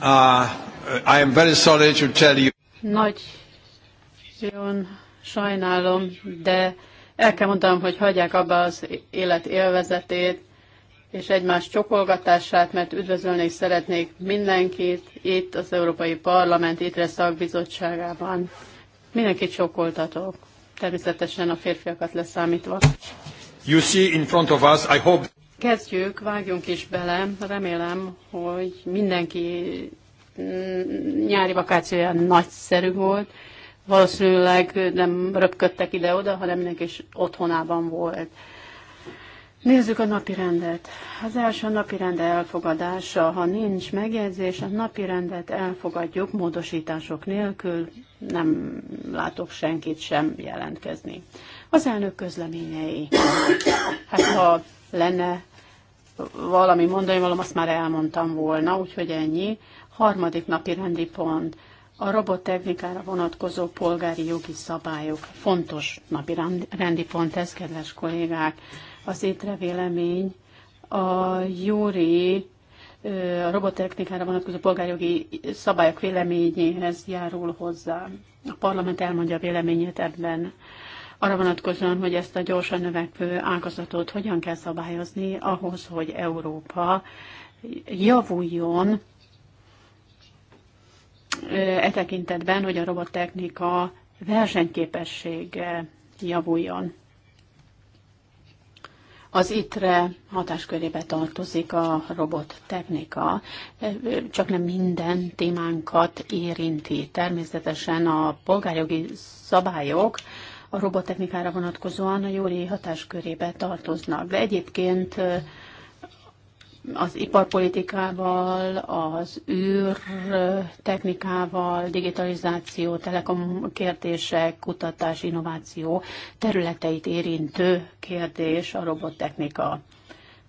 Uh, I am very sorry to tell you. Nagy, jön, sajnálom, de el kell mondanom, hogy hagyják abba az élet élvezetét, és egymás csokolgatását, mert üdvözölni szeretnék mindenkit itt az Európai Parlament ITRE szakbizottságában. Mindenkit csokoltatok, természetesen a férfiakat leszámítva. You see in front of us, I hope kezdjük, vágjunk is bele. Remélem, hogy mindenki mm, nyári vakációja nagyszerű volt. Valószínűleg nem röpködtek ide-oda, hanem mindenki is otthonában volt. Nézzük a napi rendet. Az első napi rende elfogadása, ha nincs megjegyzés, a napi rendet elfogadjuk módosítások nélkül, nem látok senkit sem jelentkezni. Az elnök közleményei. Hát ha lenne valami mondani valam, azt már elmondtam volna, úgyhogy ennyi. Harmadik napi rendi pont. A robottechnikára vonatkozó polgári jogi szabályok. Fontos napi rendi pont ez, kedves kollégák. Az étre vélemény a Júri a robottechnikára vonatkozó polgári jogi szabályok véleményéhez járul hozzá. A parlament elmondja a véleményét ebben arra vonatkozóan, hogy ezt a gyorsan növekvő ágazatot hogyan kell szabályozni ahhoz, hogy Európa javuljon e tekintetben, hogy a robottechnika versenyképessége javuljon. Az ITRE hatáskörébe tartozik a robottechnika, csak nem minden témánkat érinti. Természetesen a polgárjogi szabályok a robottechnikára vonatkozóan a jóléti hatáskörébe tartoznak. De egyébként az iparpolitikával, az űrtechnikával, digitalizáció, telekom kérdések, kutatás, innováció területeit érintő kérdés a robottechnika.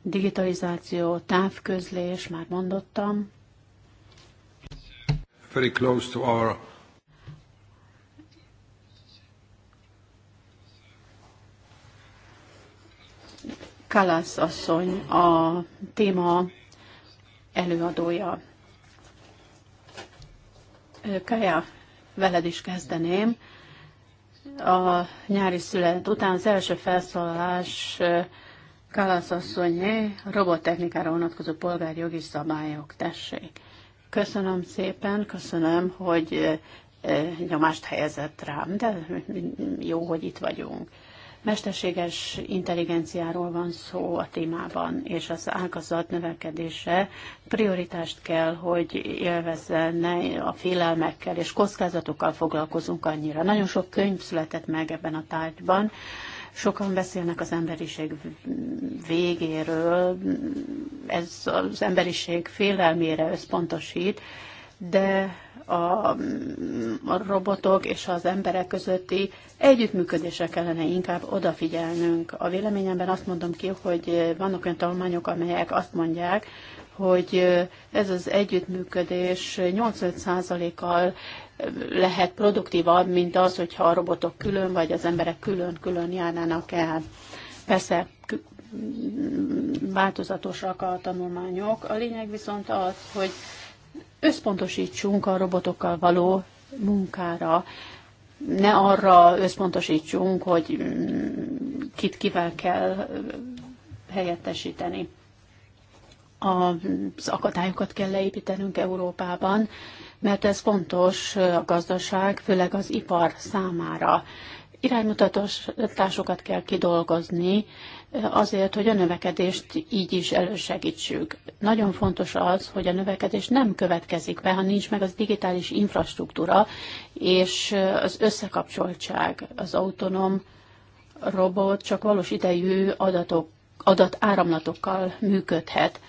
Digitalizáció, távközlés, már mondottam. Very close to our Kalasz asszony a téma előadója. Kaja, veled is kezdeném. A nyári szület után az első felszólalás Kalasz asszonyé robottechnikára vonatkozó polgárjogi szabályok. Tessék. Köszönöm szépen, köszönöm, hogy nyomást helyezett rám, de jó, hogy itt vagyunk. Mesterséges intelligenciáról van szó a témában, és az ágazat növekedése prioritást kell, hogy élvezze, ne a félelmekkel és kockázatokkal foglalkozunk annyira. Nagyon sok könyv született meg ebben a tárgyban, sokan beszélnek az emberiség végéről, ez az emberiség félelmére összpontosít, de a, a robotok és az emberek közötti együttműködésre kellene inkább odafigyelnünk. A véleményemben azt mondom ki, hogy vannak olyan tanulmányok, amelyek azt mondják, hogy ez az együttműködés 85%-kal lehet produktívabb, mint az, hogyha a robotok külön vagy az emberek külön-külön járnának el. Persze változatosak a tanulmányok. A lényeg viszont az, hogy összpontosítsunk a robotokkal való munkára, ne arra összpontosítsunk, hogy mm, kit kivel kell mm, helyettesíteni. Az akadályokat kell leépítenünk Európában, mert ez fontos a gazdaság, főleg az ipar számára. Iránymutatásokat kell kidolgozni, azért, hogy a növekedést így is elősegítsük. Nagyon fontos az, hogy a növekedés nem következik be, ha nincs meg az digitális infrastruktúra és az összekapcsoltság, az autonóm robot csak valós idejű adatok, adat áramlatokkal működhet.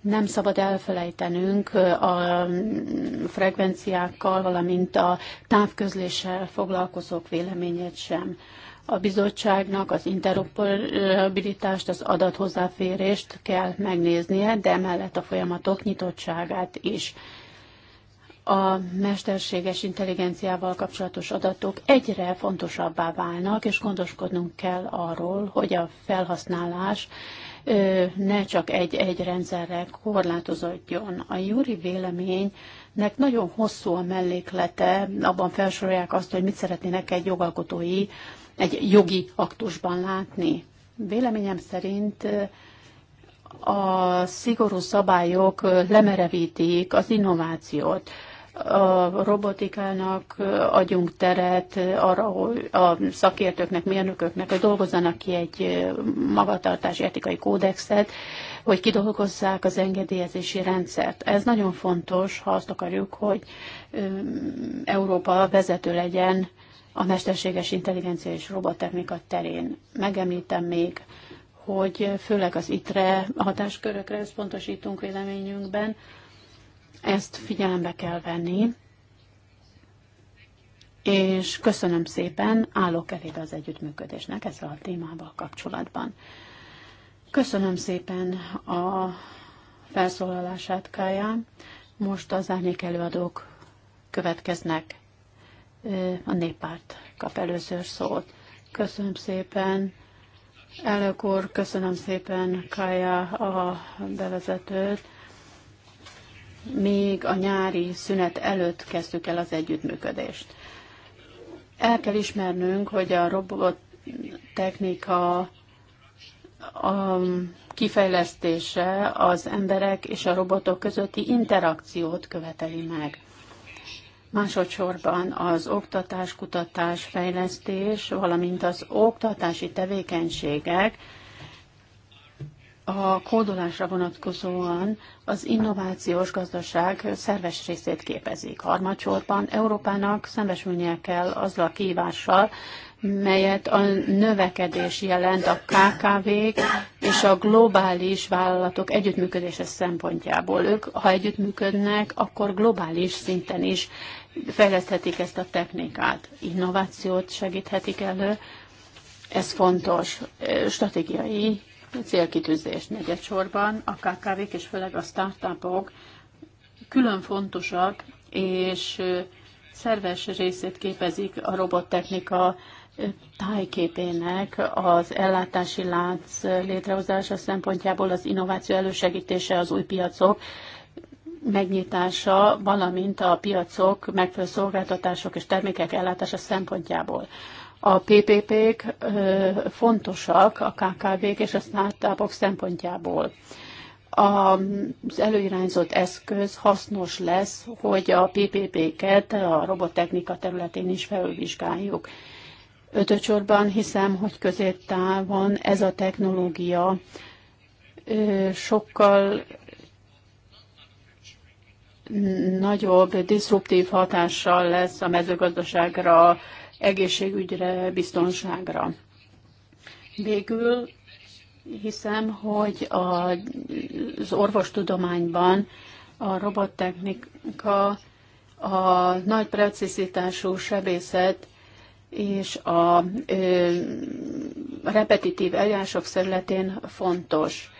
Nem szabad elfelejtenünk a frekvenciákkal, valamint a távközléssel foglalkozók véleményét sem a bizottságnak az interoperabilitást, az adathozzáférést kell megnéznie, de mellett a folyamatok nyitottságát is. A mesterséges intelligenciával kapcsolatos adatok egyre fontosabbá válnak, és gondoskodnunk kell arról, hogy a felhasználás ne csak egy-egy rendszerre korlátozódjon. A júri véleménynek nagyon hosszú a melléklete, abban felsorolják azt, hogy mit szeretnének egy jogalkotói egy jogi aktusban látni. Véleményem szerint a szigorú szabályok lemerevítik az innovációt. A robotikának adjunk teret arra, hogy a szakértőknek, mérnököknek, hogy dolgozzanak ki egy magatartási etikai kódexet, hogy kidolgozzák az engedélyezési rendszert. Ez nagyon fontos, ha azt akarjuk, hogy Európa vezető legyen a mesterséges intelligencia és robottechnika terén. Megemlítem még, hogy főleg az ITRE hatáskörökre összpontosítunk véleményünkben, ezt figyelembe kell venni, és köszönöm szépen, állok elébe az együttműködésnek ezzel a témával kapcsolatban. Köszönöm szépen a felszólalását, Kája. Most az árnyék előadók következnek a néppárt kap először szót. Köszönöm szépen. Elnök úr, köszönöm szépen Kaja a bevezetőt. Még a nyári szünet előtt kezdtük el az együttműködést. El kell ismernünk, hogy a robottechnika a kifejlesztése az emberek és a robotok közötti interakciót követeli meg. Másodszorban az oktatás, kutatás, fejlesztés, valamint az oktatási tevékenységek a kódolásra vonatkozóan az innovációs gazdaság szerves részét képezik. Harmadsorban Európának szembesülnie kell azzal a kívással, melyet a növekedés jelent a KKV-k és a globális vállalatok együttműködése szempontjából. Ők, ha együttműködnek, akkor globális szinten is fejleszthetik ezt a technikát, innovációt segíthetik elő. Ez fontos stratégiai célkitűzés negyedsorban. A kkv és főleg a startupok külön fontosak, és szerves részét képezik a robottechnika tájképének az ellátási lánc létrehozása szempontjából az innováció elősegítése, az új piacok megnyitása, valamint a piacok megfelelő szolgáltatások és termékek ellátása szempontjából. A PPP-k fontosak a KKV-k és a startupok szempontjából. Az előirányzott eszköz hasznos lesz, hogy a PPP-ket a robottechnika területén is felülvizsgáljuk. Ötöcsorban hiszem, hogy középtávon ez a technológia sokkal nagyobb diszruptív hatással lesz a mezőgazdaságra, egészségügyre, biztonságra. Végül hiszem, hogy az orvostudományban a robottechnika, a nagy precizitású sebészet és a repetitív eljárások területén fontos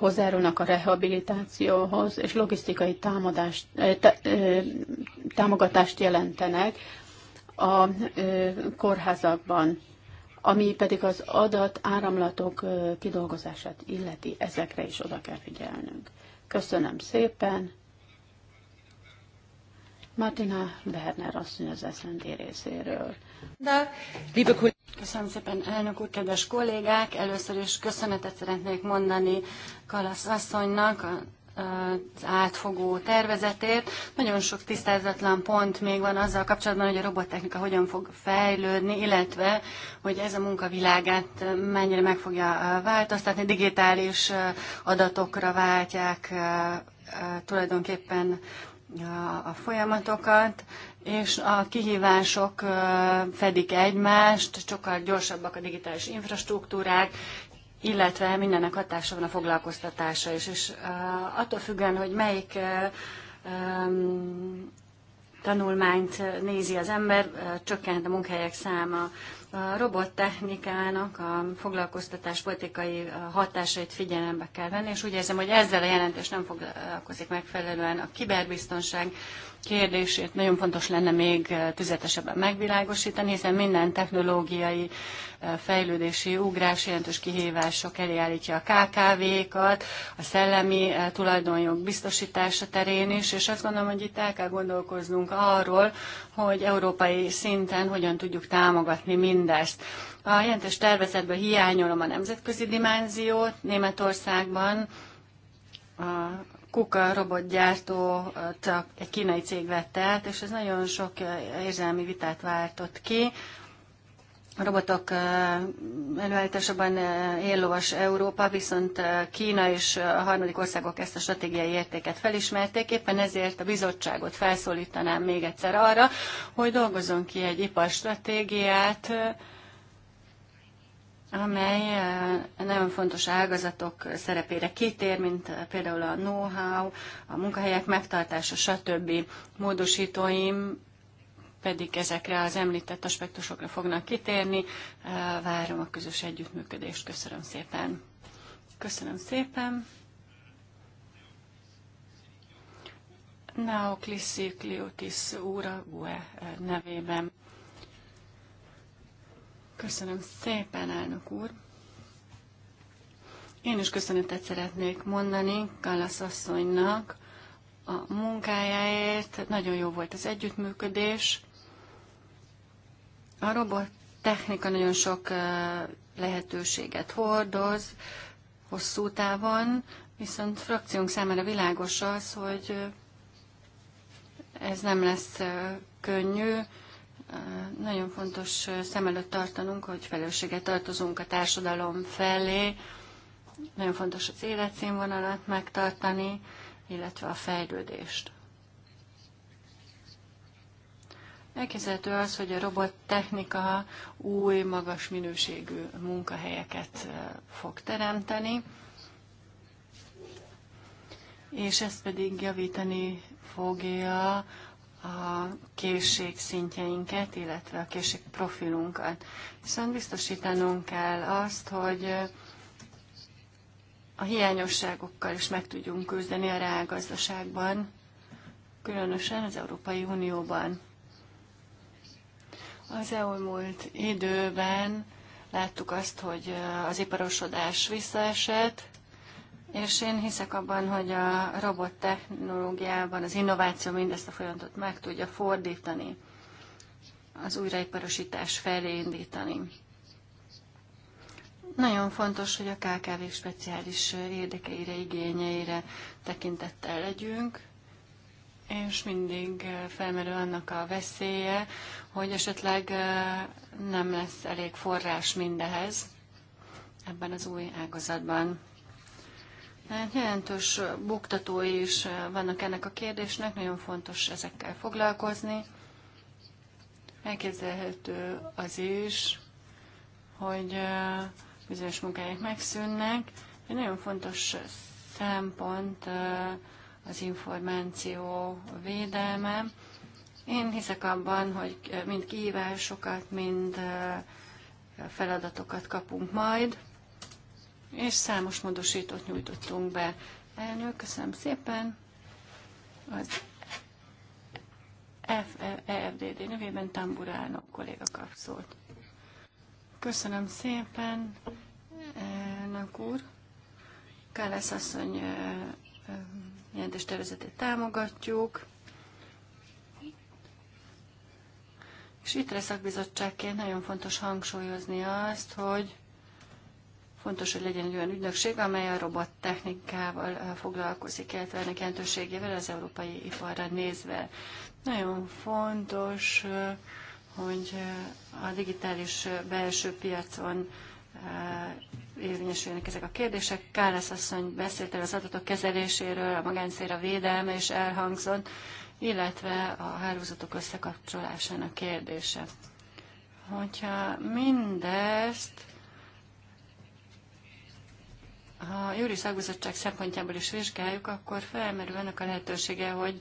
hozzárulnak a rehabilitációhoz, és logisztikai támadást, eh, eh, támogatást jelentenek a eh, kórházakban, ami pedig az adat áramlatok kidolgozását illeti, ezekre is oda kell figyelnünk. Köszönöm szépen, Martina Berner asszony az SZND részéről. De, liebe Köszönöm szépen, elnök úr, kedves kollégák! Először is köszönetet szeretnék mondani Kalasz asszonynak, az átfogó tervezetét. Nagyon sok tisztázatlan pont még van azzal kapcsolatban, hogy a robottechnika hogyan fog fejlődni, illetve hogy ez a munkavilágát mennyire meg fogja változtatni, digitális adatokra váltják tulajdonképpen a folyamatokat, és a kihívások fedik egymást, sokkal gyorsabbak a digitális infrastruktúrák, illetve mindennek hatása van a foglalkoztatása is. És attól függően, hogy melyik tanulmányt nézi az ember, csökkent a munkahelyek száma. A robottechnikának a foglalkoztatás politikai hatásait figyelembe kell venni, és úgy érzem, hogy ezzel a jelentés nem foglalkozik megfelelően a kiberbiztonság, kérdését nagyon fontos lenne még tüzetesebben megvilágosítani, hiszen minden technológiai fejlődési ugrás jelentős kihívások elé állítja a KKV-kat, a szellemi tulajdonjog biztosítása terén is, és azt gondolom, hogy itt el kell gondolkoznunk arról, hogy európai szinten hogyan tudjuk támogatni mindezt. A jelentős tervezetben hiányolom a nemzetközi dimenziót Németországban, a Kuka robotgyártó csak egy kínai cég vette át, és ez nagyon sok eh, érzelmi vitát váltott ki. A robotok eh, előállításában eh, éllovas Európa, viszont Kína és a harmadik országok ezt a stratégiai értéket felismerték, éppen ezért a bizottságot felszólítanám még egyszer arra, hogy dolgozzon ki egy iparstratégiát, stratégiát, amely nagyon fontos ágazatok szerepére kitér, mint például a know-how, a munkahelyek megtartása, stb. módosítóim pedig ezekre az említett aspektusokra fognak kitérni. Várom a közös együttműködést. Köszönöm szépen. Köszönöm szépen. Naoklis Kliotis úr a GUE nevében. Köszönöm szépen, elnök úr. Én is köszönetet szeretnék mondani Kallasz asszonynak a munkájáért. Nagyon jó volt az együttműködés. A robot technika nagyon sok lehetőséget hordoz hosszú távon, viszont frakciónk számára világos az, hogy ez nem lesz könnyű, nagyon fontos szem előtt tartanunk, hogy felelősséget tartozunk a társadalom felé, nagyon fontos az életszínvonalat megtartani, illetve a fejlődést. Elképzelhető az, hogy a robottechnika új, magas minőségű munkahelyeket fog teremteni, és ez pedig javítani fogja a készség szintjeinket, illetve a készség profilunkat. Viszont biztosítanunk kell azt, hogy a hiányosságokkal is meg tudjunk küzdeni a reálgazdaságban, különösen az Európai Unióban. Az elmúlt időben láttuk azt, hogy az iparosodás visszaesett, és én hiszek abban, hogy a robot technológiában az innováció mindezt a folyamatot meg tudja fordítani, az újraiparosítás felé indítani. Nagyon fontos, hogy a KKV speciális érdekeire, igényeire tekintettel legyünk, és mindig felmerül annak a veszélye, hogy esetleg nem lesz elég forrás mindehez ebben az új ágazatban. Hát jelentős buktatói is vannak ennek a kérdésnek, nagyon fontos ezekkel foglalkozni. Elképzelhető az is, hogy bizonyos munkáik megszűnnek. Egy nagyon fontos szempont az információ védelme. Én hiszek abban, hogy mind kihívásokat, mind feladatokat kapunk majd és számos módosítót nyújtottunk be. Elnök, köszönöm szépen. Az EFDD e nevében Tamburálnok kolléga kap szót. Köszönöm szépen, elnök úr. Kálász asszony jelentés tervezetét támogatjuk. És itt a szakbizottságként nagyon fontos hangsúlyozni azt, hogy Fontos, hogy legyen egy olyan ügynökség, amely a robot technikával eh, foglalkozik, illetve ennek jelentőségével az európai iparra nézve. Nagyon fontos, eh, hogy eh, a digitális belső piacon érvényesülnek ezek a kérdések. Kálasz asszony beszélt el az adatok kezeléséről, a magánszéra védelme is elhangzott, illetve a hálózatok összekapcsolásának kérdése. Hogyha mindezt ha a júri szakbizottság szempontjából is vizsgáljuk, akkor felmerül ennek a lehetősége, hogy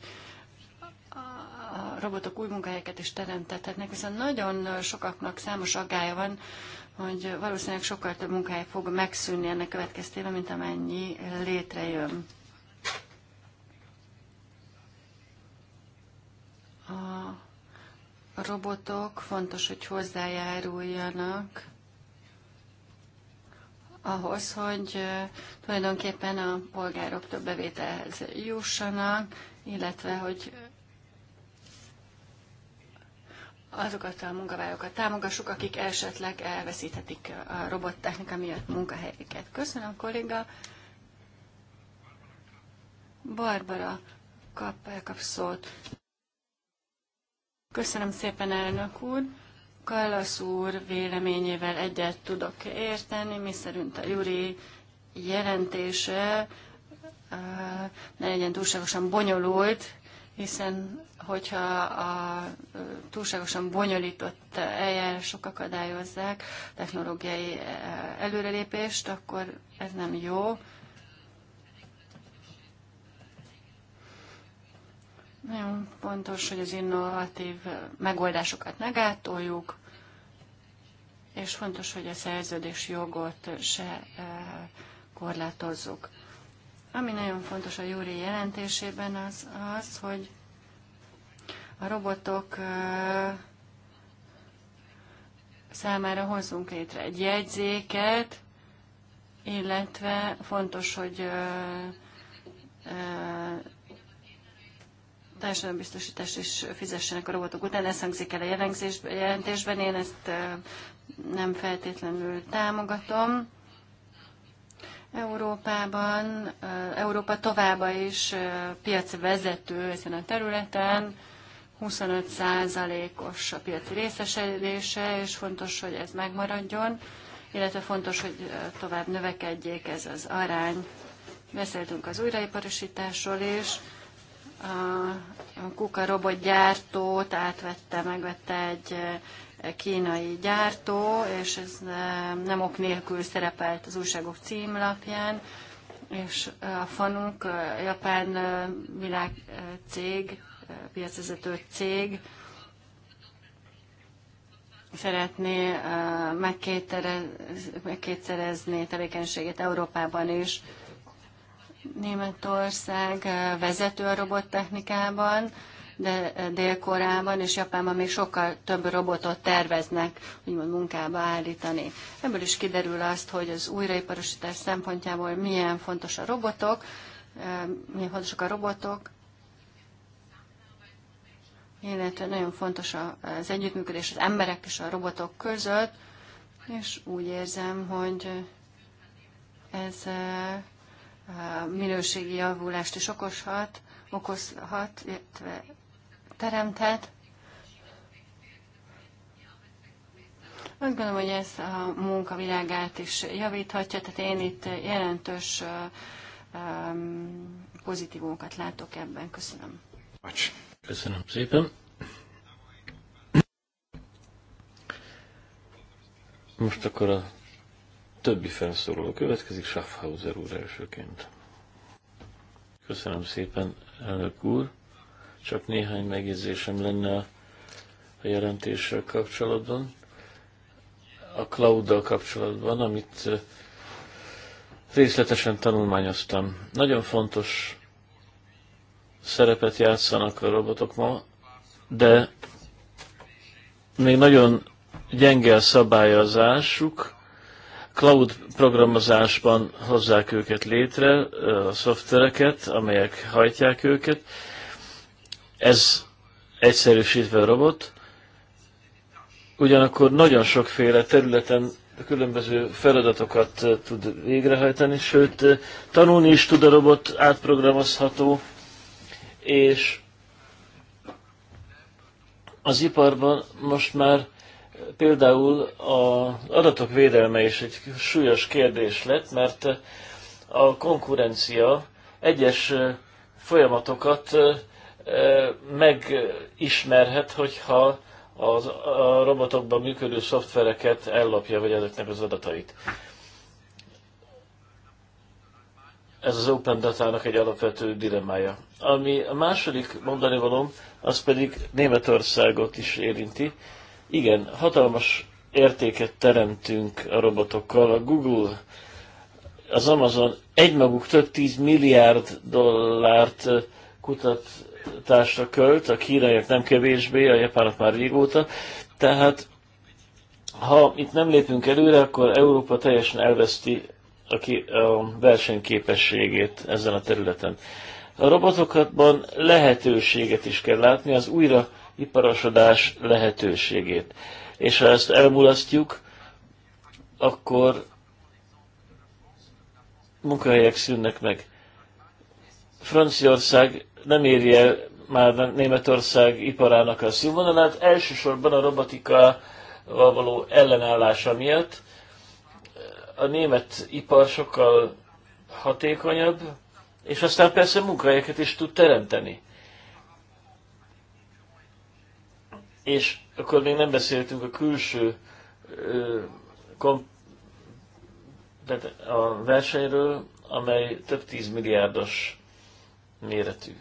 a robotok új munkahelyeket is teremtethetnek, viszont nagyon sokaknak számos aggája van, hogy valószínűleg sokkal több munkahely fog megszűnni ennek következtében, mint amennyi létrejön. A robotok fontos, hogy hozzájáruljanak ahhoz, hogy tulajdonképpen a polgárok több bevételhez jussanak, illetve hogy azokat a munkavállalókat támogassuk, akik esetleg elveszíthetik a robottechnika miatt munkahelyeket. Köszönöm, kolléga. Barbara kap, kap szót. Köszönöm szépen, elnök úr. Kallasz úr véleményével egyet tudok érteni, szerint a Juri jelentése ne legyen túlságosan bonyolult, hiszen hogyha a túlságosan bonyolított eljárások akadályozzák technológiai előrelépést, akkor ez nem jó. Nagyon fontos, hogy az innovatív megoldásokat megátoljuk, és fontos, hogy a szerződés jogot se eh, korlátozzuk. Ami nagyon fontos a Júri jelentésében az, az, hogy a robotok eh, számára hozzunk létre egy jegyzéket, illetve fontos, hogy eh, társadalombiztosítást is fizessenek a robotok után. Ez hangzik el a jelentésben, én ezt nem feltétlenül támogatom. Európában, Európa továbbá is piacvezető ezen a területen, 25%-os a piaci részesedése, és fontos, hogy ez megmaradjon, illetve fontos, hogy tovább növekedjék ez az arány. Beszéltünk az újraiparosításról is, a Kuka robotgyártót átvette, megvette egy eh, kínai gyártó, és ez eh, nem ok nélkül szerepelt az újságok címlapján, és eh, a Fanuk, a japán világcég, piacvezető cég szeretné megkétszerezni tevékenységét Európában is. Németország vezető a robottechnikában, de Dél-Koreában és Japánban még sokkal több robotot terveznek, úgymond munkába állítani. Ebből is kiderül azt, hogy az újraiparosítás szempontjából milyen fontos a robotok, milyen fontosak a robotok, illetve nagyon fontos az együttműködés az emberek és a robotok között, és úgy érzem, hogy ez minőségi javulást is okoshat, okozhat, illetve teremthet. Azt gondolom, hogy ez a munkavilágát is javíthatja, tehát én itt jelentős um, pozitívunkat látok ebben. Köszönöm. Köszönöm szépen. Most akkor a többi felszóló következik, Schaffhauser úr elsőként. Köszönöm szépen, elnök úr. Csak néhány megjegyzésem lenne a jelentéssel kapcsolatban. A cloud kapcsolatban, amit részletesen tanulmányoztam. Nagyon fontos szerepet játszanak a robotok ma, de még nagyon gyenge a szabályozásuk, cloud programozásban hozzák őket létre, a szoftvereket, amelyek hajtják őket. Ez egyszerűsítve a robot. Ugyanakkor nagyon sokféle területen különböző feladatokat tud végrehajtani, sőt, tanulni is tud a robot, átprogramozható, és az iparban most már például az adatok védelme is egy súlyos kérdés lett, mert a konkurencia egyes folyamatokat megismerhet, hogyha az, a robotokban működő szoftvereket ellopja, vagy ezeknek az adatait. Ez az Open Data-nak egy alapvető dilemmája. Ami a második mondani valom, az pedig Németországot is érinti. Igen, hatalmas értéket teremtünk a robotokkal. A Google, az Amazon egymaguk több 10 milliárd dollárt kutatásra költ, a kínaiak nem kevésbé, a japánok már régóta. Tehát ha itt nem lépünk előre, akkor Európa teljesen elveszti a, ki, a versenyképességét ezen a területen. A robotokatban lehetőséget is kell látni, az újra iparosodás lehetőségét. És ha ezt elmulasztjuk, akkor munkahelyek szűnnek meg. Franciaország nem éri el már Németország iparának a színvonalát, elsősorban a robotika való ellenállása miatt. A német ipar sokkal hatékonyabb, és aztán persze munkahelyeket is tud teremteni. És akkor még nem beszéltünk a külső a versenyről, amely több tízmilliárdos méretű.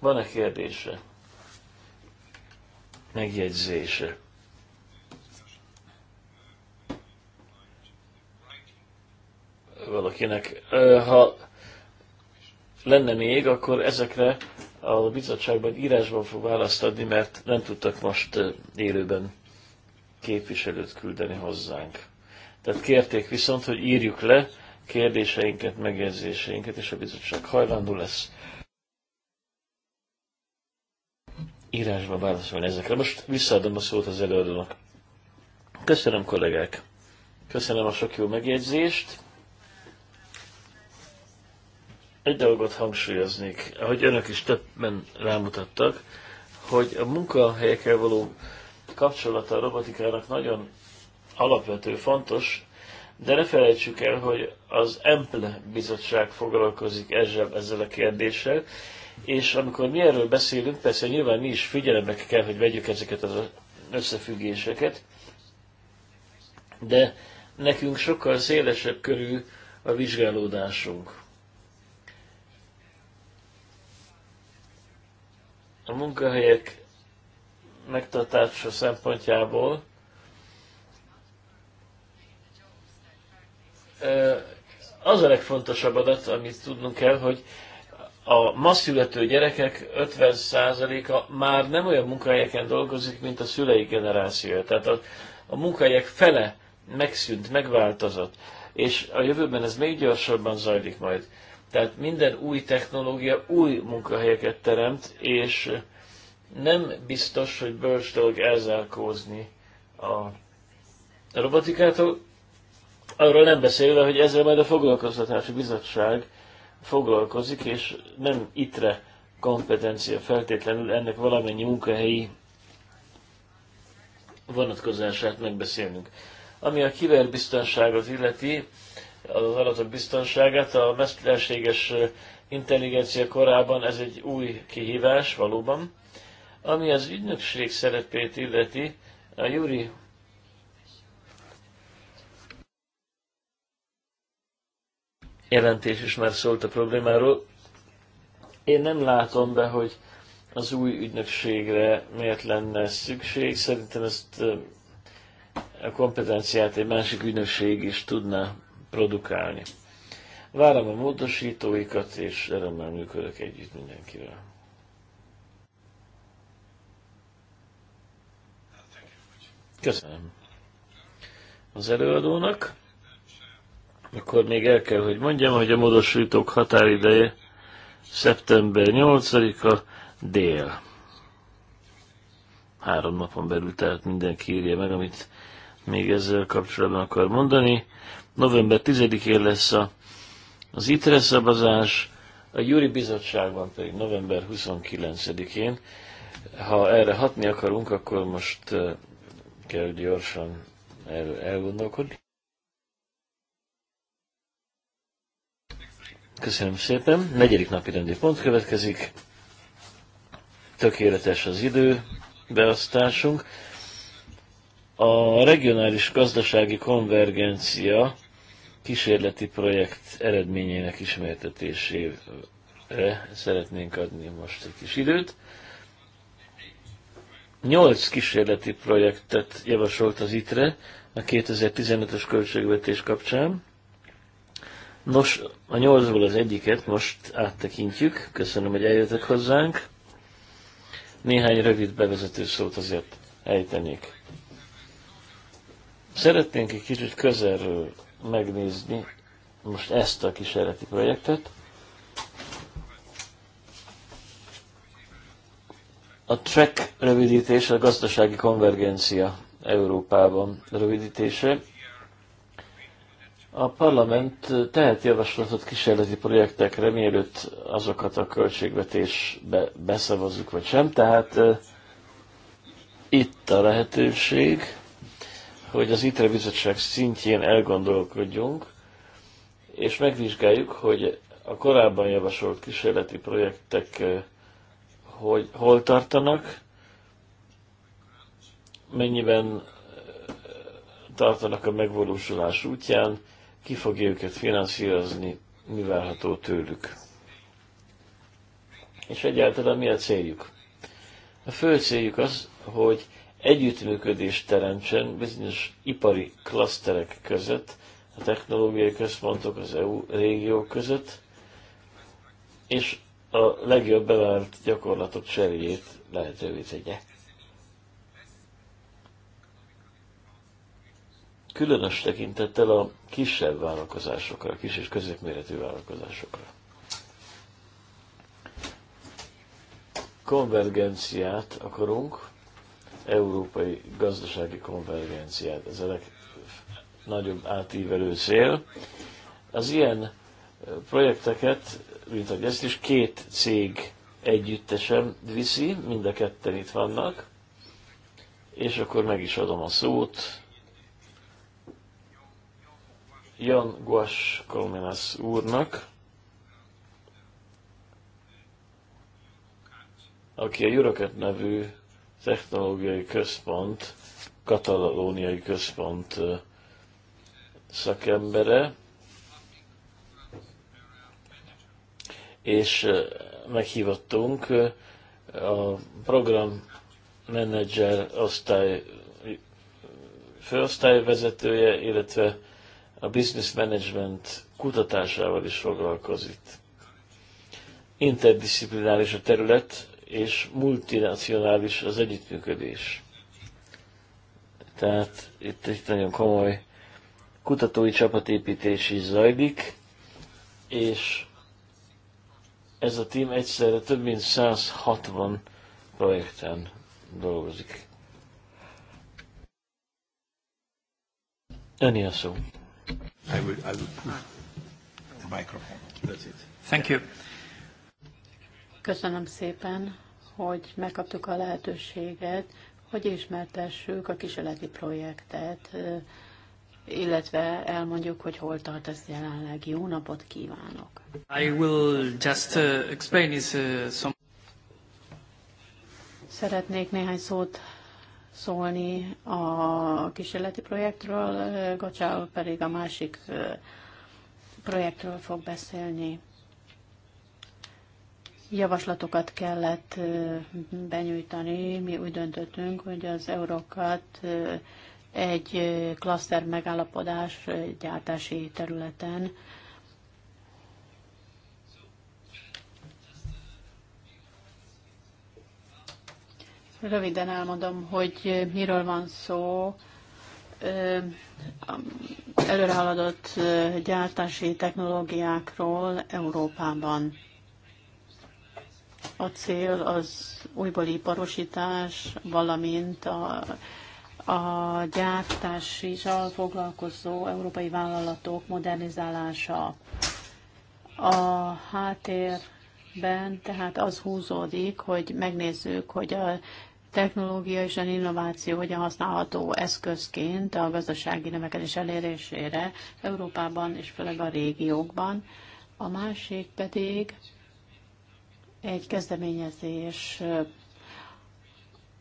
Van-e kérdése? Megjegyzése? Valakinek. Ha lenne még, akkor ezekre a bizottságban írásban fog választ adni, mert nem tudtak most élőben képviselőt küldeni hozzánk. Tehát kérték viszont, hogy írjuk le kérdéseinket, megjegyzéseinket, és a bizottság hajlandó lesz írásban válaszolni ezekre. Most visszaadom a szót az előadónak. Köszönöm, kollégák! Köszönöm a sok jó megjegyzést! Egy dolgot hangsúlyoznék, ahogy önök is többen rámutattak, hogy a munkahelyekkel való kapcsolata a robotikának nagyon alapvető, fontos, de ne felejtsük el, hogy az EMPLE bizottság foglalkozik ezzel, ezzel a kérdéssel, és amikor mi erről beszélünk, persze nyilván mi is figyelembe kell, hogy vegyük ezeket az összefüggéseket, de nekünk sokkal szélesebb körül a vizsgálódásunk. a munkahelyek megtartása szempontjából az a legfontosabb adat, amit tudnunk kell, hogy a ma születő gyerekek 50%-a már nem olyan munkahelyeken dolgozik, mint a szülei generációja. Tehát a, a munkahelyek fele megszűnt, megváltozott, és a jövőben ez még gyorsabban zajlik majd. Tehát minden új technológia új munkahelyeket teremt, és nem biztos, hogy bölcs dolog elzárkózni a robotikától, arról nem beszélve, hogy ezzel majd a foglalkoztatási bizottság foglalkozik, és nem ittre kompetencia feltétlenül ennek valamennyi munkahelyi vonatkozását megbeszélnünk. Ami a kiberbiztonságot illeti, az adatok biztonságát. A mesterséges intelligencia korában ez egy új kihívás valóban. Ami az ügynökség szerepét illeti, a Juri jelentés is már szólt a problémáról. Én nem látom be, hogy az új ügynökségre miért lenne szükség. Szerintem ezt a kompetenciát egy másik ügynökség is tudná produkálni. Várom a módosítóikat, és örömmel működök együtt mindenkivel. Köszönöm az előadónak. Akkor még el kell, hogy mondjam, hogy a módosítók határideje szeptember 8-a dél. Három napon belül, tehát mindenki írja meg, amit még ezzel kapcsolatban akar mondani november 10-én lesz a, az ITRE szabazás, a Júri Bizottságban pedig november 29-én. Ha erre hatni akarunk, akkor most kell gyorsan erről elgondolkodni. Köszönöm szépen. Negyedik napi rendi pont következik. Tökéletes az idő beosztásunk. A regionális gazdasági konvergencia kísérleti projekt eredményének ismertetésére szeretnénk adni most egy kis időt. Nyolc kísérleti projektet javasolt az ITRE a 2015-ös költségvetés kapcsán. Nos, a nyolcból az egyiket most áttekintjük. Köszönöm, hogy eljöttek hozzánk. Néhány rövid bevezető szót azért ejtenék. Szeretnénk egy kicsit közelről megnézni most ezt a kísérleti projektet. A track rövidítés, a gazdasági konvergencia Európában rövidítése. A parlament tehet javaslatot kísérleti projektekre, mielőtt azokat a költségvetésbe beszavazzuk, vagy sem. Tehát uh, itt a lehetőség hogy az ITRE bizottság szintjén elgondolkodjunk, és megvizsgáljuk, hogy a korábban javasolt kísérleti projektek eh, hogy hol tartanak, mennyiben eh, tartanak a megvalósulás útján, ki fogja őket finanszírozni, mi várható tőlük. És egyáltalán mi a céljuk? A fő céljuk az, hogy együttműködést teremtsen bizonyos ipari klaszterek között, a technológiai központok az EU régiók között, és a legjobb bevált gyakorlatok cseréjét lehetővé tegye. Különös tekintettel a kisebb vállalkozásokra, a kis és középméretű vállalkozásokra. Konvergenciát akarunk, európai gazdasági konvergenciát. Ez a legnagyobb átívelő szél Az ilyen projekteket, mint hogy ezt is, két cég együttesen viszi, mind a ketten itt vannak, és akkor meg is adom a szót. Jan Guas Kolmenas úrnak, aki a Eurocat nevű technológiai központ, katalóniai központ szakembere, és meghívattunk a program menedzser osztály vezetője illetve a business management kutatásával is foglalkozik. Interdisziplináris a terület, és multinacionális az együttműködés. Tehát itt egy nagyon komoly kutatói csapatépítés is zajlik, és ez a tím egyszerre több mint 160 projekten dolgozik. Any a szó. I will, I will the microphone. That's it. Thank you. Köszönöm szépen hogy megkaptuk a lehetőséget, hogy ismertessük a kísérleti projektet, illetve elmondjuk, hogy hol tart ez jelenleg. Jó napot kívánok! I will just uh, explain this, uh, some... Szeretnék néhány szót szólni a kísérleti projektről, Gacsál pedig a másik projektről fog beszélni javaslatokat kellett benyújtani. Mi úgy döntöttünk, hogy az eurokat egy klaszter megállapodás gyártási területen Röviden elmondom, hogy miről van szó. Előrehaladott gyártási technológiákról Európában. A cél az iparosítás, valamint a, a a foglalkozó európai vállalatok modernizálása. A háttérben tehát az húzódik, hogy megnézzük, hogy a technológia és az innováció hogyan használható eszközként a gazdasági növekedés elérésére Európában és főleg a régiókban. A másik pedig egy kezdeményezés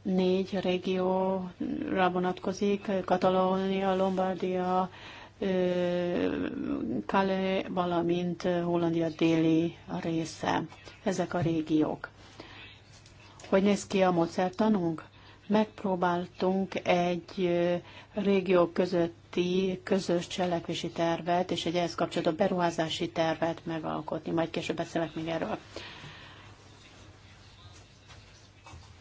négy régióra vonatkozik, Katalónia, Lombardia, Kale, valamint Hollandia déli része. Ezek a régiók. Hogy néz ki a módszertanunk? Megpróbáltunk egy régió közötti közös cselekvési tervet és egy ehhez kapcsolódó beruházási tervet megalkotni. Majd később beszélek még erről.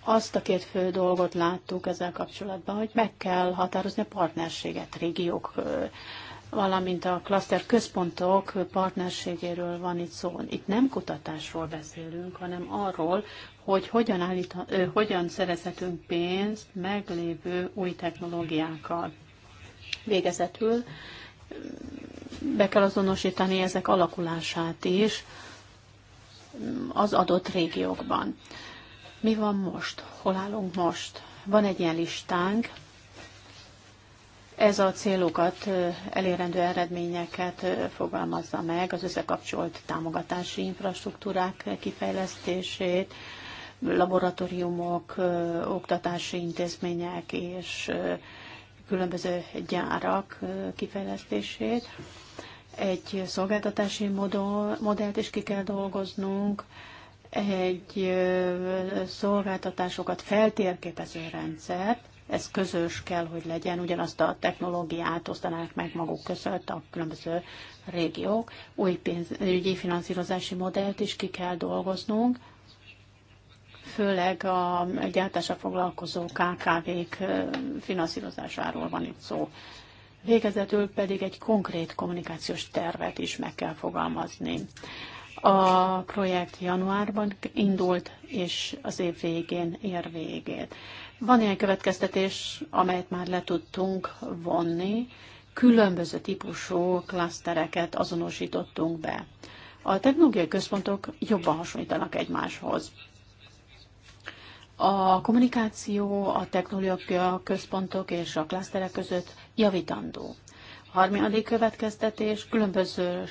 azt a két fő dolgot láttuk ezzel kapcsolatban, hogy meg kell határozni a partnerséget, régiók, valamint a klaszter központok partnerségéről van itt szó. Itt nem kutatásról beszélünk, hanem arról, hogy hogyan, állít, hogyan szerezhetünk pénzt meglévő új technológiákkal. Végezetül be kell azonosítani ezek alakulását is az adott régiókban. Mi van most? Hol állunk most? Van egy ilyen listánk, ez a célokat, elérendő eredményeket fogalmazza meg, az összekapcsolt támogatási infrastruktúrák kifejlesztését, laboratóriumok, oktatási intézmények és különböző gyárak kifejlesztését. Egy szolgáltatási modell, modellt is ki kell dolgoznunk, egy szolgáltatásokat feltérképező rendszert, ez közös kell, hogy legyen, ugyanazt a technológiát osztanák meg maguk között a különböző régiók. Új pénzügyi finanszírozási modellt is ki kell dolgoznunk, főleg a gyártásra foglalkozó KKV-k finanszírozásáról van itt szó. Végezetül pedig egy konkrét kommunikációs tervet is meg kell fogalmazni. A projekt januárban indult, és az év végén ér végét. Van ilyen következtetés, amelyet már le tudtunk vonni, különböző típusú klasztereket azonosítottunk be. A technológiai központok jobban hasonlítanak egymáshoz. A kommunikáció a technológiai központok és a klaszterek között javítandó. Harmadik következtetés, különböző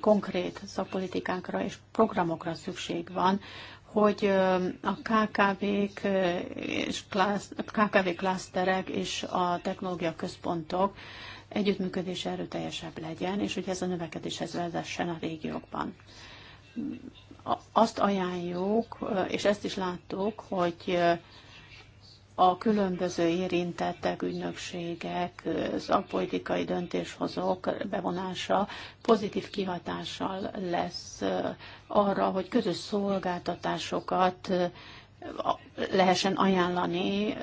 konkrét szakpolitikákra és programokra szükség van, hogy a KKV-k és KKV klaszterek és a technológia központok együttműködés erőteljesebb legyen, és hogy ez a növekedéshez vezessen a régiókban. Azt ajánljuk, és ezt is láttuk, hogy a különböző érintettek, ügynökségek, politikai döntéshozók bevonása pozitív kihatással lesz arra, hogy közös szolgáltatásokat lehessen ajánlani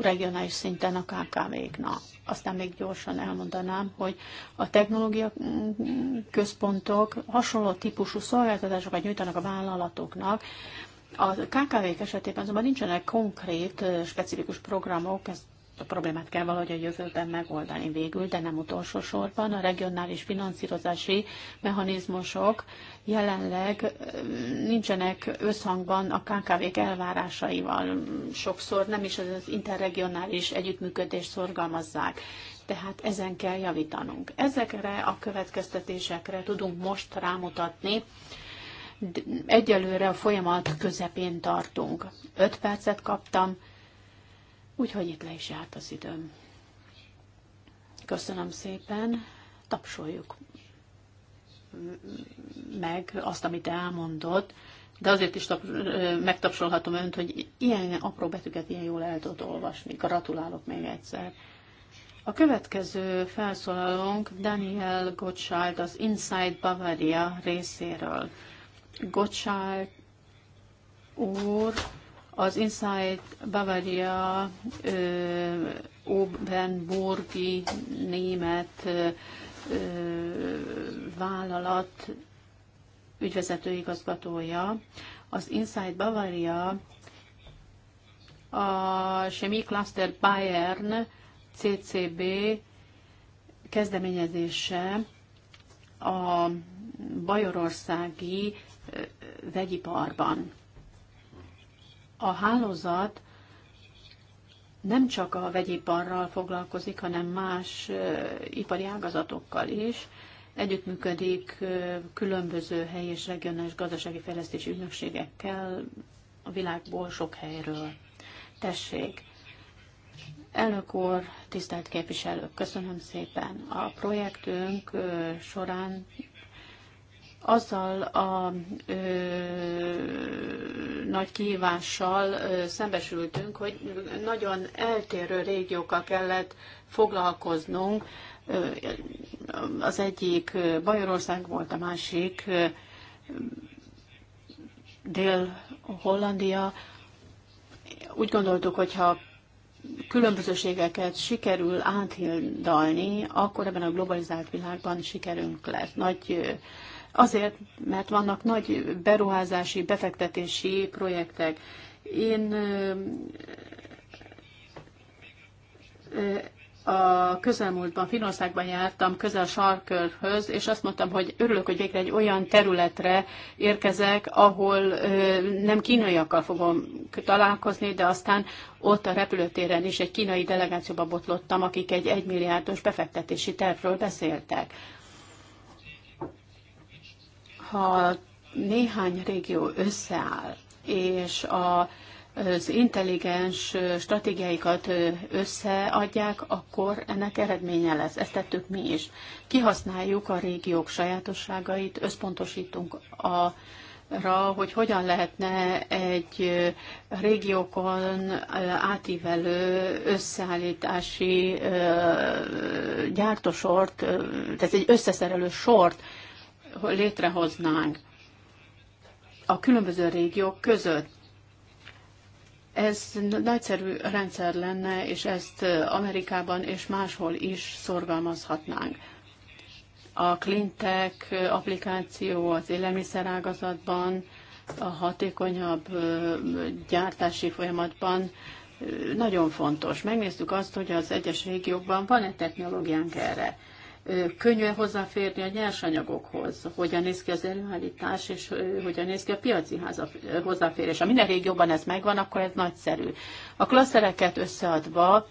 regionális szinten a KKV-knak. Aztán még gyorsan elmondanám, hogy a technológia mm, központok hasonló típusú szolgáltatásokat nyújtanak a vállalatoknak, a KKV-k esetében azonban nincsenek konkrét, specifikus programok, ezt a problémát kell valahogy a jövőben megoldani végül, de nem utolsó sorban. A regionális finanszírozási mechanizmusok jelenleg nincsenek összhangban a KKV-k elvárásaival. Sokszor nem is az interregionális együttműködést szorgalmazzák. Tehát ezen kell javítanunk. Ezekre a következtetésekre tudunk most rámutatni egyelőre a folyamat közepén tartunk. Öt percet kaptam, úgyhogy itt le is járt az időm. Köszönöm szépen, tapsoljuk meg azt, amit elmondott, de azért is tap, megtapsolhatom önt, hogy ilyen apró betűket ilyen jól el tudod olvasni. Gratulálok még egyszer. A következő felszólalónk Daniel Gottschalt az Inside Bavaria részéről. Gottschalk úr az Inside Bavaria ö, Obenburgi német ö, vállalat ügyvezetőigazgatója. Az Inside Bavaria a Chemie Cluster Bayern CCB kezdeményezése a bajorországi vegyiparban. A hálózat nem csak a vegyiparral foglalkozik, hanem más ipari ágazatokkal is. Együttműködik különböző helyi és regionális gazdasági fejlesztési ügynökségekkel a világból sok helyről. Tessék! Elnök úr, tisztelt képviselők, köszönöm szépen. A projektünk során azzal a ö, nagy kihívással ö, szembesültünk, hogy nagyon eltérő régiókkal kellett foglalkoznunk. Ö, az egyik Bajorország volt, a másik Dél-Hollandia. Úgy gondoltuk, hogy ha különbözőségeket sikerül áthildalni, akkor ebben a globalizált világban sikerünk lesz. Nagy Azért, mert vannak nagy beruházási, befektetési projektek. Én a közelmúltban Finországban jártam, közel sarkörhöz, és azt mondtam, hogy örülök, hogy végre egy olyan területre érkezek, ahol nem kínaiakkal fogom találkozni, de aztán ott a repülőtéren is egy kínai delegációba botlottam, akik egy egymilliárdos befektetési tervről beszéltek ha néhány régió összeáll, és a, az intelligens stratégiáikat összeadják, akkor ennek eredménye lesz. Ezt tettük mi is. Kihasználjuk a régiók sajátosságait, összpontosítunk a arra, hogy hogyan lehetne egy régiókon átívelő összeállítási gyártósort, tehát egy összeszerelő sort létrehoznánk a különböző régiók között. Ez nagyszerű rendszer lenne, és ezt Amerikában és máshol is szorgalmazhatnánk. A Clintech applikáció az élelmiszerágazatban, a hatékonyabb gyártási folyamatban nagyon fontos. Megnéztük azt, hogy az egyes régiókban van-e technológiánk erre könnyű hozzáférni a nyersanyagokhoz, hogyan néz ki az előállítás, és hogyan néz ki a piaci hozzáférés. Ha minden jobban ez megvan, akkor ez nagyszerű. A klasszereket összeadva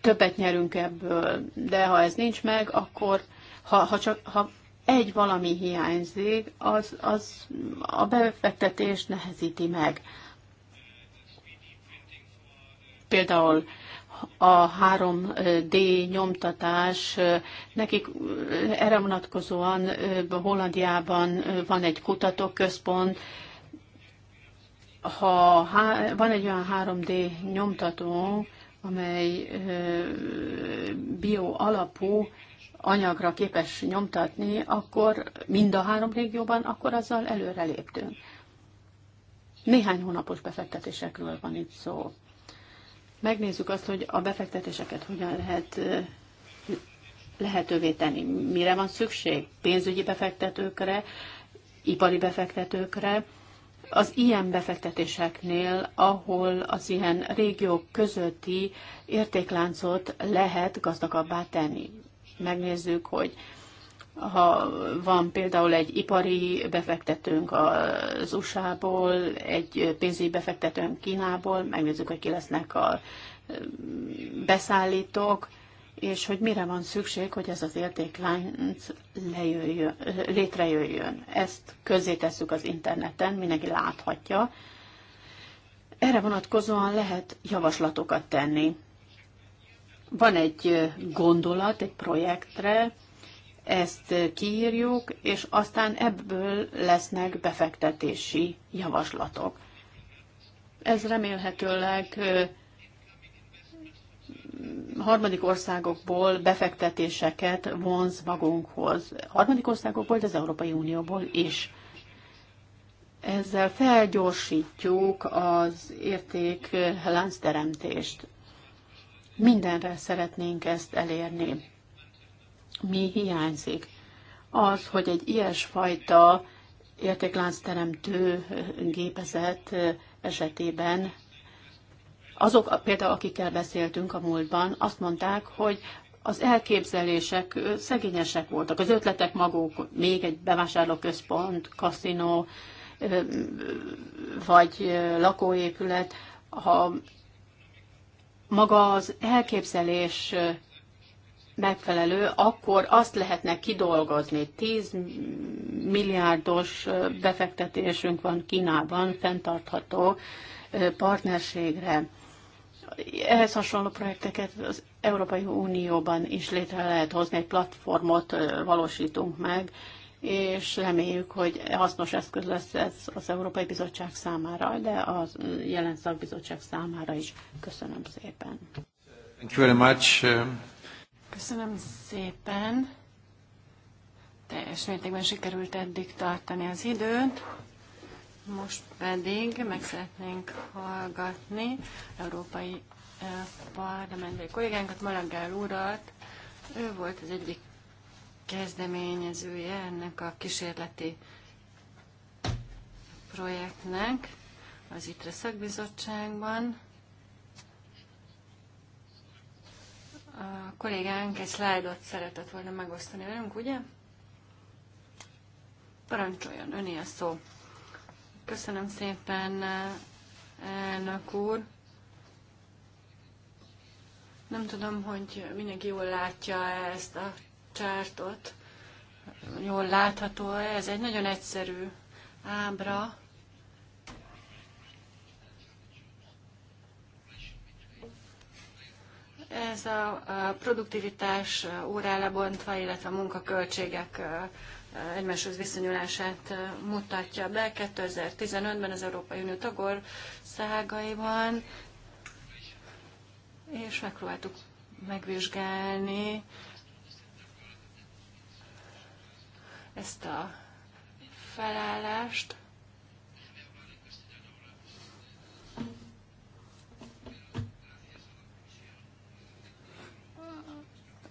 többet nyerünk ebből, de ha ez nincs meg, akkor ha, ha csak ha egy valami hiányzik, az, az a befektetés nehezíti meg. Például a 3D nyomtatás, nekik erre vonatkozóan Hollandiában van egy kutatóközpont, ha van egy olyan 3D nyomtató, amely bio alapú anyagra képes nyomtatni, akkor mind a három régióban, akkor azzal előre léptünk. Néhány hónapos befektetésekről van itt szó megnézzük azt, hogy a befektetéseket hogyan lehet lehetővé tenni. Mire van szükség? Pénzügyi befektetőkre, ipari befektetőkre, az ilyen befektetéseknél, ahol az ilyen régiók közötti értékláncot lehet gazdagabbá tenni. Megnézzük, hogy ha van például egy ipari befektetőnk az USA-ból, egy pénzügyi befektetőnk Kínából, megnézzük, hogy ki lesznek a mm, beszállítók, és hogy mire van szükség, hogy ez az értéklánc lejöjjön, létrejöjjön. Ezt közzétesszük az interneten, mindenki láthatja. Erre vonatkozóan lehet javaslatokat tenni. Van egy gondolat egy projektre, ezt kiírjuk, és aztán ebből lesznek befektetési javaslatok. Ez remélhetőleg harmadik országokból befektetéseket vonz magunkhoz. Harmadik országokból, de az Európai Unióból is. Ezzel felgyorsítjuk az érték teremtést. Mindenre szeretnénk ezt elérni mi hiányzik. Az, hogy egy ilyesfajta értékláncteremtő gépezet esetében azok például, akikkel beszéltünk a múltban, azt mondták, hogy az elképzelések szegényesek voltak, az ötletek maguk, még egy bevásárlóközpont, kaszinó, vagy lakóépület, ha maga az elképzelés megfelelő, akkor azt lehetne kidolgozni. 10 milliárdos befektetésünk van Kínában fenntartható partnerségre. Ehhez hasonló projekteket az Európai Unióban is létre lehet hozni, egy platformot valósítunk meg, és reméljük, hogy hasznos eszköz lesz ez az Európai Bizottság számára, de a jelen szakbizottság számára is. Köszönöm szépen. Thank you very much. Um, Köszönöm szépen. Teljes mértékben sikerült eddig tartani az időt. Most pedig meg szeretnénk hallgatni európai eh, parlamenti kollégánkat, Malagál urat. Ő volt az egyik kezdeményezője ennek a kísérleti projektnek az ITRE szakbizottságban. A kollégánk egy szlájdot szeretett volna megosztani velünk, ugye? Parancsoljon, öné a szó. Köszönöm szépen, elnök úr. Nem tudom, hogy mindenki jól látja ezt a csártot. Jól látható -e? Ez egy nagyon egyszerű ábra. Ez a produktivitás órá lebontva, illetve a munkaköltségek egymáshoz viszonyulását mutatja be. 2015-ben az Európai Unió tagországaiban, és megpróbáltuk megvizsgálni ezt a felállást.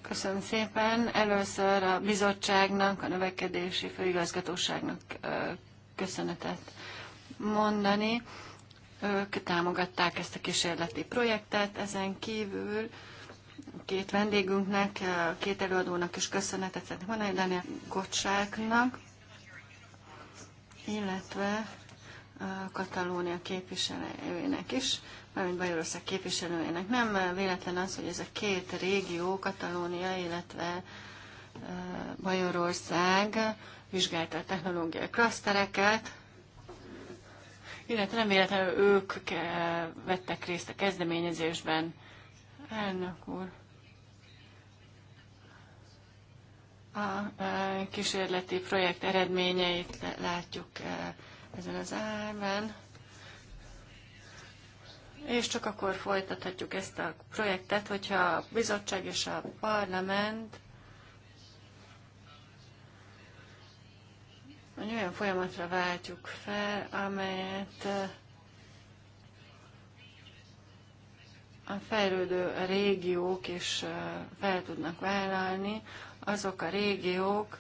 Köszönöm szépen. Először a bizottságnak, a növekedési főigazgatóságnak köszönetet mondani. Ők támogatták ezt a kísérleti projektet, ezen kívül két vendégünknek, két előadónak is köszönetet szeretnék mondani, Daniel Kocsáknak, illetve Katalónia képviselőjének is valamint Bajorország képviselőjének. Nem véletlen az, hogy ez a két régió, Katalónia, illetve Bajorország vizsgálta a technológiai klasztereket, illetve nem véletlenül ők vettek részt a kezdeményezésben. Elnök úr. a kísérleti projekt eredményeit látjuk ezen az árban és csak akkor folytathatjuk ezt a projektet, hogyha a bizottság és a parlament egy olyan folyamatra váltjuk fel, amelyet eh, a fejlődő régiók is eh, fel tudnak vállalni, azok a régiók,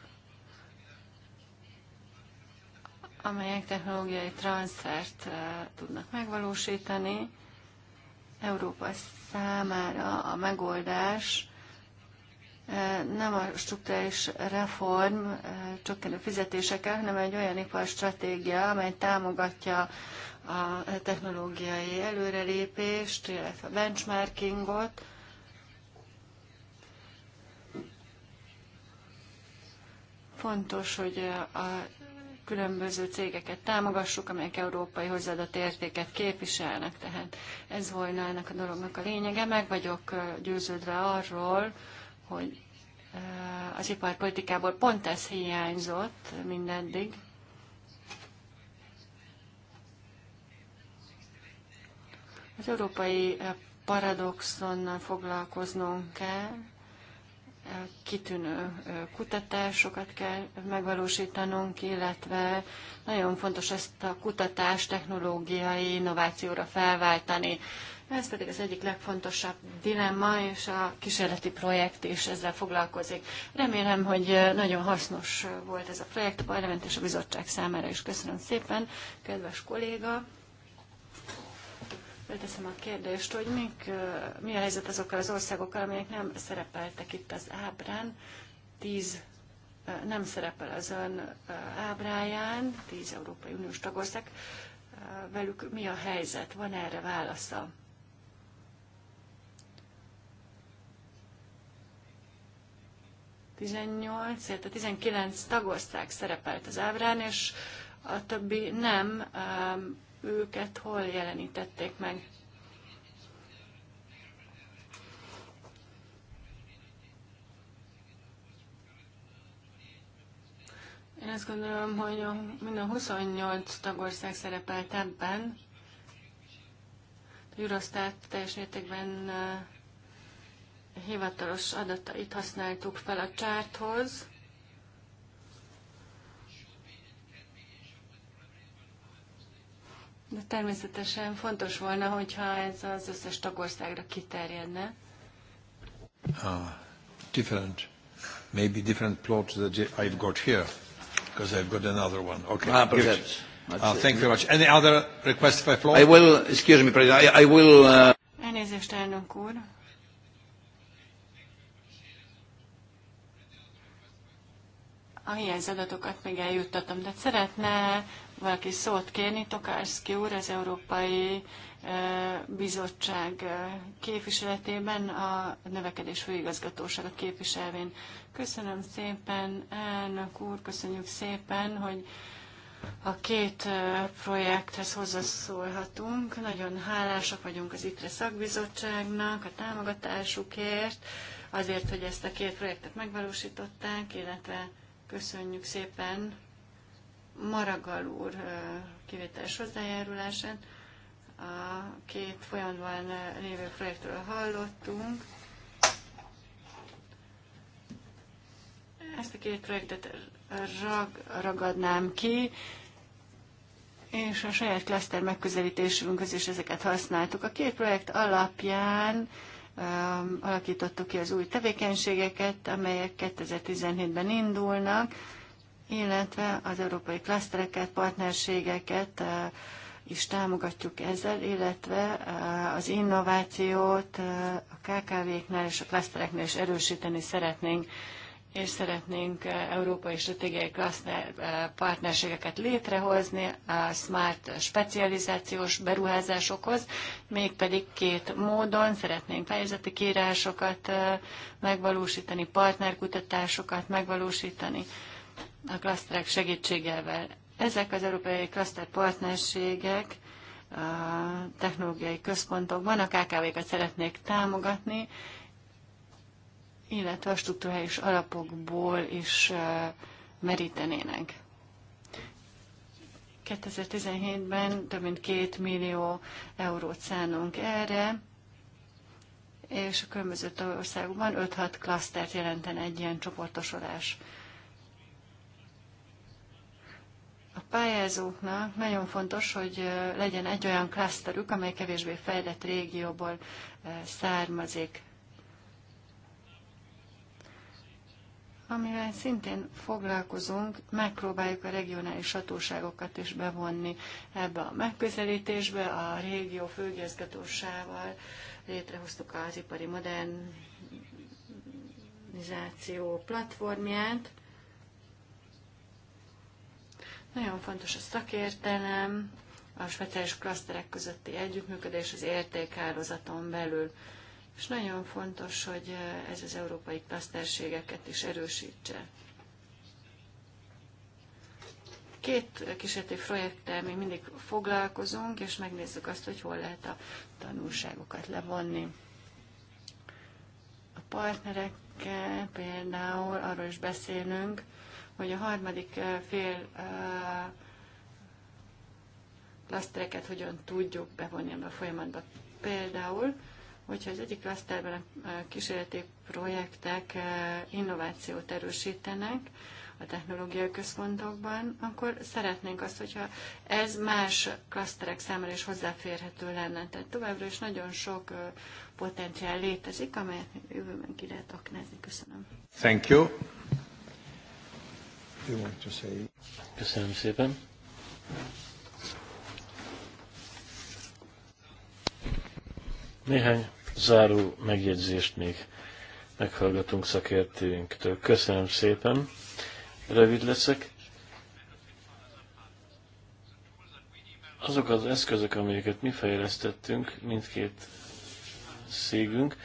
amelyek technológiai transfert eh, tudnak megvalósítani, Európa számára a megoldás eh, nem a struktúrális reform eh, csökkenő fizetésekkel, hanem egy olyan iparstratégia, amely támogatja a technológiai előrelépést, illetve a benchmarkingot, fontos, hogy a különböző cégeket támogassuk, amelyek európai hozzáadott értéket képviselnek. Tehát ez volna ennek a dolognak a lényege. Meg vagyok győződve arról, hogy az iparpolitikából pont ez hiányzott mindeddig. Az európai paradoxonnal foglalkoznunk kell, kitűnő kutatásokat kell megvalósítanunk, illetve nagyon fontos ezt a kutatás technológiai innovációra felváltani. Ez pedig az egyik legfontosabb dilemma, és a kísérleti projekt is ezzel foglalkozik. Remélem, hogy nagyon hasznos volt ez a projekt a parlament és a bizottság számára is. Köszönöm szépen, kedves kolléga! Felteszem a kérdést, hogy mik, mi a helyzet azokkal az országokkal, amelyek nem szerepeltek itt az ábrán. Tíz nem szerepel az ön ábráján, tíz Európai Uniós tagország. Velük mi a helyzet? Van erre válasza? Tizennyolc, illetve tizenkilenc tagország szerepelt az ábrán, és a többi nem őket hol jelenítették meg. Én azt gondolom, hogy a, minden 28 tagország szerepelt ebben. A Eurostat teljes mértékben hivatalos adatait használtuk fel a csárthoz. De természetesen fontos volna, hogyha ez az összes tagországra kiterjedne. Uh, different, maybe different plot that I've got here, because I've got another one. Okay. Ah, Uh, thank you very much. Any other request by floor? I will, excuse me, President, I, I will... Uh... Elnézést, elnök úr. a hiányzadatokat még eljuttatom, de szeretne valaki szót kérni. Tokarski úr az Európai Bizottság képviseletében a növekedés főigazgatósága képviselvén. Köszönöm szépen, elnök úr, köszönjük szépen, hogy a két projekthez hozzászólhatunk. Nagyon hálásak vagyunk az ITRE szakbizottságnak a támogatásukért, azért, hogy ezt a két projektet megvalósították, illetve köszönjük szépen Maragal úr kivételes hozzájárulásán. A két folyamatban lévő projektről hallottunk. Ezt a két projektet rag, ragadnám ki, és a saját klaszter megközelítésünkhöz is ezeket használtuk. A két projekt alapján um, alakítottuk ki az új tevékenységeket, amelyek 2017-ben indulnak illetve az európai klasztereket, partnerségeket is támogatjuk ezzel, illetve az innovációt a KKV-knál és a klasztereknél is erősíteni szeretnénk, és szeretnénk európai stratégiai klaszter partnerségeket létrehozni a smart specializációs beruházásokhoz, mégpedig két módon szeretnénk fejezeti kírásokat megvalósítani, partnerkutatásokat megvalósítani a klaszterek segítségével. Ezek az európai klaszter partnerségek a technológiai központokban a KKV-kat szeretnék támogatni, illetve a struktúrális alapokból is merítenének. 2017-ben több mint két millió eurót szánunk erre, és a különböző országokban 5-6 klasztert jelenten egy ilyen csoportosodás. A pályázóknak nagyon fontos, hogy legyen egy olyan klaszterük, amely kevésbé fejlett régióból származik. amivel szintén foglalkozunk, megpróbáljuk a regionális hatóságokat is bevonni ebbe a megközelítésbe. A régió főgyezgatósával létrehoztuk az ipari modernizáció platformját, nagyon fontos a szakértelem, a speciális klaszterek közötti együttműködés az értékhálózaton belül. És nagyon fontos, hogy ez az európai klaszterségeket is erősítse. Két kísérleti projekttel mi mindig foglalkozunk, és megnézzük azt, hogy hol lehet a tanulságokat levonni. A partnerekkel például arról is beszélünk, hogy a harmadik fél klasztereket hogyan tudjuk bevonni ebbe a folyamatba. Például, hogyha az egyik klaszterben a kísérleti projektek innovációt erősítenek, a technológiai központokban, akkor szeretnénk azt, hogyha ez más klaszterek számára is hozzáférhető lenne. Tehát továbbra is nagyon sok potenciál létezik, amelyet jövőben ki lehet aknázni. Köszönöm. Thank you you want to say. Köszönöm szépen. Néhány záró megjegyzést még meghallgatunk szakértőinktől. Köszönöm szépen. Rövid leszek. Azok az eszközök, amelyeket mi fejlesztettünk, mindkét szégünk,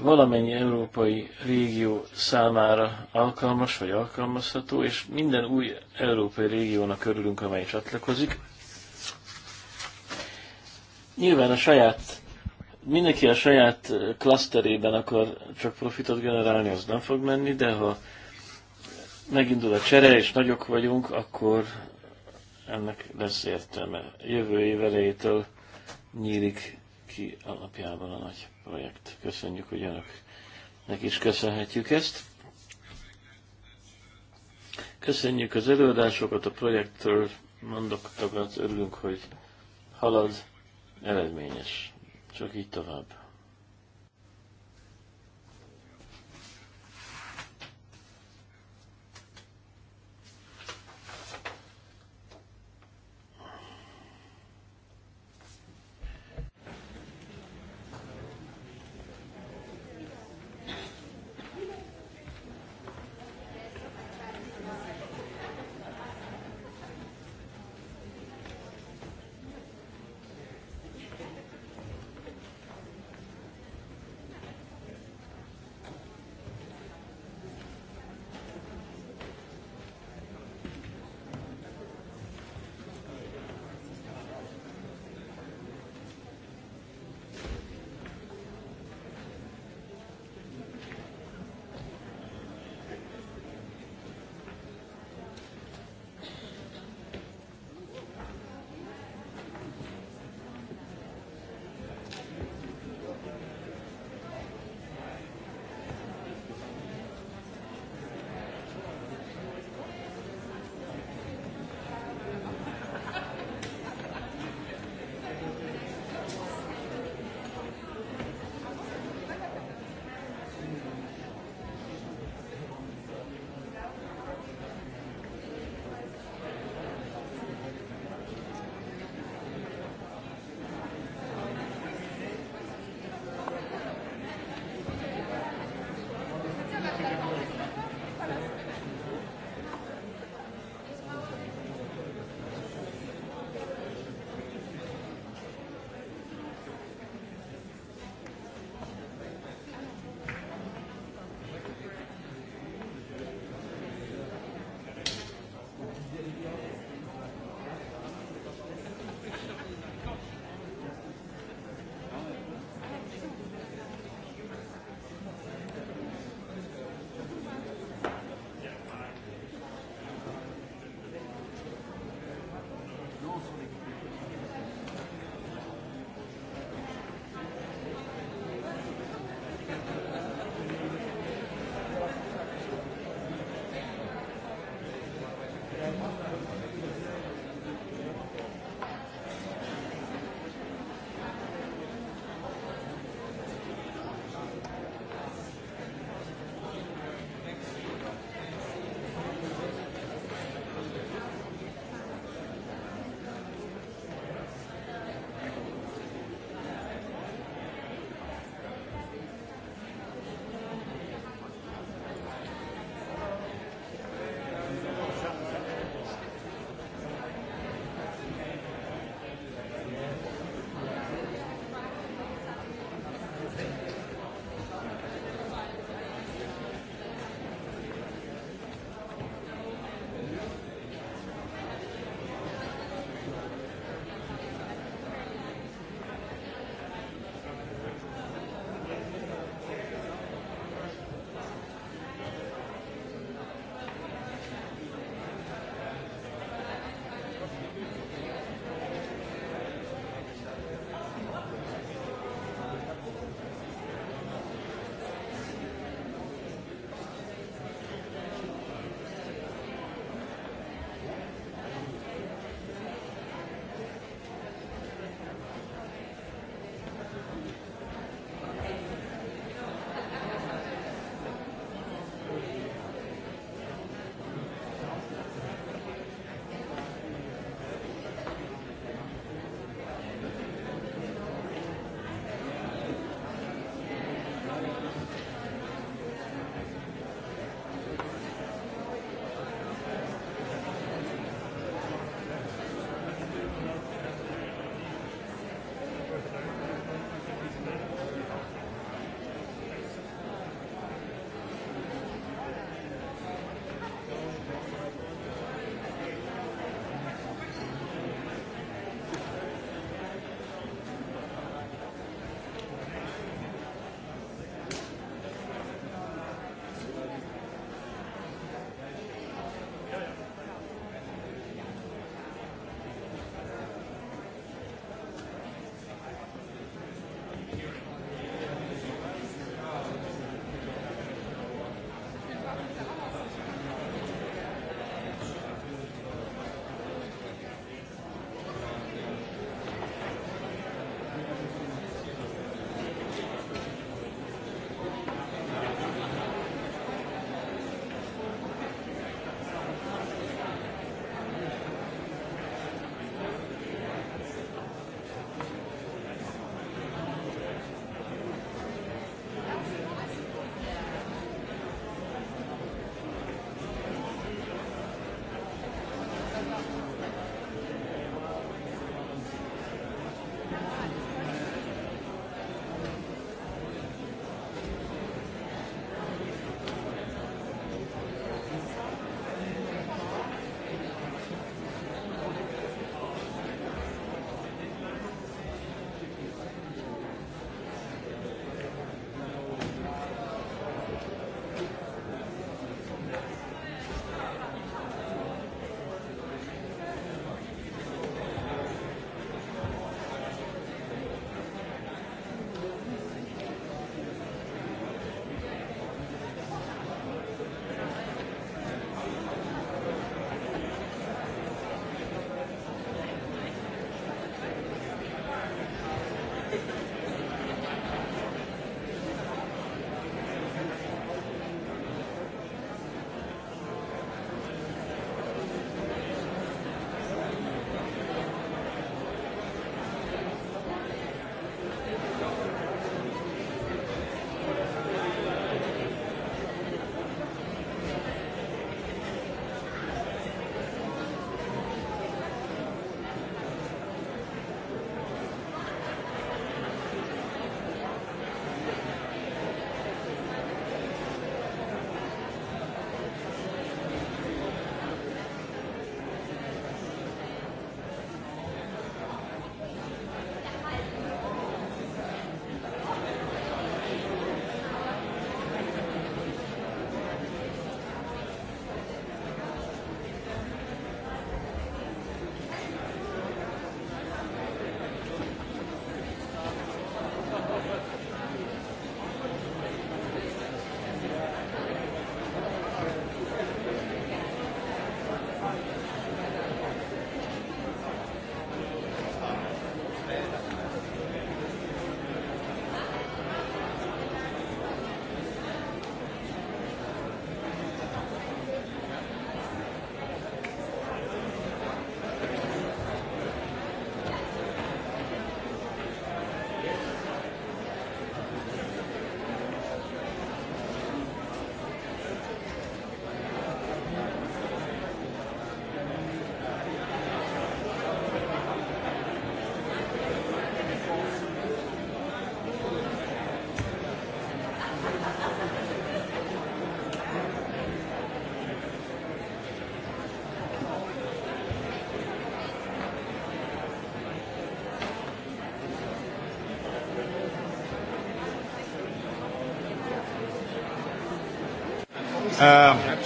valamennyi európai régió számára alkalmas vagy alkalmazható, és minden új európai régiónak örülünk, amely csatlakozik. Nyilván a saját, mindenki a saját klaszterében akar csak profitot generálni, az nem fog menni, de ha megindul a csere, és nagyok vagyunk, akkor ennek lesz értelme. Jövő év elejétől nyílik ki alapjában a nagy projekt. Köszönjük, hogy önöknek is köszönhetjük ezt. Köszönjük az előadásokat, a projektről mondottakat, örülünk, hogy halad, eredményes. Csak így tovább.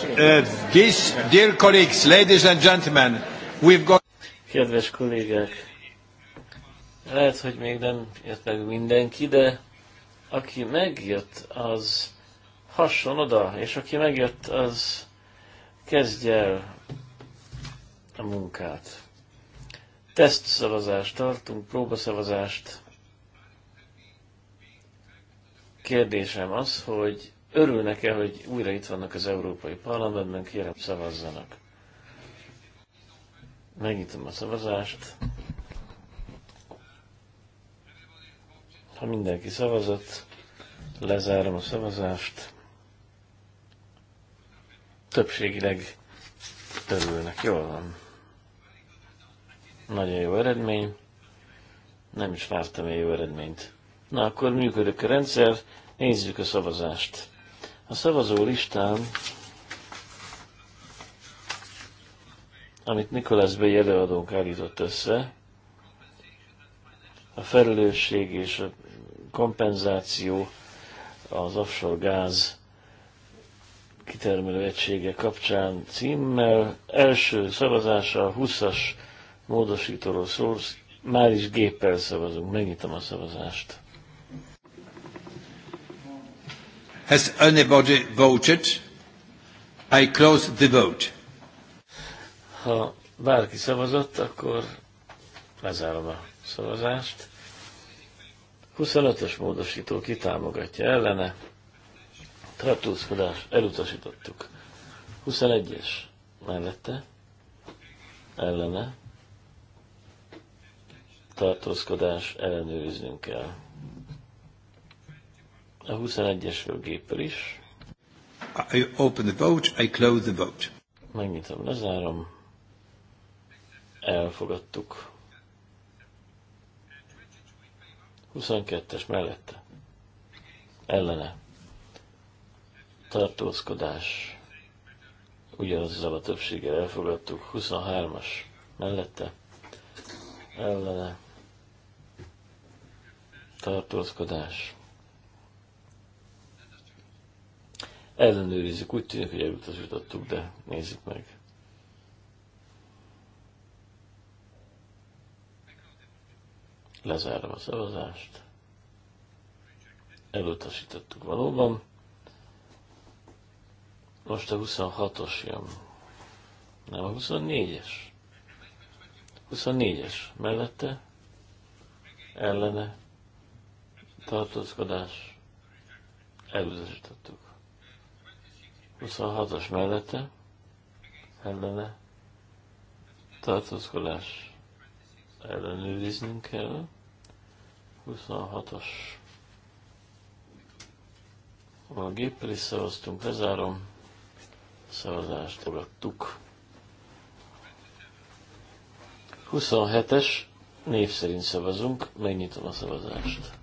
Uh, this, dear colleagues, ladies and gentlemen, we've got... Kedves kollégák, lehet, hogy még nem jött meg mindenki, de aki megjött, az hasson oda, és aki megjött, az kezdje el a munkát. Tesztszavazást tartunk, próbaszavazást. Kérdésem az, hogy örülnek-e, hogy újra itt vannak az Európai Parlamentben, kérem szavazzanak. Megnyitom a szavazást. Ha mindenki szavazott, lezárom a szavazást. Többségileg örülnek, jól van. Nagyon jó eredmény. Nem is vártam egy jó eredményt. Na, akkor működik a rendszer, nézzük a szavazást. A szavazó listán, amit Nikolász B. előadónk állított össze, a felelősség és a kompenzáció az offshore gáz kitermelő egysége kapcsán címmel. Első szavazása a 20-as módosítóról szól, már is géppel szavazunk, megnyitom a szavazást. Has anybody voted? I close the vote. Ha bárki szavazott, akkor lezárom a szavazást. 25-ös módosító kitámogatja ellene. Tartózkodás, elutasítottuk. 21-es mellette, ellene. Tartózkodás, ellenőriznünk kell a 21 es géppel is. I open the vote, I close the vote. Megnyitom, lezárom. Elfogadtuk. 22-es mellette. Ellene. Tartózkodás. Ugyanazzal a többséggel elfogadtuk. 23-as mellette. Ellene. Tartózkodás ellenőrizzük. Úgy tűnik, hogy elutasítottuk, de nézzük meg. Lezárom a szavazást. Elutasítottuk valóban. Most a 26-os jön. Nem a 24-es. 24-es. Mellette ellene tartózkodás elutasítottuk. 26-as mellette ellene tartózkodás ellenőriznünk kell. 26-as a géppel is szavaztunk, lezárom. A szavazást fogadtuk. 27-es név szerint szavazunk, megnyitom a szavazást.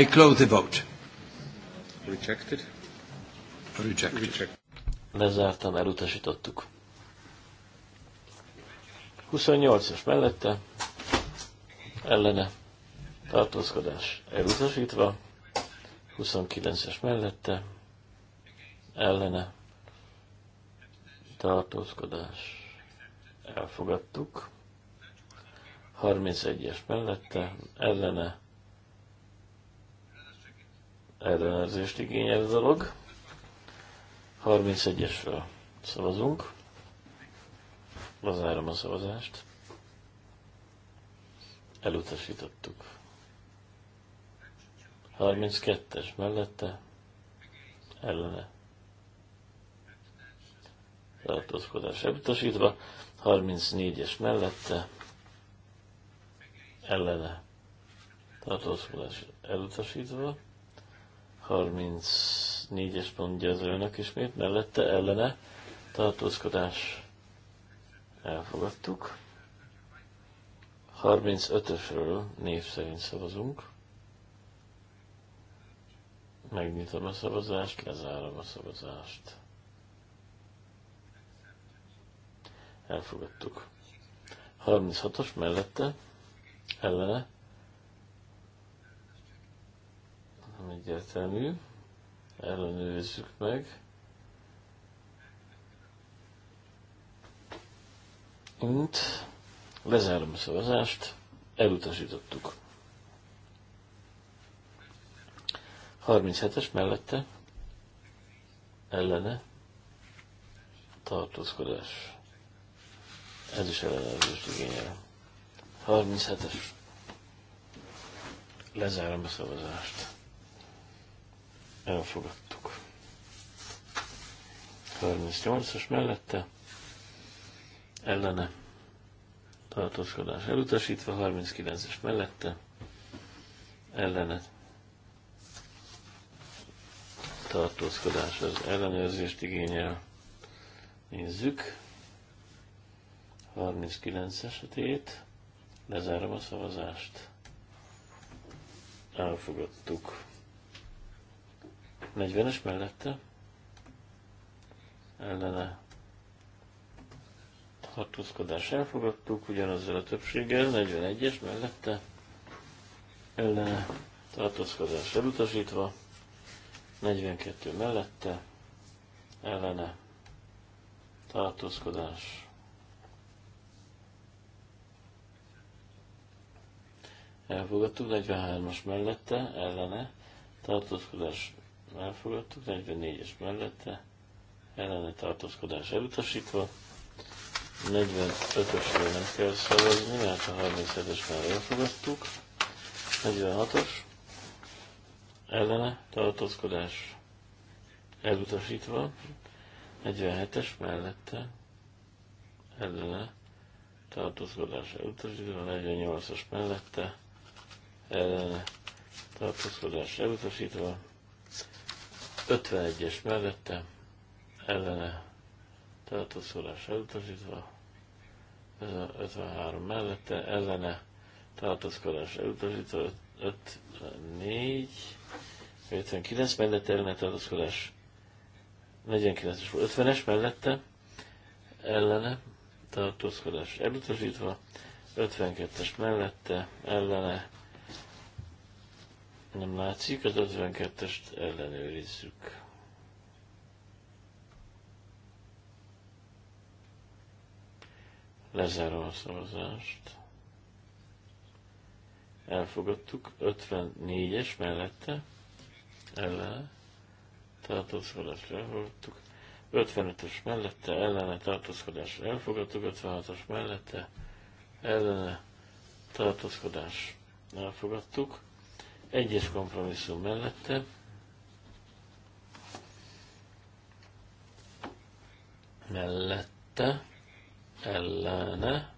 I close the vote. Rejected. Rejected. Rejected. Lezártam, elutasítottuk. 28-as mellette, ellene, tartózkodás elutasítva, 29-es mellette, ellene, tartózkodás elfogadtuk, 31-es mellette, ellene, ellenőrzést igényel a dolog. 31-esről szavazunk. Lazárom a szavazást. Elutasítottuk. 32-es mellette ellene tartózkodás elutasítva, 34-es mellette ellene tartózkodás elutasítva, 34-es mondja az önök ismét, mellette ellene tartózkodás elfogadtuk. 35-ösről név szerint szavazunk. Megnyitom a szavazást, lezárom a szavazást. Elfogadtuk. 36-os mellette, ellene, nem egyértelmű. Ellenőrizzük meg. Int. Lezárom a szavazást. Elutasítottuk. 37-es mellette. Ellene. Tartózkodás. Ez is ellenőrzést igényel. 37-es. Lezárom a szavazást elfogadtuk. 38-as mellette, ellene, tartózkodás elutasítva, 39-es mellette, ellene, tartózkodás az ellenőrzést igényel. Nézzük. 39 esetét. Lezárom a szavazást. Elfogadtuk. 40-es mellette ellene tartózkodás elfogadtuk, ugyanazzal a többséggel, 41-es mellette ellene tartózkodás elutasítva, 42 mellette ellene tartózkodás elfogadtuk, 43-as mellette ellene tartózkodás elfogadtuk, 44-es mellette, ellene tartózkodás elutasítva, 45 ösre nem kell szavazni, mert a 37-es már elfogadtuk, 46-os, ellene tartózkodás elutasítva, 47-es mellette, ellene tartózkodás elutasítva, 48-as mellette, ellene tartózkodás elutasítva, 51-es mellette ellene tartózkodás elutasítva, ez a 53 mellette ellene tartózkodás elutasítva, 54, 59 mellette ellene tartózkodás, 49-es 50-es mellette ellene tartózkodás elutasítva, 52-es mellette ellene nem látszik, az 52-est ellenőrizzük. Lezárom a szavazást. Elfogadtuk. 54-es mellette. Ellen. Tartózkodás elfogadtuk. 55-ös mellette. Ellene. Tartózkodás elfogadtuk. 56-os mellette. Ellene. Tartózkodás elfogadtuk. Egyes kompromisszum mellette. Mellette. Ellene.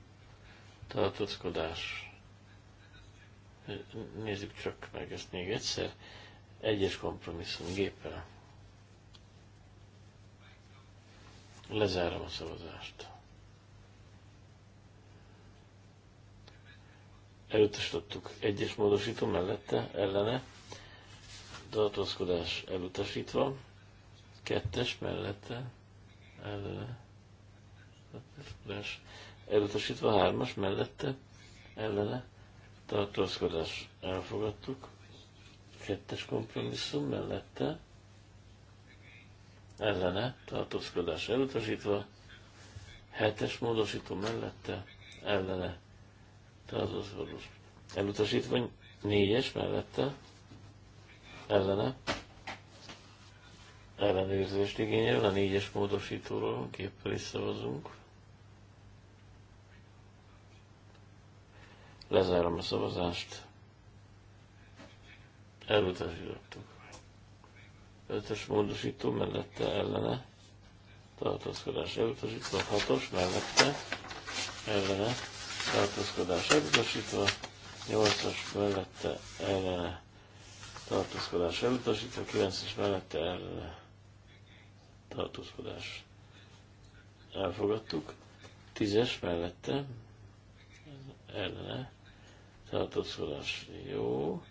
Tartózkodás. Nézzük csak meg ezt még egyszer. Egyes kompromisszum géppel. Lezárom a szavazást. elutasítottuk egyes módosító mellette, ellene, tartózkodás elutasítva, kettes mellette, ellene, tartózkodás elutasítva, hármas mellette, ellene, tartózkodás elfogadtuk, kettes kompromisszum mellette, ellene, tartózkodás elutasítva, hetes módosító mellette, ellene, orvos. elutasítvány, négyes mellette, ellene, ellenőrzést igényel, a négyes módosítóról képpel is szavazunk. Lezárom a szavazást. Elutasítottuk. Ötös módosító mellette ellene. Tartózkodás elutasítva. Hatos mellette ellene tartózkodás elutasítva, 8-as mellette ellene tartózkodás elutasítva, 9-es mellette ellene tartózkodás elfogadtuk, 10-es mellette ellene tartózkodás jó,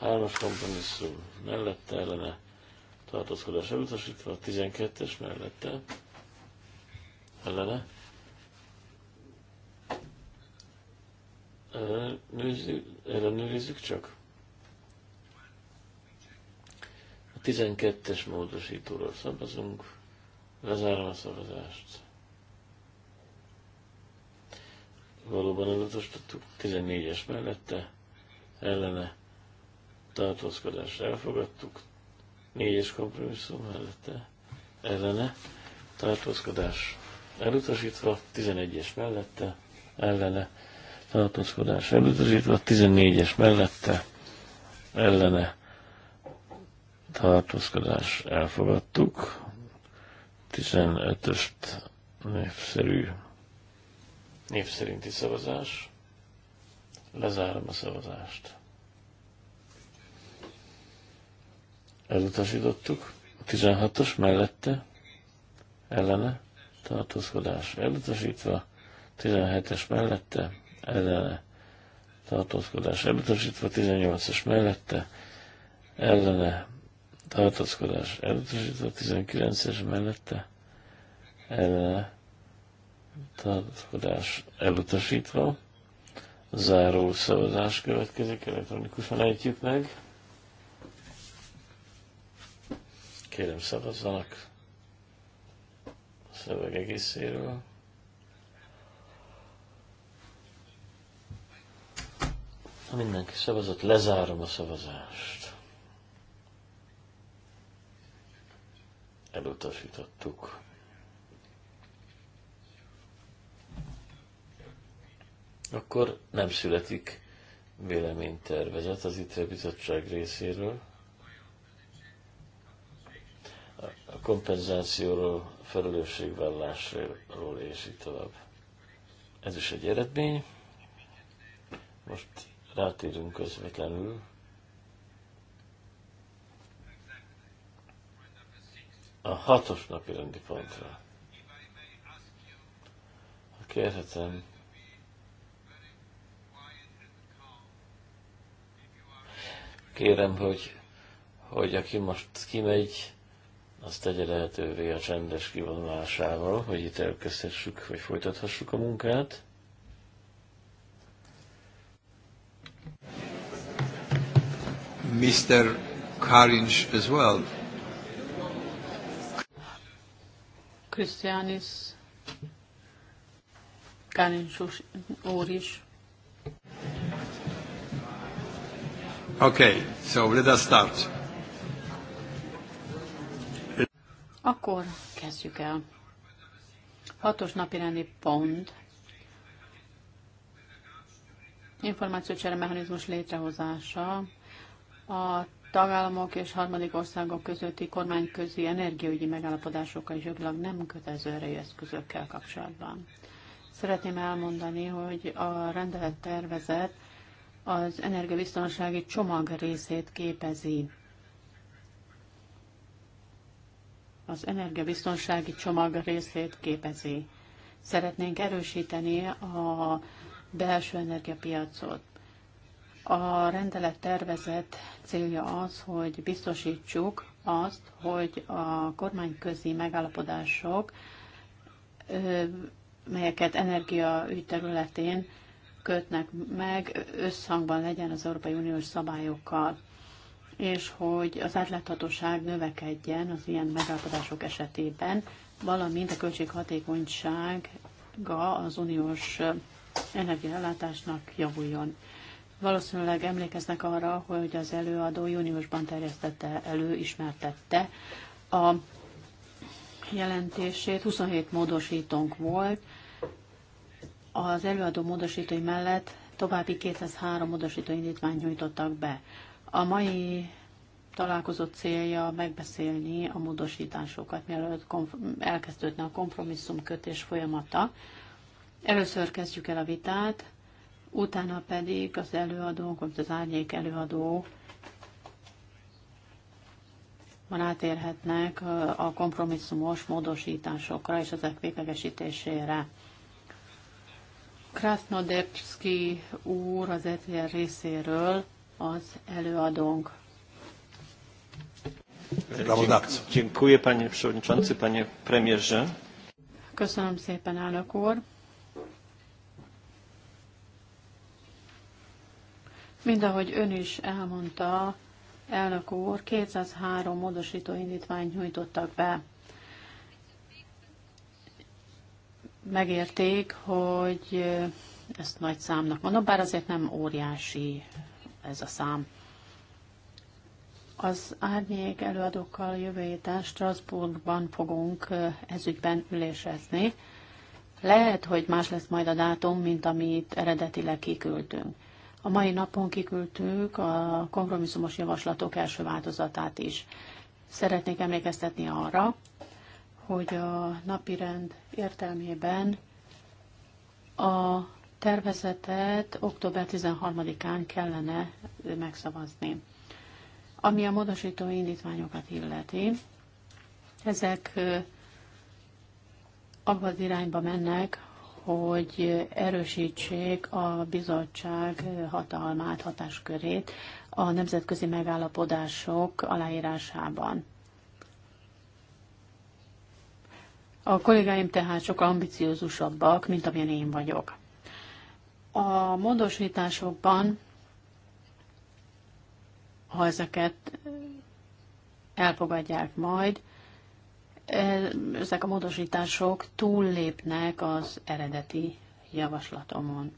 3-as kompromisszum mellette ellene tartózkodás elutasítva, 12-es mellette ellene Ellenőrizzük, ellenőrizzük csak. A 12-es módosítóról szavazunk. Lezárom a szavazást. Valóban elutasítottuk. 14-es mellette. Ellene. Tartózkodás elfogadtuk. 4-es kompromisszum mellette. Ellene. Tartózkodás elutasítva. 11-es mellette. Ellene tartózkodás elutasítva, a 14-es mellette ellene tartózkodás elfogadtuk, 15-öst népszerű, népszerinti szavazás, lezárom a szavazást. Elutasítottuk, 16-os mellette, ellene, tartózkodás elutasítva, 17-es mellette, ellene tartózkodás elutasítva, 18-as mellette ellene tartózkodás elutasítva, 19-es mellette ellene tartózkodás elutasítva. Záró szavazás következik, elektronikusan ejtjük meg. Kérem szavazzanak a szöveg egészéről. Ha mindenki szavazott, lezárom a szavazást. Elutasítottuk. Akkor nem születik véleménytervezet az ITRE bizottság részéről. A kompenzációról, felelősségvállásról és így tovább. Ez is egy eredmény. Most rátérünk közvetlenül a hatos napi rendi pontra. Ha kérhetem, kérem, hogy, hogy aki most kimegy, azt tegye lehetővé a csendes kivonulásával, hogy itt elkezdhessük, vagy folytathassuk a munkát. Mr. Karinch as well. Christianis, Karinch úr Okay, so let us start. Akkor kezdjük el. Hatos napi rendi pont információcsere mechanizmus létrehozása a tagállamok és harmadik országok közötti kormányközi energiaügyi megállapodásokkal és jogilag nem kötelező erejű eszközökkel kapcsolatban. Szeretném elmondani, hogy a rendelet tervezet az energiabiztonsági csomag részét képezi. Az energiabiztonsági csomag részét képezi. Szeretnénk erősíteni a belső energiapiacot. A rendelet tervezett célja az, hogy biztosítsuk azt, hogy a kormányközi megállapodások, melyeket energiaügy területén kötnek meg, összhangban legyen az Európai Uniós szabályokkal, és hogy az átláthatóság növekedjen az ilyen megállapodások esetében, valamint a költséghatékonysága az uniós energiaellátásnak javuljon. Valószínűleg emlékeznek arra, hogy az előadó júniusban terjesztette elő, ismertette a jelentését. 27 módosítónk volt. Az előadó módosítói mellett további 203 módosító indítványt nyújtottak be. A mai találkozó célja megbeszélni a módosításokat, mielőtt elkezdődne a kompromisszumkötés folyamata. Először kezdjük el a vitát, utána pedig az előadónk, vagy az árnyék előadó van átérhetnek a kompromisszumos módosításokra és az véglegesítésére. Krasznodebski úr az ETR részéről az előadónk. Dziękuję panie przewodniczący, panie premierze. Köszönöm szépen, elnök úr. Mint ahogy ön is elmondta, elnök úr, 203 módosító indítványt nyújtottak be. Megérték, hogy ezt nagy számnak mondom, bár azért nem óriási ez a szám. Az árnyék előadókkal jövő héten Strasbourgban fogunk ezügyben ülésezni. Lehet, hogy más lesz majd a dátum, mint amit eredetileg kiküldtünk. A mai napon kiküldtük a kompromisszumos javaslatok első változatát is. Szeretnék emlékeztetni arra, hogy a napirend értelmében a tervezetet október 13-án kellene megszavazni. Ami a módosító indítványokat illeti, ezek abban az irányba mennek, hogy erősítsék a bizottság hatalmát, hatáskörét a nemzetközi megállapodások aláírásában. A kollégáim tehát sokkal ambiciózusabbak, mint amilyen én vagyok. A módosításokban, ha ezeket elfogadják majd, ezek a módosítások túllépnek az eredeti javaslatomon.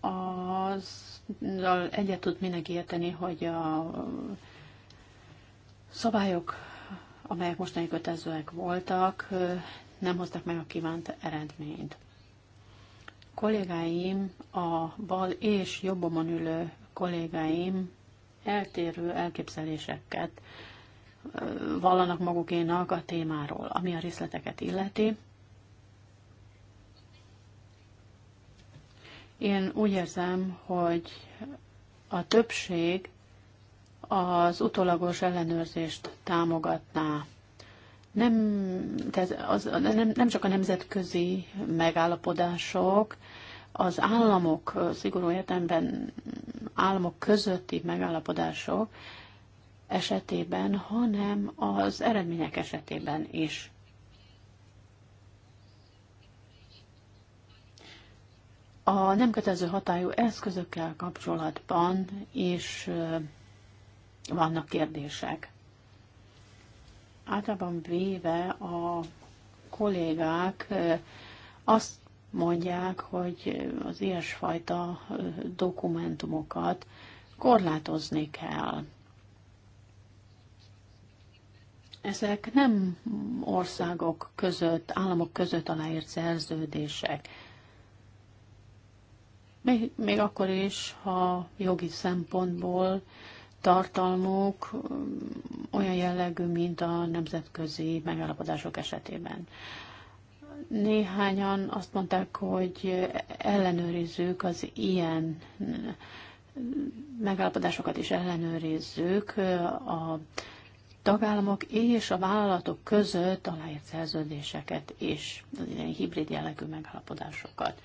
Az egyet tud mindenki érteni, hogy a szabályok, amelyek mostani kötezőek voltak, nem hoztak meg a kívánt eredményt. Kollégáim, a bal és jobbomon ülő kollégáim eltérő elképzeléseket vallanak magukénak a témáról, ami a részleteket illeti. Én úgy érzem, hogy a többség az utolagos ellenőrzést támogatná. Nem, az, nem, nem csak a nemzetközi megállapodások, az államok szigorú értelemben államok közötti megállapodások esetében, hanem az eredmények esetében is. A nem kötelező hatályú eszközökkel kapcsolatban is vannak kérdések. Általában véve a kollégák azt mondják, hogy az ilyesfajta dokumentumokat korlátozni kell. Ezek nem országok között, államok között aláírt szerződések. Még, még akkor is, ha jogi szempontból tartalmuk olyan jellegű, mint a nemzetközi megállapodások esetében. Néhányan azt mondták, hogy ellenőrizzük az ilyen megállapodásokat is ellenőrizzük a tagállamok és a vállalatok között aláírt szerződéseket és az ilyen hibrid jellegű megállapodásokat.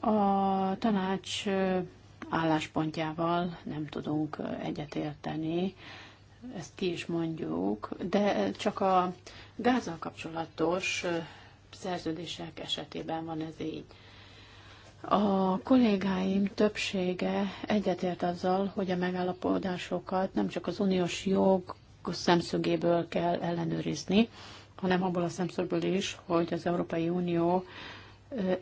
A tanács álláspontjával nem tudunk egyetérteni, ezt ki is mondjuk, de csak a gázzal kapcsolatos szerződések esetében van ez így. A kollégáim többsége egyetért azzal, hogy a megállapodásokat nem csak az uniós jog szemszögéből kell ellenőrizni, hanem abból a szemszögből is, hogy az Európai Unió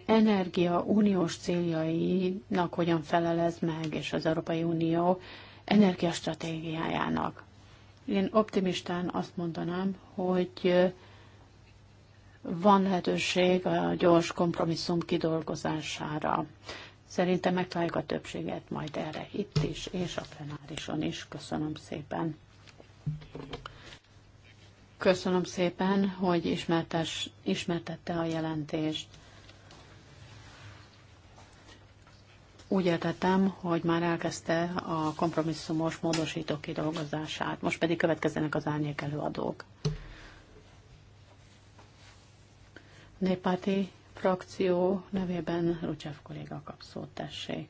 energia uniós céljainak hogyan felelez meg, és az Európai Unió energiastratégiájának. Én optimistán azt mondanám, hogy van lehetőség a gyors kompromisszum kidolgozására. Szerintem megtaláljuk a többséget majd erre itt is, és a plenárison is. Köszönöm szépen. Köszönöm szépen, hogy ismertes, ismertette a jelentést. Úgy értettem, hogy már elkezdte a kompromisszumos módosítók kidolgozását. Most pedig következzenek az árnyék előadók. Néppárti frakció nevében Rucsev kolléga kap szót, tessék.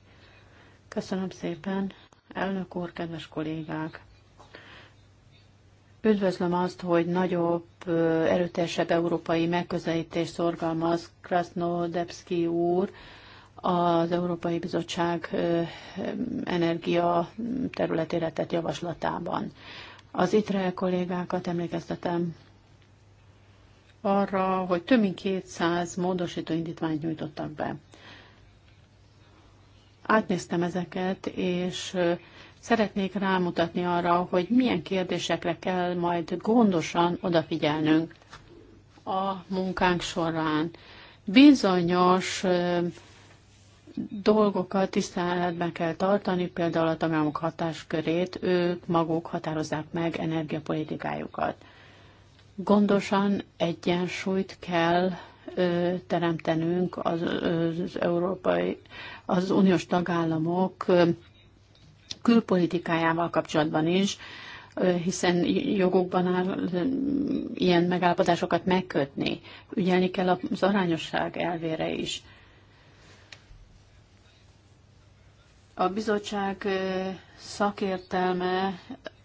Köszönöm szépen, elnök úr, kedves kollégák! Üdvözlöm azt, hogy nagyobb, erőteljesebb európai megközelítés szorgalmaz Krasznodebszki úr, az Európai Bizottság energia területére tett javaslatában. Az ITRE kollégákat emlékeztetem arra, hogy több mint 200 módosító indítványt nyújtottak be. Átnéztem ezeket, és szeretnék rámutatni arra, hogy milyen kérdésekre kell majd gondosan odafigyelnünk a munkánk során. Bizonyos dolgokat tiszteletben kell tartani, például a tagállamok hatáskörét, ők maguk határozzák meg energiapolitikájukat. Gondosan egyensúlyt kell ö, teremtenünk az, az európai, az uniós tagállamok ö, külpolitikájával kapcsolatban is, hiszen jogokban áll ilyen megállapodásokat megkötni. Ügyelni kell az arányosság elvére is. A bizottság szakértelme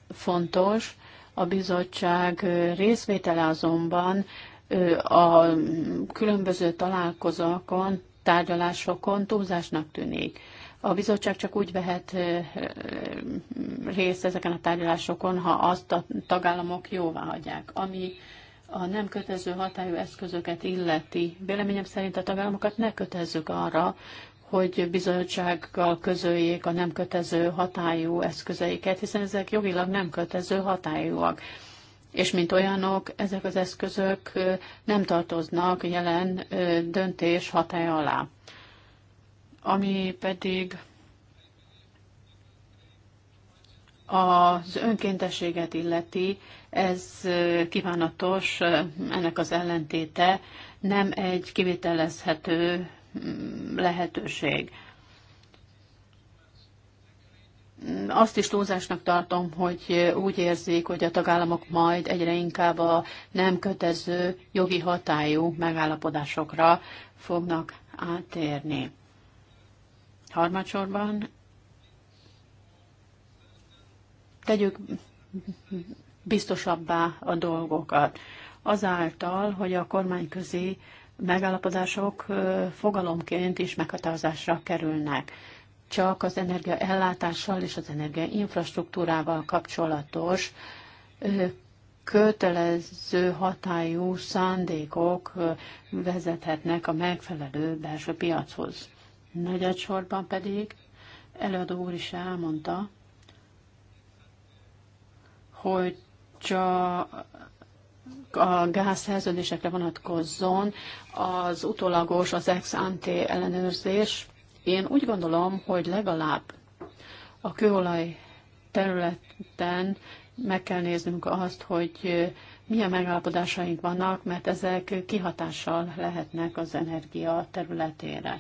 fontos, a bizottság részvétele azonban a különböző találkozókon, tárgyalásokon túlzásnak tűnik. A bizottság csak úgy vehet részt ezeken a tárgyalásokon, ha azt a tagállamok jóvá hagyják. Ami a nem kötező hatályú eszközöket illeti. Véleményem szerint a tagállamokat ne kötezzük arra, hogy bizottsággal közöljék a nem kötező hatályú eszközeiket, hiszen ezek jogilag nem kötező hatályúak. És mint olyanok, ezek az eszközök nem tartoznak jelen döntés hatája alá. Ami pedig az önkéntességet illeti, ez kívánatos, ennek az ellentéte nem egy kivitelezhető lehetőség. Azt is túlzásnak tartom, hogy úgy érzik, hogy a tagállamok majd egyre inkább a nem kötező jogi hatályú megállapodásokra fognak átérni. Harmadsorban tegyük biztosabbá a dolgokat. Azáltal, hogy a kormányközi megállapodások fogalomként is meghatározásra kerülnek. Csak az energiaellátással és az energiainfrastruktúrával kapcsolatos kötelező hatályú szándékok vezethetnek a megfelelő belső piachoz. Negyedsorban pedig előadó úr is elmondta, hogy csak a gázszerződésekre vonatkozzon az utólagos, az ex ante ellenőrzés. Én úgy gondolom, hogy legalább a kőolaj területen meg kell néznünk azt, hogy milyen megállapodásaink vannak, mert ezek kihatással lehetnek az energia területére.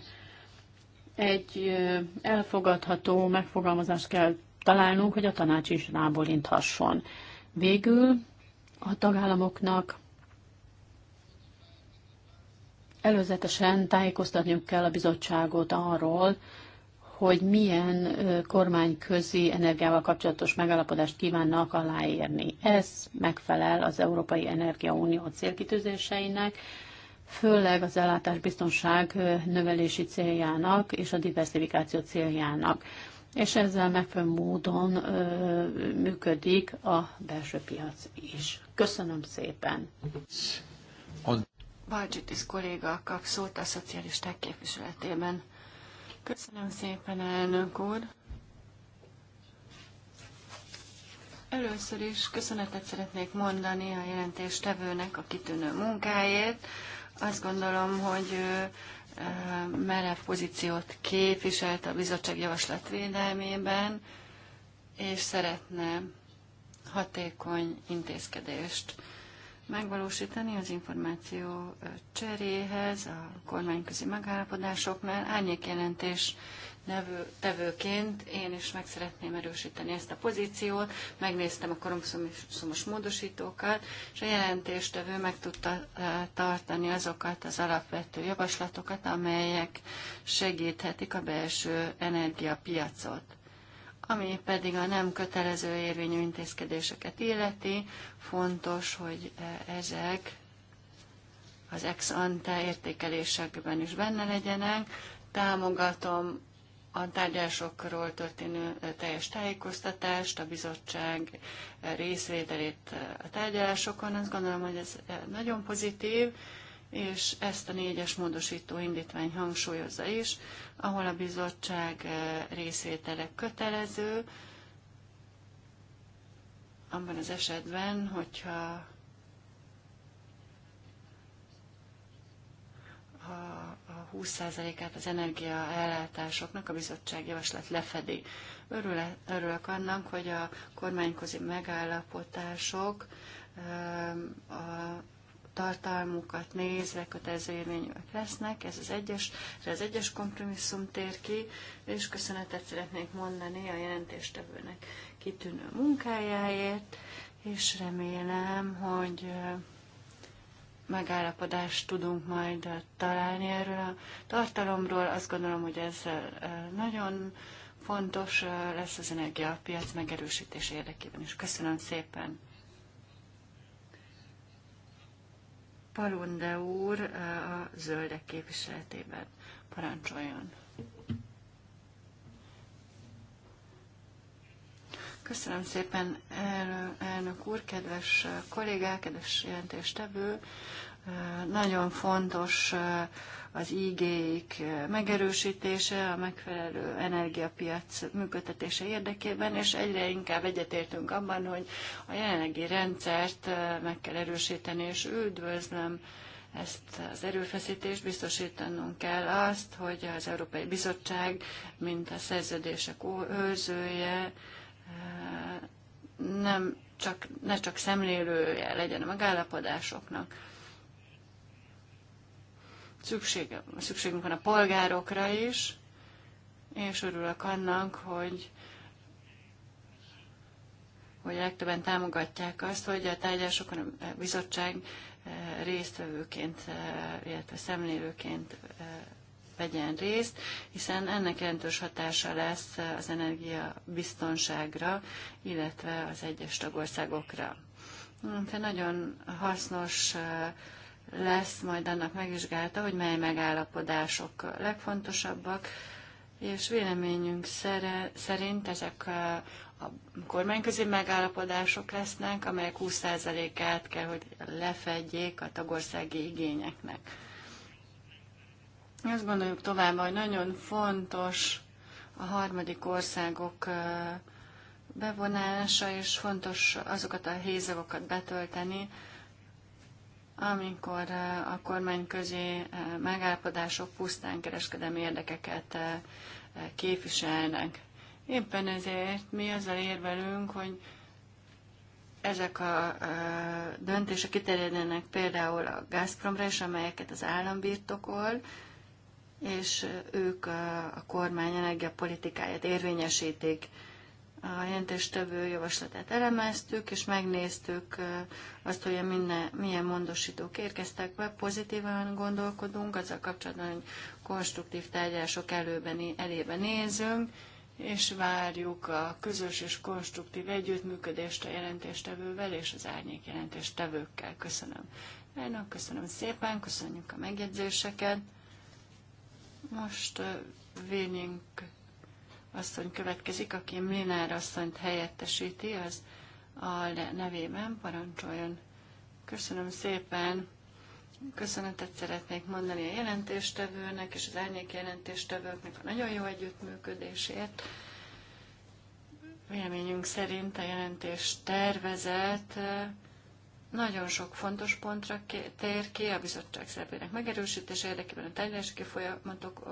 Egy elfogadható megfogalmazást kell találnunk, hogy a tanács is rábólinthasson. Végül a tagállamoknak előzetesen tájékoztatniuk kell a bizottságot arról, hogy milyen kormányközi energiával kapcsolatos megállapodást kívánnak aláírni. Ez megfelel az Európai Energia Unió célkitűzéseinek, főleg az ellátásbiztonság növelési céljának és a diversifikáció céljának és ezzel megfelelő módon ö, működik a belső piac is. Köszönöm szépen! Balcsitis kolléga kap szót a szocialisták képviseletében. Köszönöm szépen, elnök úr! Először is köszönetet szeretnék mondani a jelentéstevőnek a kitűnő munkáért. Azt gondolom, hogy ö, merev pozíciót képviselt a bizottság javaslat védelmében, és szeretne hatékony intézkedést megvalósítani az információ cseréhez, a kormányközi megállapodásoknál. nevő tevőként én is meg szeretném erősíteni ezt a pozíciót, megnéztem a koromszomos módosítókat, és a jelentéstevő meg tudta tartani azokat az alapvető javaslatokat, amelyek segíthetik a belső energiapiacot. Ami pedig a nem kötelező érvényű intézkedéseket illeti, fontos, hogy e, ezek az ex ante értékelésekben is benne legyenek. Támogatom a tárgyalásokról történő e, teljes tájékoztatást, a bizottság e, részvételét a tárgyalásokon. Azt gondolom, hogy ez nagyon pozitív, és ezt a négyes módosító indítvány hangsúlyozza is, ahol a bizottság eh, részvétele kötelező, abban az esetben, hogyha a 20%-át az energiaellátásoknak a bizottság javaslat lefedi. Örülök, örülök annak, hogy a kormányközi megállapotások eh, a tartalmukat nézve kötelező érvényűek lesznek, ez az egyes, ez az egyes kompromisszum tér ki, és köszönetet szeretnék mondani a jelentéstevőnek kitűnő munkájáért, és remélem, hogy megállapodást tudunk majd találni erről a tartalomról. Azt gondolom, hogy ez nagyon fontos lesz az energiapiac megerősítés érdekében is. Köszönöm szépen! Palunde úr a zöldek képviseletében. Parancsoljon! Köszönöm szépen, elnök úr, kedves kollégák, kedves jelentéstevő. Nagyon fontos az ígéik megerősítése, a megfelelő energiapiac működtetése érdekében, és egyre inkább egyetértünk abban, hogy a jelenlegi rendszert meg kell erősíteni, és üdvözlöm ezt az erőfeszítést biztosítanunk kell azt, hogy az Európai Bizottság, mint a szerződések őrzője, nem csak, ne csak szemlélője legyen a megállapodásoknak szükség szükségünk van a polgárokra is, és örülök annak, hogy hogy legtöbben támogatják azt, hogy a tárgyásokon a bizottság eh, résztvevőként, eh, illetve szemlélőként eh, vegyen részt, hiszen ennek jelentős hatása lesz az energia biztonságra, illetve az egyes tagországokra. Tehát nagyon hasznos lesz majd annak megvizsgálta, hogy mely megállapodások legfontosabbak, és véleményünk szerint ezek a kormányközi megállapodások lesznek, amelyek 20%-át kell, hogy lefedjék a tagországi igényeknek. Azt gondoljuk tovább, hogy nagyon fontos a harmadik országok bevonása, és fontos azokat a hézagokat betölteni, amikor eh, a kormány közé eh, megállapodások pusztán kereskedelmi érdekeket eh, képviselnek. Éppen ezért mi azzal érvelünk, hogy ezek a döntések kiterjednek például a Gazpromra is, amelyeket az állam birtokol, és ők a kormány energiapolitikáját érvényesítik a jelentéstevő javaslatát elemeztük, és megnéztük azt, hogy minden, milyen mondosítók érkeztek be, pozitívan gondolkodunk, azzal kapcsolatban, hogy konstruktív tárgyalások előben, elébe nézünk, és várjuk a közös és konstruktív együttműködést a jelentéstevővel és az árnyék jelentéstevőkkel. Köszönöm. Elnök, köszönöm szépen, köszönjük a megjegyzéseket. Most Vénink asszony következik, aki Mlinár asszonyt helyettesíti, az a nevében parancsoljon. Köszönöm szépen! Köszönetet szeretnék mondani a jelentéstevőnek és az árnyék jelentéstevőknek a nagyon jó együttműködésért. Véleményünk szerint a jelentés tervezet eh, nagyon sok fontos pontra tér ki a bizottság szerepének megerősítése érdekében a tárgyalási folyamatok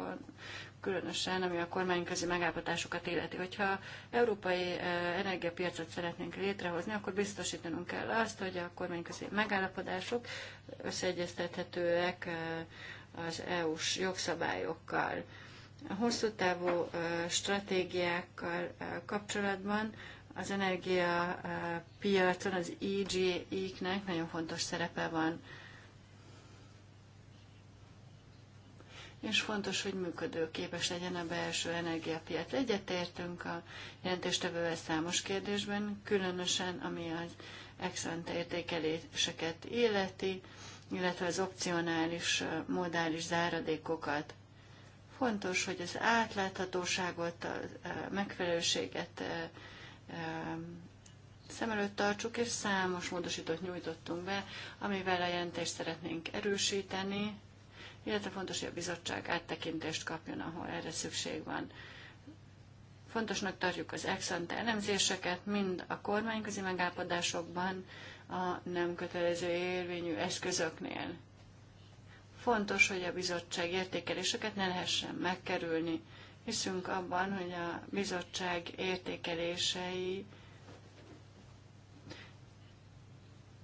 különösen ami a kormányközi megállapotásokat illeti. Hogyha európai eh, energiapiacot szeretnénk létrehozni, akkor biztosítanunk kell azt, hogy a kormányközi megállapodások összeegyeztethetőek eh, az EU-s jogszabályokkal. A hosszú távú eh, stratégiákkal kapcsolatban az energiapiacon az eg knek nagyon fontos szerepe van. és fontos, hogy működőképes legyen a belső energiapiac. Egyetértünk a jelentéstevővel számos kérdésben, különösen ami az excellent értékeléseket illeti, illetve az opcionális modális záradékokat. Fontos, hogy az átláthatóságot, a megfelelőséget szem előtt tartsuk, és számos módosítót nyújtottunk be, amivel a jelentést szeretnénk erősíteni, illetve fontos, hogy a bizottság áttekintést kapjon, ahol erre szükség van. Fontosnak tartjuk az ex ante elemzéseket, mind a kormányközi megállapodásokban, a nem kötelező érvényű eszközöknél. Fontos, hogy a bizottság értékeléseket ne lehessen megkerülni. Hiszünk abban, hogy a bizottság értékelései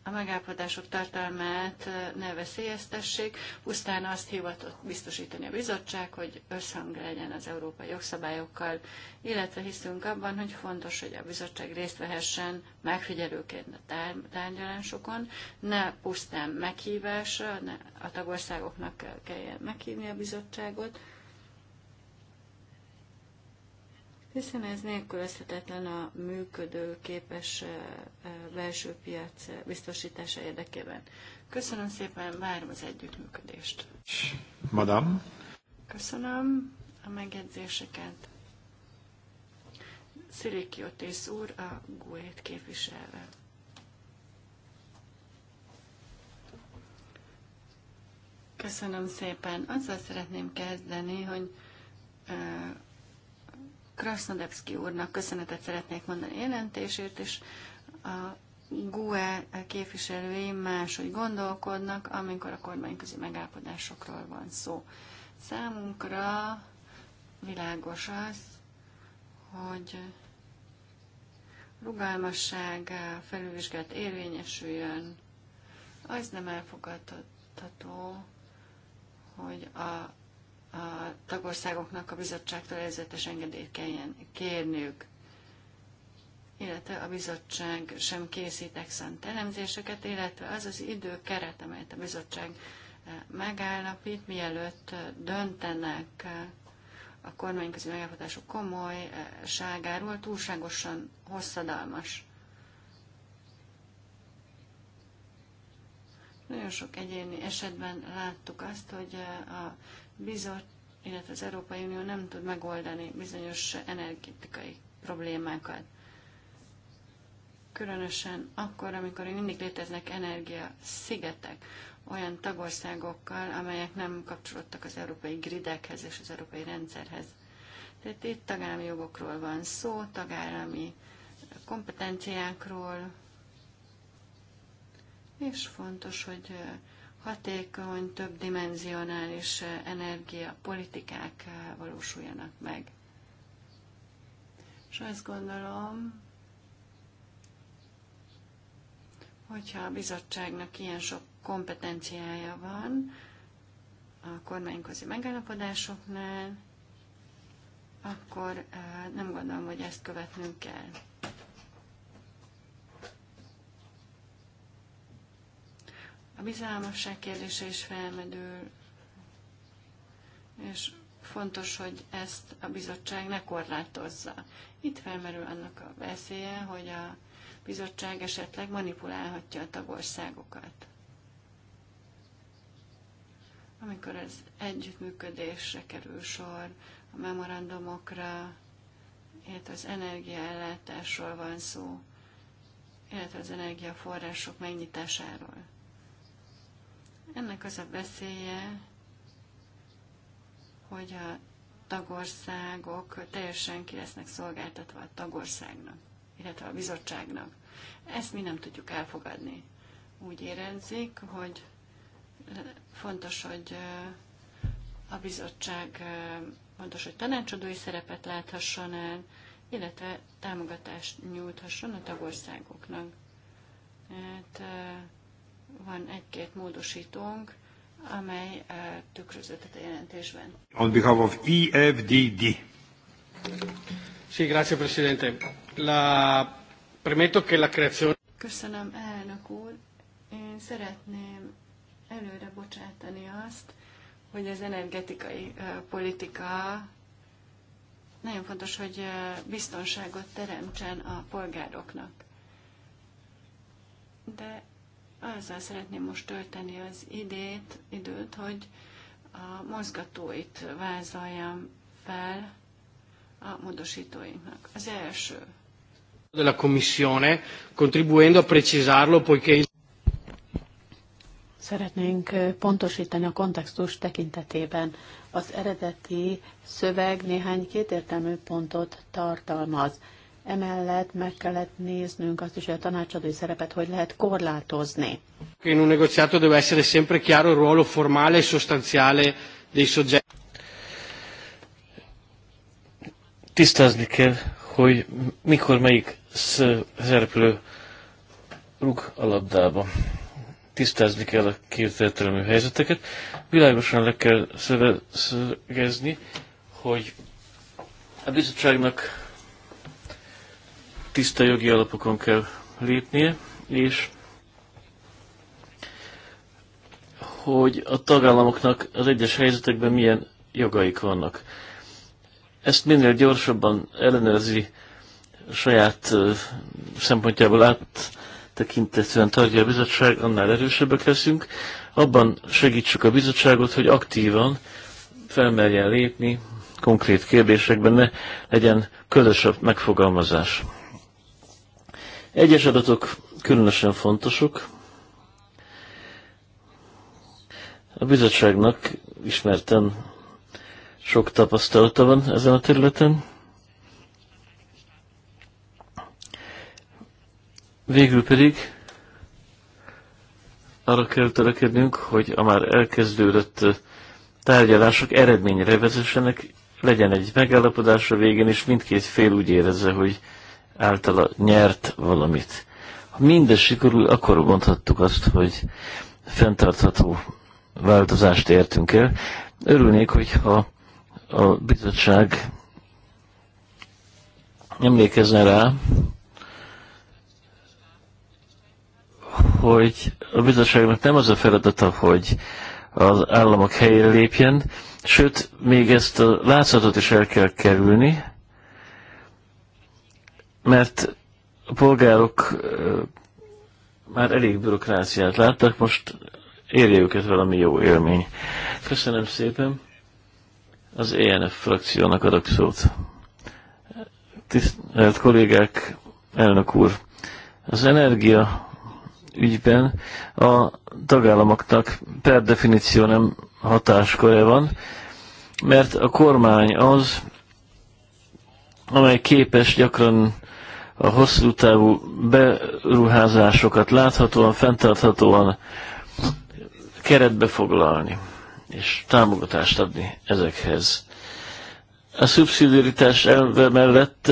a megállapodások tartalmát ne veszélyeztessék, pusztán azt hivatott biztosítani a bizottság, hogy összhang legyen az európai jogszabályokkal, illetve hiszünk abban, hogy fontos, hogy a bizottság részt vehessen megfigyelőként a tárgyalásokon, ne pusztán meghívásra, ne a tagországoknak kelljen meghívni a bizottságot, hiszen ez nélkülözhetetlen a működő képes belső piac biztosítása érdekében. Köszönöm szépen, várom az együttműködést. Madam. Köszönöm a megjegyzéseket. Szilikiotész úr a GUE-t képviselve. Köszönöm szépen. Azzal szeretném kezdeni, hogy Krasnodebski úrnak köszönetet szeretnék mondani jelentésért, és a GUE képviselői máshogy gondolkodnak, amikor a kormányközi megállapodásokról van szó. Számunkra világos az, hogy rugalmasság felülvizsgált érvényesüljön, az nem elfogadható, hogy a a tagországoknak a bizottságtól előzetes engedélyt kelljen kérniük, illetve a bizottság sem készít exant elemzéseket, illetve az az időkeret, amelyet a bizottság eh, megállapít, mielőtt eh, döntenek eh, a kormányközi megállapodások komolyságáról, túlságosan hosszadalmas. Nagyon sok egyéni esetben láttuk azt, hogy a bizony, illetve az Európai Unió nem tud megoldani bizonyos energetikai problémákat. Különösen akkor, amikor mindig léteznek energia szigetek olyan tagországokkal, amelyek nem kapcsolódtak az európai gridekhez és az európai rendszerhez. Tehát itt tagállami jogokról van szó, tagállami kompetenciákról, és fontos, hogy hatékony, több dimenzionális energiapolitikák eh, valósuljanak meg. És azt gondolom, hogyha a bizottságnak ilyen sok kompetenciája van a kormányközi megállapodásoknál, akkor eh, nem gondolom, hogy ezt követnünk kell. A bizalmasság kérdése is felmedül, és fontos, hogy ezt a bizottság ne korlátozza. Itt felmerül annak a veszélye, hogy a bizottság esetleg manipulálhatja a tagországokat. Amikor az együttműködésre kerül sor, a memorandumokra, illetve az energiaellátásról van szó, illetve az energiaforrások megnyitásáról. Ennek az a veszélye, hogy a tagországok teljesen ki lesznek szolgáltatva a tagországnak, illetve a bizottságnak. Ezt mi nem tudjuk elfogadni. Úgy érezzük, hogy fontos, hogy a bizottság fontos, hogy tanácsadói szerepet láthasson el, illetve támogatást nyújthasson a tagországoknak. Hát, van egy-két módosítónk, amely tükröződött a jelentésben. On behalf of EFDD. Sí, grazie, Presidente. La... che la creazione... Köszönöm, elnök úr. Én szeretném előre bocsátani azt, hogy az energetikai politika nagyon fontos, hogy biztonságot teremtsen a polgároknak. De azzal szeretném most tölteni az idét, időt, hogy a mozgatóit vázoljam fel a módosítóinknak. Az első. De la Commissione, contribuendo a precisarlo, poiché... Szeretnénk eh, pontosítani a kontextus tekintetében. Az eredeti szöveg néhány kétértelmű pontot tartalmaz. Emellett meg kellett néznünk azt is, hogy a tanácsadói szerepet hogy lehet korlátozni. In un negoziato deve essere sempre chiaro il ruolo formale e sostanziale dei soggetti. Tisztázni kell, hogy mikor melyik szereplő rúg a labdába. Tisztázni kell a kétértelmű helyzeteket. Világosan le kell szövegezni, hogy a bizottságnak tiszta jogi alapokon kell lépnie, és hogy a tagállamoknak az egyes helyzetekben milyen jogaik vannak. Ezt minél gyorsabban ellenőrzi saját szempontjából áttekintetően tartja a bizottság, annál erősebbek leszünk. Abban segítsük a bizottságot, hogy aktívan felmerjen lépni konkrét kérdésekben, ne legyen közösebb megfogalmazás. Egyes adatok különösen fontosok. A bizottságnak ismerten sok tapasztalata van ezen a területen. Végül pedig arra kell törekednünk, hogy a már elkezdődött tárgyalások eredményre vezessenek, legyen egy megállapodás a végén, és mindkét fél úgy érezze, hogy általa nyert valamit. Ha mindez sikerül, akkor mondhattuk azt, hogy fenntartható változást értünk el. Örülnék, hogyha a bizottság emlékezne rá, hogy a bizottságnak nem az a feladata, hogy az államok helyére lépjen, sőt, még ezt a látszatot is el kell kerülni, mert a polgárok már elég bürokráciát láttak, most érje őket valami jó élmény. Köszönöm szépen. Az ENF frakciónak adok szót. Tisztelt kollégák, elnök úr, az energia ügyben a tagállamoknak per definíció nem hatásköre van, mert a kormány az, amely képes gyakran a hosszú távú beruházásokat láthatóan, fenntarthatóan keretbe foglalni és támogatást adni ezekhez. A szubszidiaritás elve mellett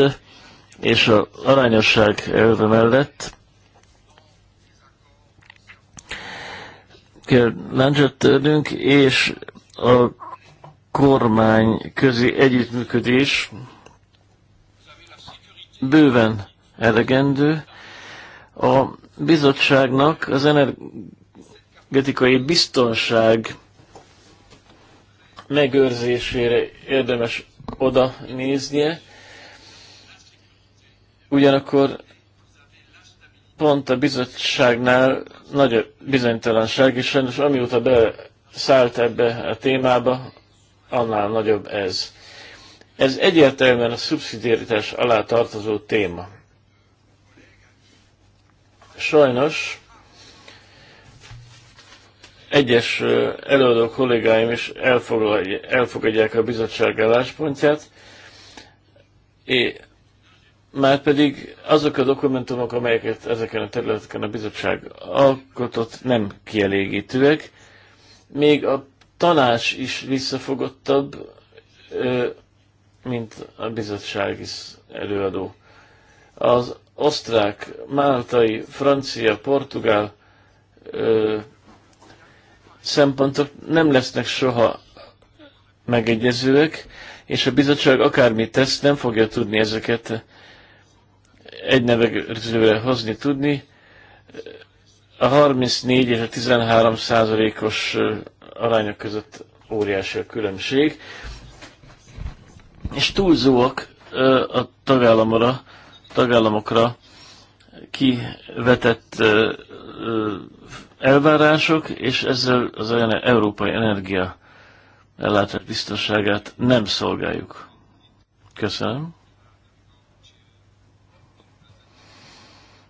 és az arányosság elve mellett kell láncsot törnünk, és a kormány közi együttműködés bőven elegendő. A bizottságnak az energetikai biztonság megőrzésére érdemes oda néznie. Ugyanakkor pont a bizottságnál nagy a bizonytalanság, és sajnos amióta beszállt ebbe a témába, annál nagyobb ez. Ez egyértelműen a szubszidiaritás alá tartozó téma. Sajnos egyes előadó kollégáim is elfogadják a bizottság álláspontját, már pedig azok a dokumentumok, amelyeket ezeken a területeken a bizottság alkotott, nem kielégítőek. Még a tanács is visszafogottabb, mint a bizottság is előadó. Az osztrák, máltai, francia, portugál ö, szempontok nem lesznek soha megegyezőek, és a bizottság akármit tesz, nem fogja tudni ezeket egy nevezőre hozni tudni. A 34 és a 13 százalékos arányok között óriási a különbség, és túlzóak a tagállamra tagállamokra kivetett elvárások, és ezzel az olyan európai energia ellátás biztonságát nem szolgáljuk. Köszönöm.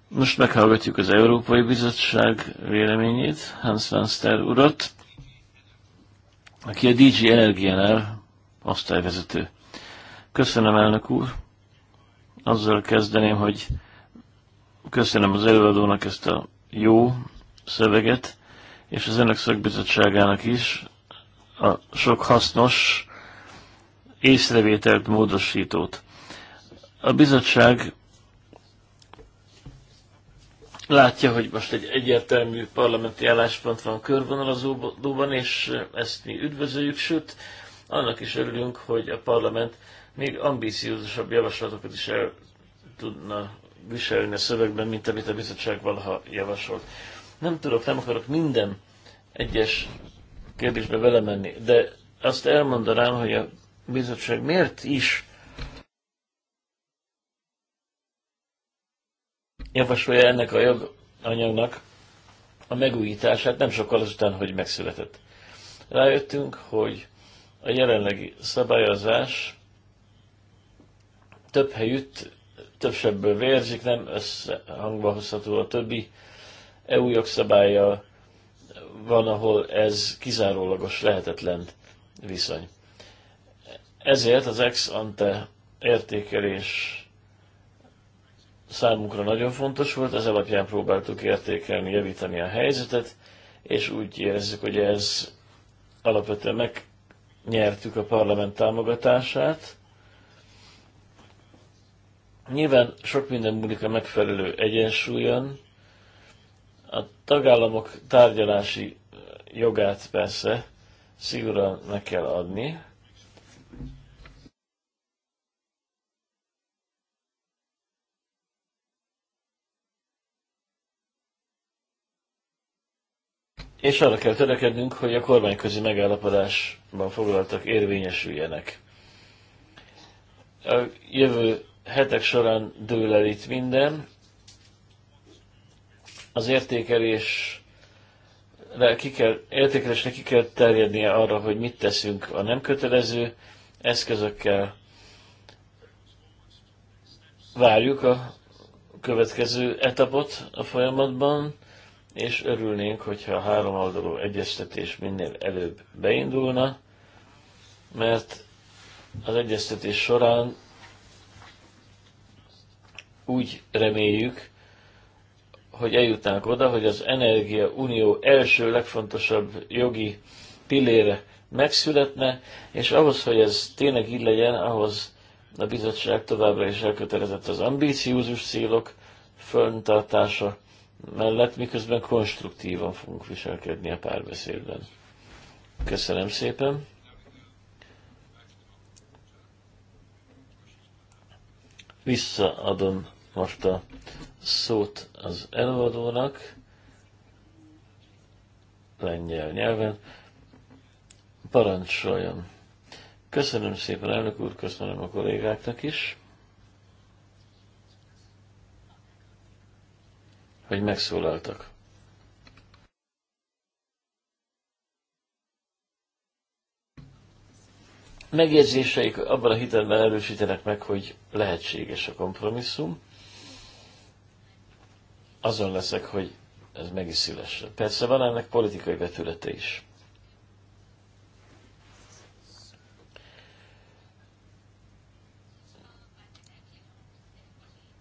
Most meghallgatjuk az Európai Bizottság véleményét, Hans Lanster urat, aki a DG Energiánál osztályvezető. Köszönöm, elnök úr! azzal kezdeném, hogy köszönöm az előadónak ezt a jó szöveget, és az önök szakbizottságának is a sok hasznos észrevételt módosítót. A bizottság látja, hogy most egy egyértelmű parlamenti álláspont van körvonalazóban, és ezt mi üdvözöljük, sőt, annak is örülünk, hogy a parlament még ambíciózusabb javaslatokat is el tudna viselni a szövegben, mint amit a bizottság valaha javasolt. Nem tudok, nem akarok minden egyes kérdésbe belemenni, de azt elmondanám, hogy a bizottság miért is javasolja ennek a joganyagnak a megújítását nem sokkal azután, hogy megszületett. Rájöttünk, hogy a jelenlegi szabályozás több helyütt, több sebből vérzik, nem összehangba hozható a többi EU jogszabálya, van, ahol ez kizárólagos lehetetlen viszony. Ezért az ex ante értékelés számunkra nagyon fontos volt, ez alapján próbáltuk értékelni, javítani a helyzetet, és úgy érezzük, hogy ez alapvetően megnyertük a parlament támogatását, Nyilván sok minden múlik a megfelelő egyensúlyon. A tagállamok tárgyalási jogát persze szigorúan meg kell adni. És arra kell törekednünk, hogy a kormányközi megállapodásban foglaltak érvényesüljenek. A jövő hetek során dől el itt minden. Az értékelés ki kell, értékelésre ki kell terjednie arra, hogy mit teszünk a nem kötelező eszközökkel. Várjuk a következő etapot a folyamatban, és örülnénk, hogyha a három oldalú egyeztetés minél előbb beindulna, mert az egyeztetés során úgy reméljük, hogy eljutnánk oda, hogy az Energia Unió első legfontosabb jogi pillére megszületne, és ahhoz, hogy ez tényleg így legyen, ahhoz a bizottság továbbra is elkötelezett az ambíciózus célok föntartása mellett, miközben konstruktívan fogunk viselkedni a párbeszédben. Köszönöm szépen! Visszaadom most a szót az előadónak, lengyel nyelven. Parancsoljon! Köszönöm szépen, elnök úr, köszönöm a kollégáknak is, hogy megszólaltak. Megjegyzéseik abban a hitelben erősítenek meg, hogy lehetséges a kompromisszum, azon leszek, hogy ez meg is szülesse. Persze van ennek politikai vetülete is.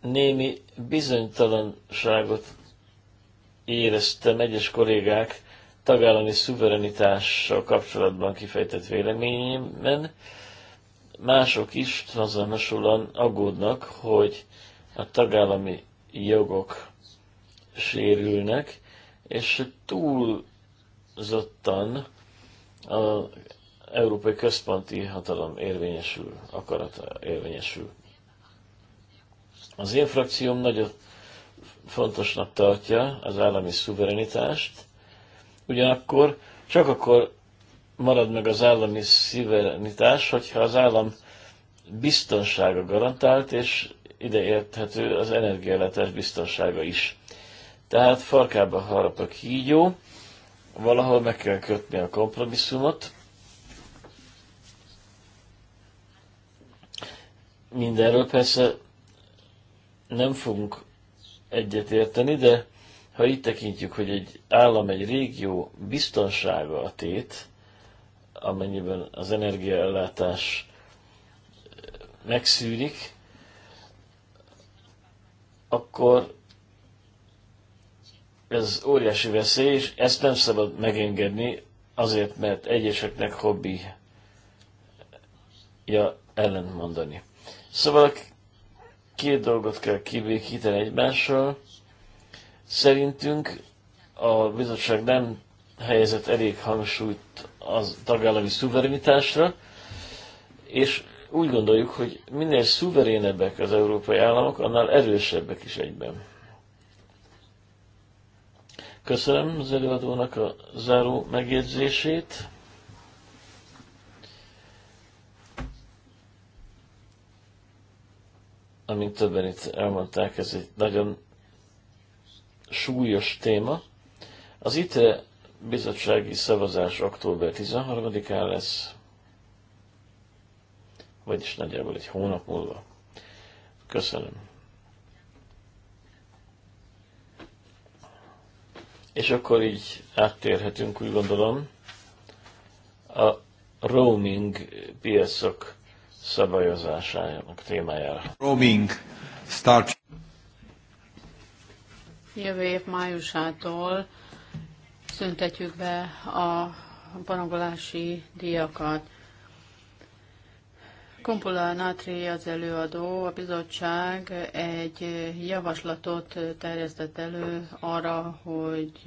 Némi bizonytalanságot éreztem egyes kollégák tagállami szuverenitással kapcsolatban kifejtett véleményemben. Mások is hazamosulan aggódnak, hogy a tagállami jogok sérülnek, és túlzottan az Európai Központi Hatalom érvényesül, akarata érvényesül. Az én frakcióm nagyon fontosnak tartja az állami szuverenitást, ugyanakkor csak akkor marad meg az állami szuverenitás, hogyha az állam biztonsága garantált, és ide érthető az energiállátás biztonsága is. Tehát farkába harap a kígyó, valahol meg kell kötni a kompromisszumot. Mindenről persze nem fogunk egyet érteni, de ha itt tekintjük, hogy egy állam, egy régió biztonsága a tét, amennyiben az energiaellátás eh, megszűnik, akkor ez óriási veszély, és ezt nem szabad megengedni, azért, mert egyeseknek hobbi ja, ellent mondani. Szóval két dolgot kell kibékíteni egymással. Szerintünk a bizottság nem helyezett elég hangsúlyt az tagállami szuverenitásra, és úgy gondoljuk, hogy minél szuverénebbek az európai államok, annál erősebbek is egyben. Köszönöm az előadónak a záró megjegyzését. Amint többen itt elmondták, ez egy nagyon súlyos téma. Az ITE bizottsági szavazás október 13-án lesz, vagyis nagyjából egy hónap múlva. Köszönöm. És akkor így áttérhetünk, úgy gondolom, a roaming piacok szabályozásának témájára. Roaming start. Jövő év májusától szüntetjük be a panagolási díjakat. Kumpula Nátri az előadó, a bizottság egy javaslatot terjesztett elő arra, hogy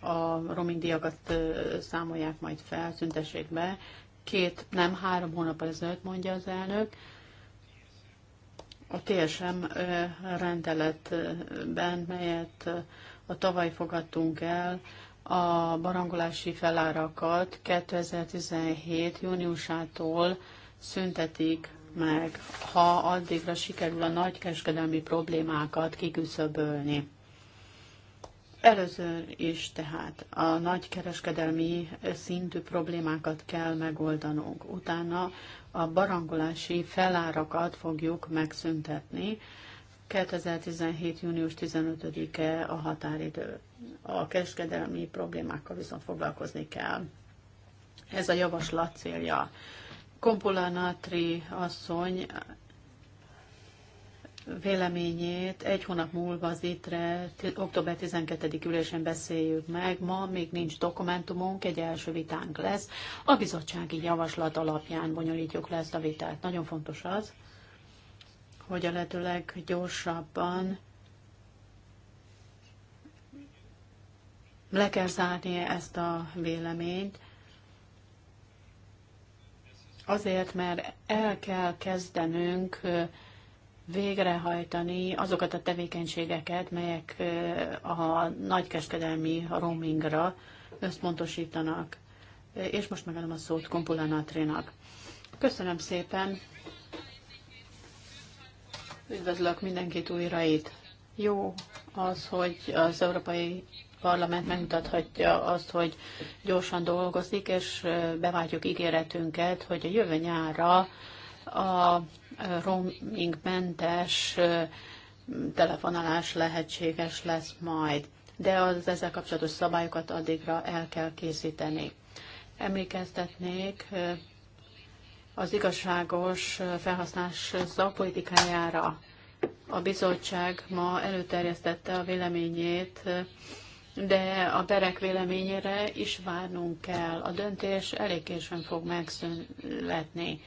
a romingdiakat számolják majd fel, szüntessék be. Két, nem három hónap ezelőtt mondja az elnök. A TSM rendeletben, melyet a tavaly fogadtunk el, a barangolási felárakat 2017. júniusától szüntetik meg, ha addigra sikerül a nagykereskedelmi problémákat kiküszöbölni. Először is tehát a nagykereskedelmi szintű problémákat kell megoldanunk. Utána a barangolási felárakat fogjuk megszüntetni, 2017. június 15-e a határidő. A kereskedelmi problémákkal viszont foglalkozni kell. Ez a javaslat célja. Kompula Natri asszony véleményét egy hónap múlva az ITRE október 12. ülésen beszéljük meg. Ma még nincs dokumentumunk, egy első vitánk lesz. A bizottsági javaslat alapján bonyolítjuk le ezt a vitát. Nagyon fontos az, hogy a lehető leggyorsabban le kell zárni ezt a véleményt, azért, mert el kell kezdenünk végrehajtani azokat a tevékenységeket, melyek a nagykereskedelmi roamingra összpontosítanak. És most megadom a szót Kompulán Köszönöm szépen! Üdvözlök mindenkit újra itt. Jó az, hogy az Európai Parlament megmutathatja azt, hogy gyorsan dolgozik, és beváltjuk ígéretünket, hogy a jövő nyára a roamingmentes telefonálás lehetséges lesz majd, de az ezzel kapcsolatos szabályokat addigra el kell készíteni. Emlékeztetnék az igazságos felhasználás szakpolitikájára. A bizottság ma előterjesztette a véleményét, de a berek véleményére is várnunk kell. A döntés elég későn fog megszületni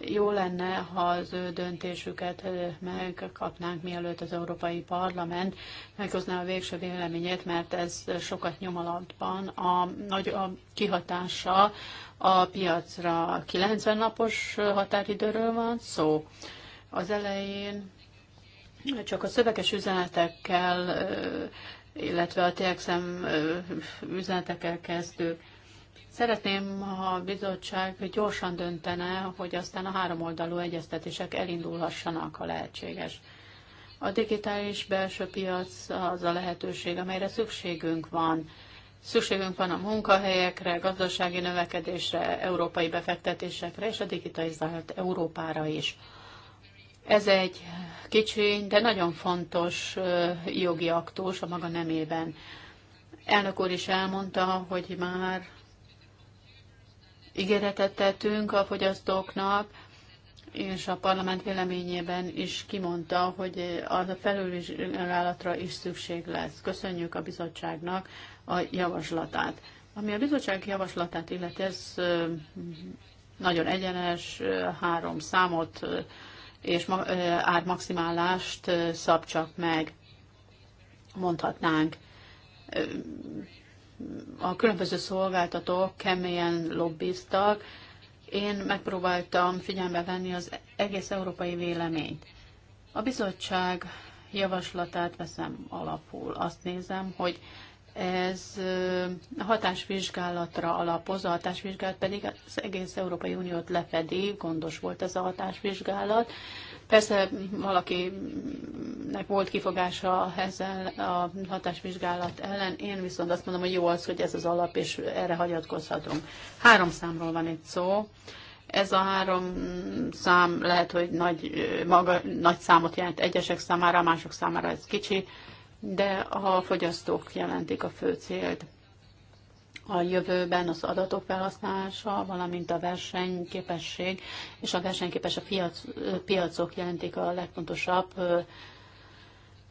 jó lenne, ha az ő döntésüket megkapnánk, mielőtt az Európai Parlament meghozná a végső véleményét, mert ez sokat nyom alatban. A nagy a kihatása a piacra 90 napos határidőről van szó. Az elején csak a szöveges üzenetekkel, illetve a TXM üzenetekkel kezdtük Szeretném, ha a bizottság gyorsan döntene, hogy aztán a háromoldalú egyeztetések elindulhassanak, ha lehetséges. A digitális belső piac az a lehetőség, amelyre szükségünk van. Szükségünk van a munkahelyekre, gazdasági növekedésre, európai befektetésekre és a digitalizált Európára is. Ez egy kicsi, de nagyon fontos jogi aktus a maga nemében. Elnök úr is elmondta, hogy már ígéretet tettünk a fogyasztóknak, és a parlament véleményében is kimondta, hogy a felülvizsgálatra is szükség lesz. Köszönjük a bizottságnak a javaslatát. Ami a bizottság javaslatát illeti, ez nagyon egyenes, három számot és ármaximálást szab csak meg, mondhatnánk a különböző szolgáltatók keményen lobbiztak. Én megpróbáltam figyelme venni az egész európai véleményt. A bizottság javaslatát veszem alapul. Azt nézem, hogy ez hatásvizsgálatra alapoz, a hatásvizsgálat pedig az egész Európai Uniót lefedi, gondos volt ez a hatásvizsgálat. Persze valakinek volt kifogása ezzel a hatásvizsgálat ellen, én viszont azt mondom, hogy jó az, hogy ez az alap, és erre hagyatkozhatunk. Három számról van itt szó. Ez a három szám lehet, hogy nagy, maga, nagy számot jelent egyesek számára, mások számára ez kicsi, de a fogyasztók jelentik a fő célt a jövőben az adatok felhasználása, valamint a versenyképesség és a versenyképes a piac, piacok jelentik a legfontosabb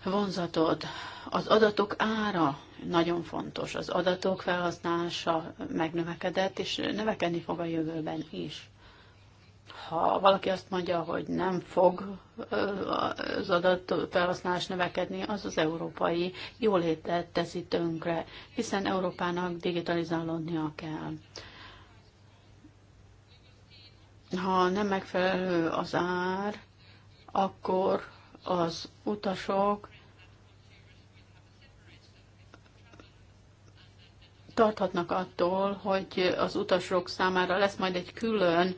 vonzatot. Az adatok ára nagyon fontos. Az adatok felhasználása megnövekedett, és növekedni fog a jövőben is ha valaki azt mondja, hogy nem fog az adatfelhasználás növekedni, az az európai jólétet teszi tönkre, hiszen Európának digitalizálódnia kell. Ha nem megfelelő az ár, akkor az utasok tarthatnak attól, hogy az utasok számára lesz majd egy külön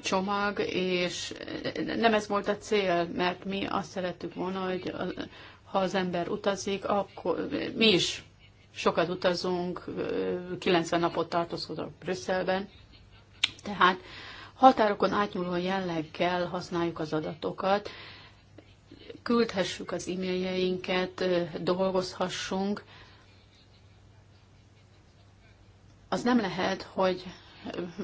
csomag, és nem ez volt a cél, mert mi azt szerettük volna, hogy ha az ember utazik, akkor mi is sokat utazunk, 90 napot tartózkodok Brüsszelben, tehát határokon átnyúló jelleggel használjuk az adatokat, küldhessük az e-mailjeinket, dolgozhassunk. Az nem lehet, hogy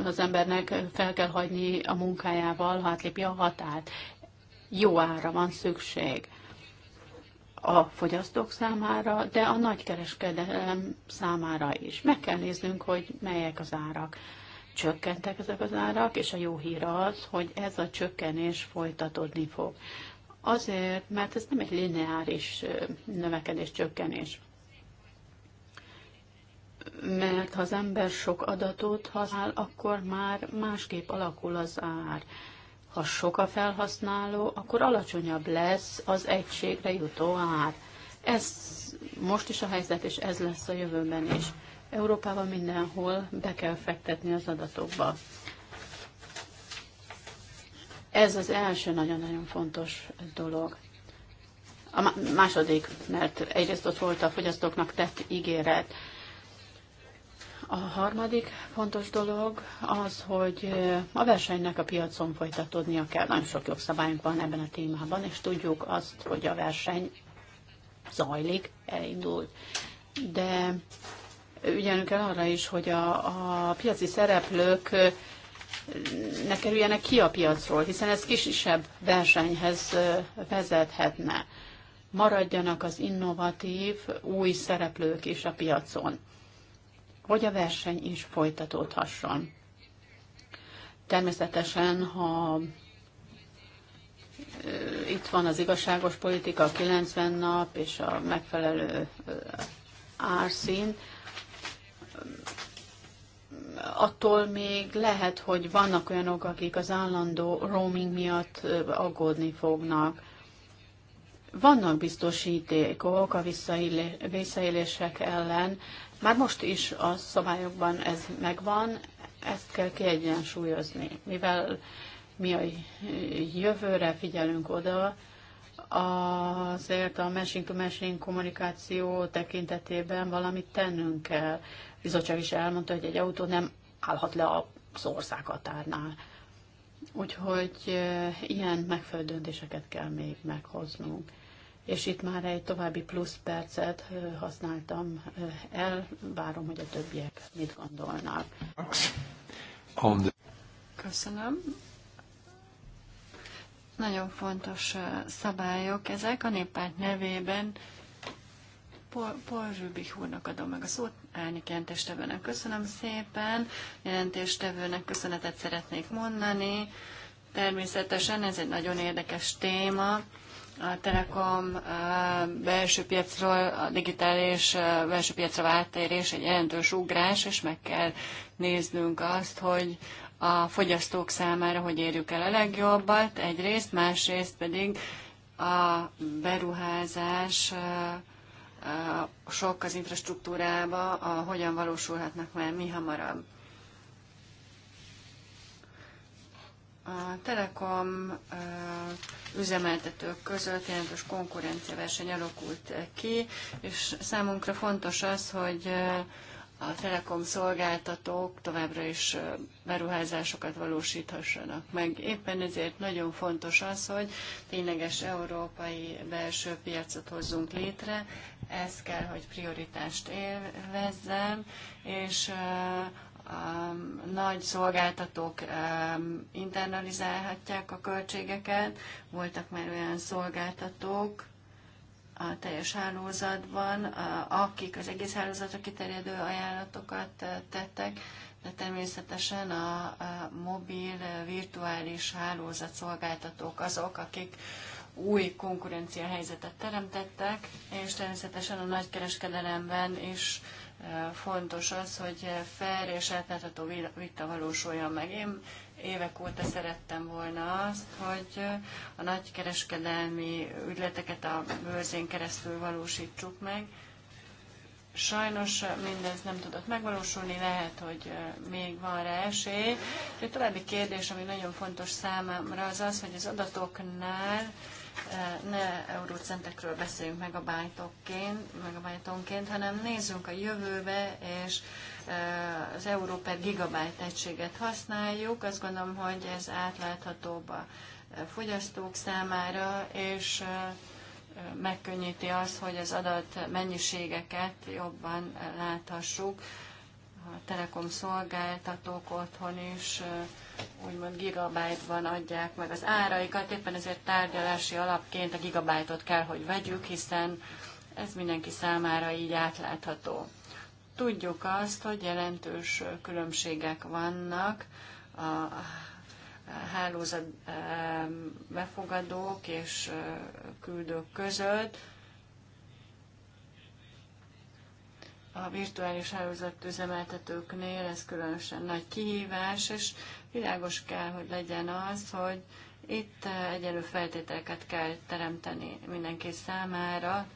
az embernek fel kell hagyni a munkájával, ha átlépi a határt. Jó ára van szükség a fogyasztók számára, de a nagykereskedelem számára is. Meg kell néznünk, hogy melyek az árak. Csökkentek ezek az árak, és a jó hír az, hogy ez a csökkenés folytatódni fog. Azért, mert ez nem egy lineáris növekedés-csökkenés mert ha az ember sok adatot használ, akkor már másképp alakul az ár. Ha sok a felhasználó, akkor alacsonyabb lesz az egységre jutó ár. Ez most is a helyzet, és ez lesz a jövőben is. Európában mindenhol be kell fektetni az adatokba. Ez az első nagyon-nagyon fontos dolog. A második, mert egyrészt ott volt a fogyasztóknak tett ígéret, a harmadik fontos dolog az, hogy a versenynek a piacon folytatódnia kell. Nagyon sok jogszabályunk van ebben a témában, és tudjuk azt, hogy a verseny zajlik, elindult. De ügyelnünk kell arra is, hogy a, a piaci szereplők ne kerüljenek ki a piacról, hiszen ez kisebb versenyhez vezethetne. Maradjanak az innovatív új szereplők is a piacon hogy a verseny is folytatódhasson. Természetesen, ha itt van az igazságos politika, a 90 nap és a megfelelő árszín, attól még lehet, hogy vannak olyanok, akik az állandó roaming miatt aggódni fognak. Vannak biztosítékok a visszaélések ellen, már most is a szabályokban ez megvan, ezt kell kiegyensúlyozni. Mivel mi a jövőre figyelünk oda, azért a machine to machine kommunikáció tekintetében valamit tennünk kell. A bizottság is elmondta, hogy egy autó nem állhat le az országhatárnál. Úgyhogy eh, ilyen megfelelő döntéseket kell még meghoznunk és itt már egy további plusz percet használtam el, várom, hogy a többiek mit gondolnak. Köszönöm. Nagyon fontos szabályok ezek. A néppárt nevében Paul, Paul Rübich úrnak adom meg a szót, Álnik jelentéstevőnek köszönöm szépen, jelentéstevőnek köszönetet szeretnék mondani. Természetesen ez egy nagyon érdekes téma a Telekom belső piacról a digitális belső piacra áttérés egy jelentős ugrás, és meg kell néznünk azt, hogy a fogyasztók számára hogy érjük el a legjobbat egyrészt, másrészt pedig a beruházás sok az infrastruktúrába, a hogyan valósulhatnak már mi hamarabb. a telekom üzemeltetők között jelentős verseny alakult ki, és számunkra fontos az, hogy a telekom szolgáltatók továbbra is beruházásokat valósíthassanak meg. Éppen ezért nagyon fontos az, hogy tényleges európai belső piacot hozzunk létre, ez kell, hogy prioritást élvezzem, és Um, nagy szolgáltatók um, internalizálhatják a költségeket. Voltak már olyan szolgáltatók a teljes hálózatban, akik az egész hálózatra kiterjedő ajánlatokat uh, tettek, de természetesen a mobil uh, virtuális hálózat szolgáltatók azok, akik új konkurencia helyzetet teremtettek, és természetesen a nagykereskedelemben is fontos az, hogy fair és átlátható vita valósuljon meg. Én évek óta szerettem volna azt, hogy a nagykereskedelmi ügyleteket a bőrzén keresztül valósítsuk meg. Sajnos mindez nem tudott megvalósulni, lehet, hogy még van rá esély. A további kérdés, ami nagyon fontos számomra, az az, hogy az adatoknál Eh, ne eurócentekről beszéljünk a bájtonként, hanem nézzünk a jövőbe, és eh, az euró per gigabájt egységet használjuk. Azt gondolom, hogy ez átláthatóbb a eh, fogyasztók számára, és megkönnyíti azt, hogy az adat mennyiségeket jobban láthassuk. A telekom szolgáltatók otthon is úgymond gigabájtban adják meg az áraikat, éppen ezért tárgyalási alapként a gigabájtot kell, hogy vegyük, hiszen ez mindenki számára így átlátható. Tudjuk azt, hogy jelentős különbségek vannak a hálózat befogadók és küldők között, a virtuális hálózat üzemeltetőknél ez különösen nagy kihívás, és Világos kell, hogy legyen az, hogy itt eh, egyenlő feltételeket kell teremteni mindenki számára,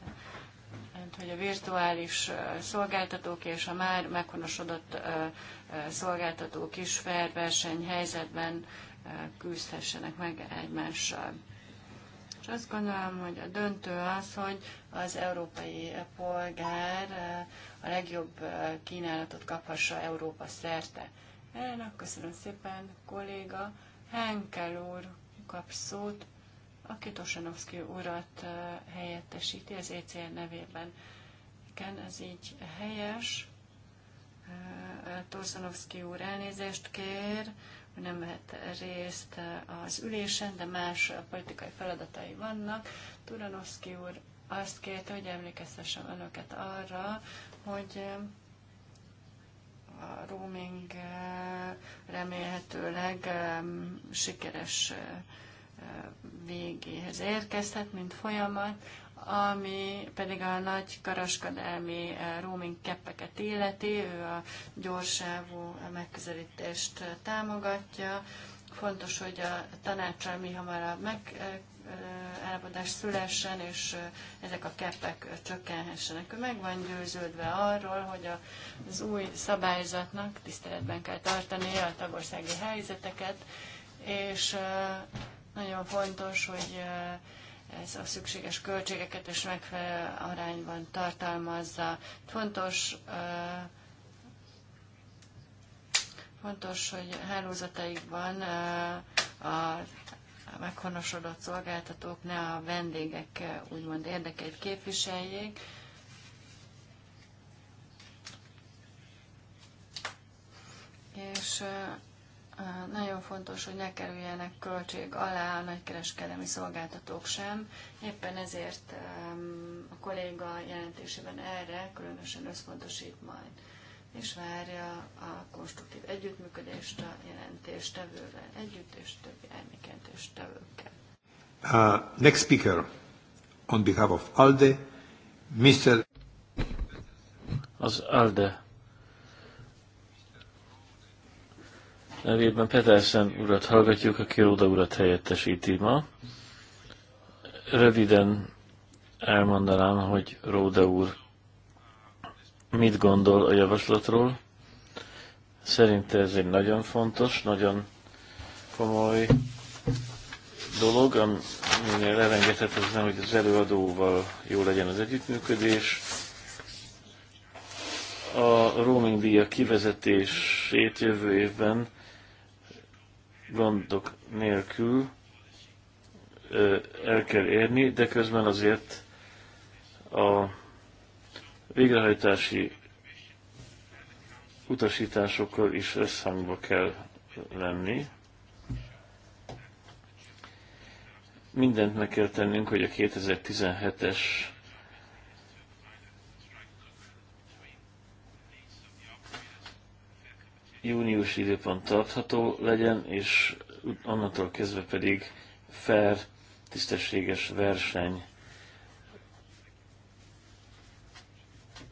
hát, hogy a virtuális eh, szolgáltatók és a már meghonosodott eh, szolgáltatók is fair versenyhelyzetben küzdhessenek meg egymással. És azt gondolom, hogy a döntő az, hogy az európai polgár a legjobb kínálatot kaphassa Európa szerte elnök, köszönöm szépen, kolléga. Henkel úr kap szót, aki Tosanovszki urat helyettesíti az ECR nevében. Igen, ez így helyes. Tosanovszki úr elnézést kér, hogy nem vehet részt az ülésen, de más politikai feladatai vannak. Turanovszki úr azt kérte, hogy emlékeztessem önöket arra, hogy a roaming remélhetőleg sikeres eh, eh, végéhez érkezhet, mint folyamat, ami pedig a nagy karaskadelmi eh, roaming keppeket illeti, ő a gyorsávú megközelítést támogatja. Fontos, hogy a tanácsra mi hamarabb meg elvadás szülessen, és ezek a keppek csökkenhessenek. Ő meg van győződve arról, hogy az új szabályzatnak tiszteletben kell tartani a tagországi helyzeteket, és nagyon fontos, hogy ez a szükséges költségeket és megfelelő arányban tartalmazza. Fontos fontos, hogy hálózataikban a meghonosodott szolgáltatók ne a vendégek eh, úgymond érdekeit képviseljék. És eh, eh, nagyon fontos, hogy ne kerüljenek költség alá a nagykereskedelmi szolgáltatók sem. Éppen ezért a kolléga jelentésében erre különösen összpontosít majd és várja a konstruktív együttműködést a jelentéstevővel együtt, és többi elmikentéstevőkkel. Uh, next speaker on behalf of ALDE, Mr. Az ALDE nevében Petersen urat hallgatjuk, aki Róda urat helyettesíti ma. Röviden elmondanám, hogy Róda úr mit gondol a javaslatról. Szerinte ez egy nagyon fontos, nagyon komoly dolog, aminél elengedhetetlen, hogy az előadóval jó legyen az együttműködés. A roaming díja kivezetését jövő évben gondok nélkül el kell érni, de közben azért a végrehajtási utasításokkal is összhangba kell lenni. Mindent meg kell tennünk, hogy a 2017-es június időpont tartható legyen, és onnantól kezdve pedig fair, tisztességes verseny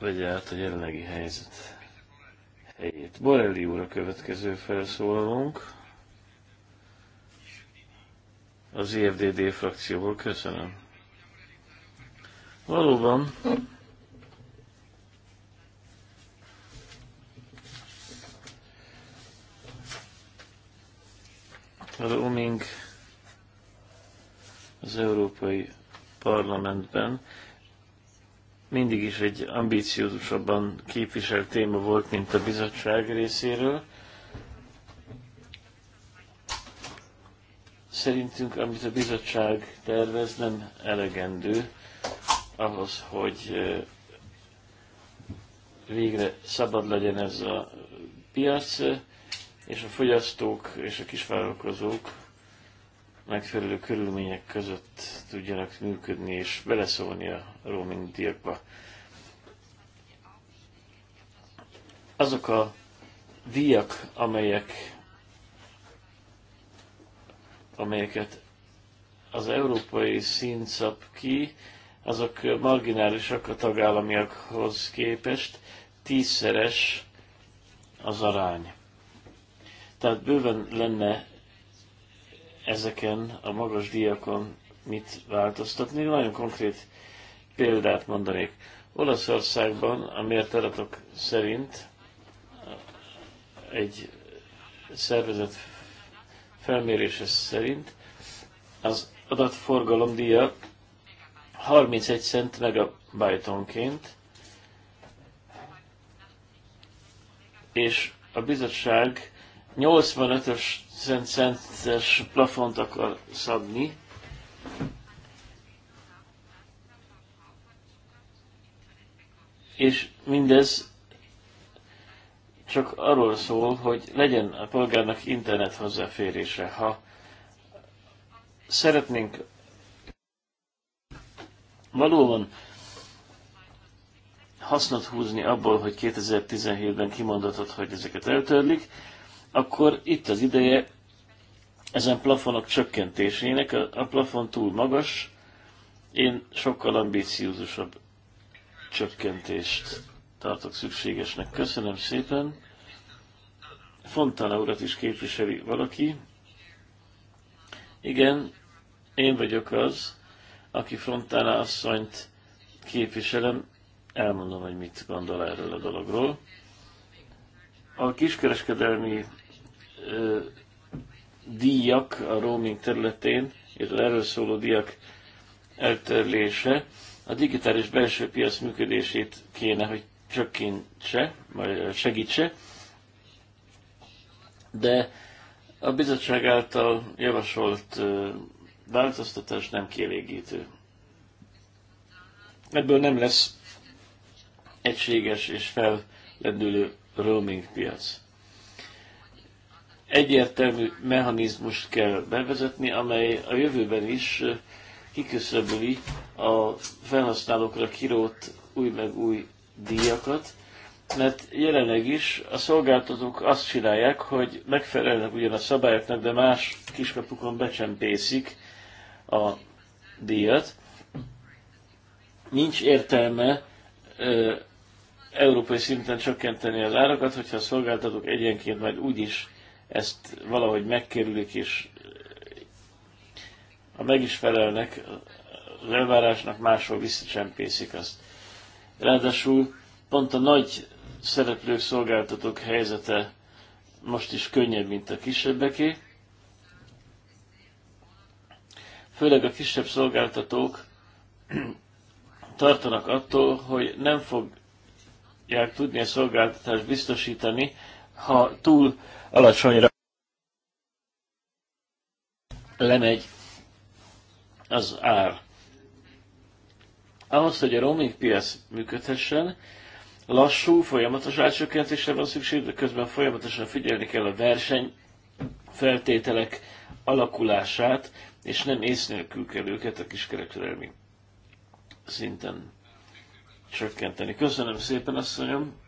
vegye át a jelenlegi helyzet helyét. Borelli úr a következő felszólalónk. Az IFDD e frakcióból köszönöm. Valóban. A roaming az Európai Parlamentben mindig is egy ambíciózusabban képviselt téma volt, mint a bizottság részéről. Szerintünk, amit a bizottság tervez, nem elegendő ahhoz, hogy végre szabad legyen ez a piac, és a fogyasztók és a kisvállalkozók megfelelő körülmények között tudjanak működni és beleszólni a roaming díjakba. Azok a díjak, amelyek, amelyeket az európai szín szab ki, azok marginálisak a tagállamiakhoz képest, tízszeres az arány. Tehát bőven lenne ezeken a magas díjakon mit változtatni. Nagyon konkrét példát mondanék. Olaszországban a mért adatok szerint egy szervezet felmérése szerint az adatforgalom díja 31 cent megabajtonként, és a bizottság 85-ös centes plafont akar szabni, és mindez csak arról szól, hogy legyen a polgárnak internet hozzáférése. Ha szeretnénk valóban hasznot húzni abból, hogy 2017-ben kimondatott, hogy ezeket eltörlik, akkor itt az ideje ezen plafonok csökkentésének. A plafon túl magas, én sokkal ambíciózusabb csökkentést tartok szükségesnek. Köszönöm szépen. Fontana urat is képviseli valaki. Igen, én vagyok az, aki Fontana asszonyt képviselem, elmondom, hogy mit gondol erről a dologról. A kiskereskedelmi díjak a roaming területén, illetve erről szóló díjak eltörlése a digitális belső piac működését kéne, hogy csökkentse, vagy segítse, de a bizottság által javasolt változtatás nem kielégítő. Ebből nem lesz egységes és fellendülő roaming piac egyértelmű mechanizmust kell bevezetni, amely a jövőben is kiköszöböli a felhasználókra kirót új meg új díjakat, mert jelenleg is a szolgáltatók azt csinálják, hogy megfelelnek ugyan a szabályoknak, de más kiskapukon becsempészik a díjat. Nincs értelme ö, európai szinten csökkenteni az árakat, hogyha a szolgáltatók egyenként majd úgyis ezt valahogy megkerülik, és eh, ha meg is felelnek az elvárásnak, máshol visszacsempészik azt. Ráadásul pont a nagy szereplők, szolgáltatók helyzete most is könnyebb, mint a kisebbeké. Főleg a kisebb szolgáltatók tartanak attól, hogy nem fogják tudni a szolgáltatást biztosítani, ha túl alacsonyra lemegy az ár. Ahhoz, hogy a roaming piac működhessen, lassú, folyamatos árcsökkentésre van szükség, de közben folyamatosan figyelni kell a verseny feltételek alakulását, és nem ész nélkül kell őket a kiskereskedelmi szinten csökkenteni. Köszönöm szépen, asszonyom!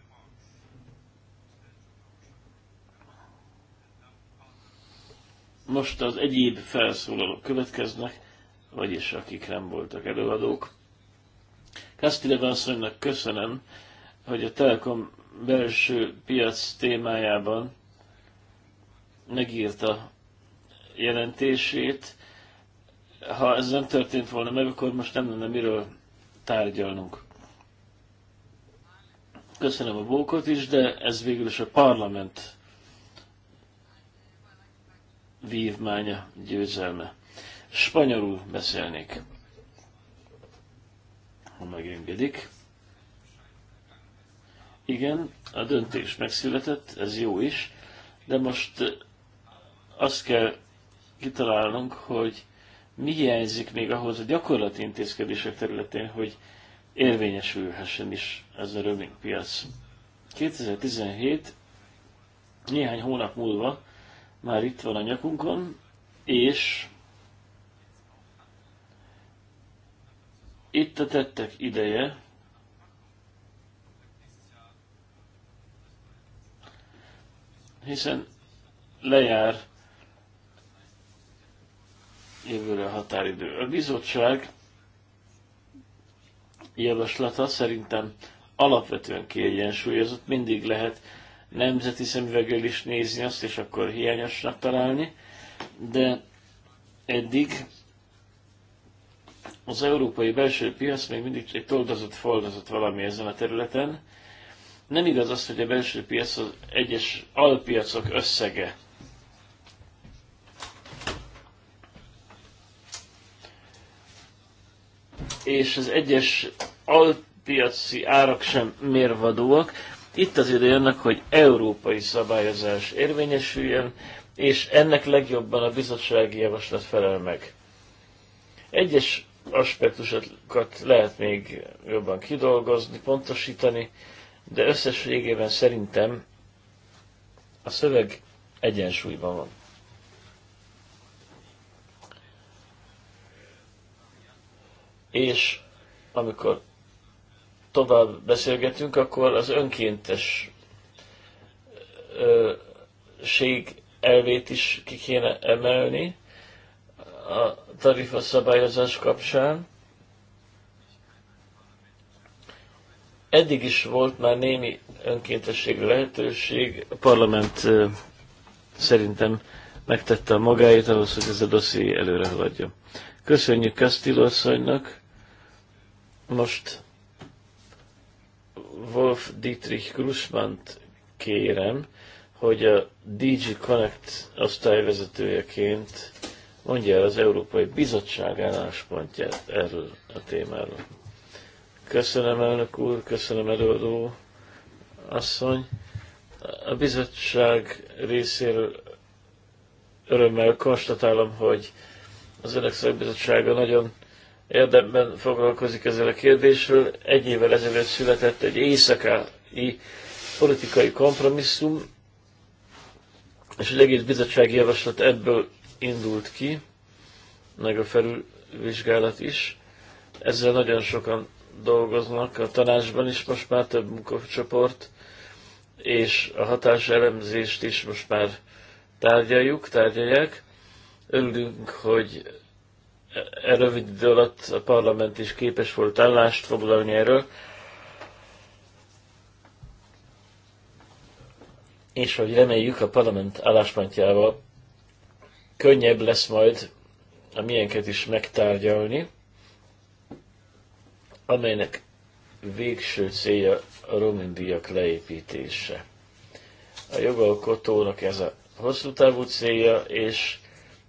Most az egyéb felszólalók következnek, vagyis akik nem voltak előadók. Kastileva asszonynak köszönöm, hogy a Telekom belső piac témájában megírta jelentését. Ha ez nem történt volna meg, akkor most nem lenne miről tárgyalnunk. Köszönöm a bókot is, de ez végül is a parlament vívmánya, győzelme. Spanyolul beszélnék, ha megengedik. Igen, a döntés megszületett, ez jó is, de most eh, azt kell kitalálnunk, hogy mi hiányzik még ahhoz a gyakorlati intézkedések területén, hogy érvényesülhessen is ez a roaming piac. 2017 néhány hónap múlva már itt van a nyakunkon, és itt a tettek ideje, hiszen lejár jövőre a határidő. A bizottság javaslata szerintem alapvetően kiegyensúlyozott, mindig lehet nemzeti szemüveggel is nézni azt, és akkor hiányosnak találni, de eddig az európai belső piac még mindig egy toldozott, foldozott valami ezen a területen. Nem igaz az, hogy a belső piac az egyes alpiacok összege. És az egyes alpiaci árak sem mérvadóak. Itt az ideje annak, hogy európai szabályozás érvényesüljön, és ennek legjobban a bizottsági javaslat felel meg. Egyes aspektusokat lehet még jobban kidolgozni, pontosítani, de összességében szerintem a szöveg egyensúlyban van. És amikor tovább beszélgetünk, akkor az önkéntes ség elvét is ki kéne emelni a tarifa szabályozás kapcsán. Eddig is volt már némi önkéntesség lehetőség. A parlament szerintem megtette a magáét ahhoz, hogy ez a dosszié előre haladja. Köszönjük Castillo asszonynak. Most Wolf Dietrich Grussmann-t kérem, hogy a DG Connect osztályvezetőjeként mondja el az Európai Bizottság álláspontját erről a témáról. Köszönöm, elnök úr, köszönöm, előadó asszony. A bizottság részéről örömmel konstatálom, hogy az önök szakbizottsága nagyon érdemben foglalkozik ezzel a kérdéssel. Egy évvel ezelőtt született egy éjszakai politikai kompromisszum, és egy egész bizottsági javaslat ebből indult ki, meg a felülvizsgálat is. Ezzel nagyon sokan dolgoznak, a tanácsban is most már több munkacsoport, és a hatás elemzést is most már tárgyaljuk, tárgyalják. Örülünk, hogy E rövid idő alatt a parlament is képes volt állást foglalni erről. És hogy reméljük a parlament álláspontjával könnyebb lesz majd a miénket is megtárgyalni, amelynek végső célja a romindíjak leépítése. A jogalkotónak ez a hosszú távú célja, és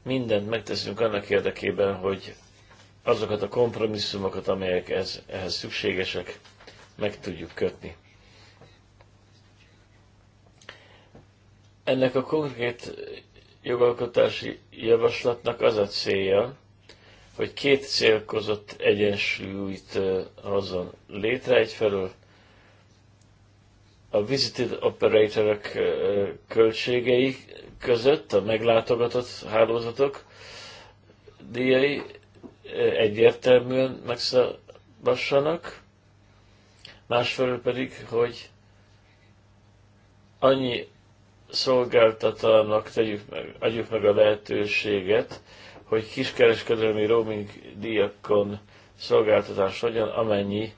mindent megteszünk annak érdekében, hogy azokat a kompromisszumokat, amelyek ez, ehhez szükségesek, meg tudjuk kötni. Ennek a konkrét jogalkotási javaslatnak az a célja, hogy két célkozott egyensúlyt hozzon létre egyfelől, a visited operatorok költségei között, a meglátogatott hálózatok díjai egyértelműen megszabassanak, másfelől pedig, hogy annyi szolgáltatának tegyük meg, adjuk meg a lehetőséget, hogy kiskereskedelmi roaming díjakon szolgáltatás legyen, amennyinek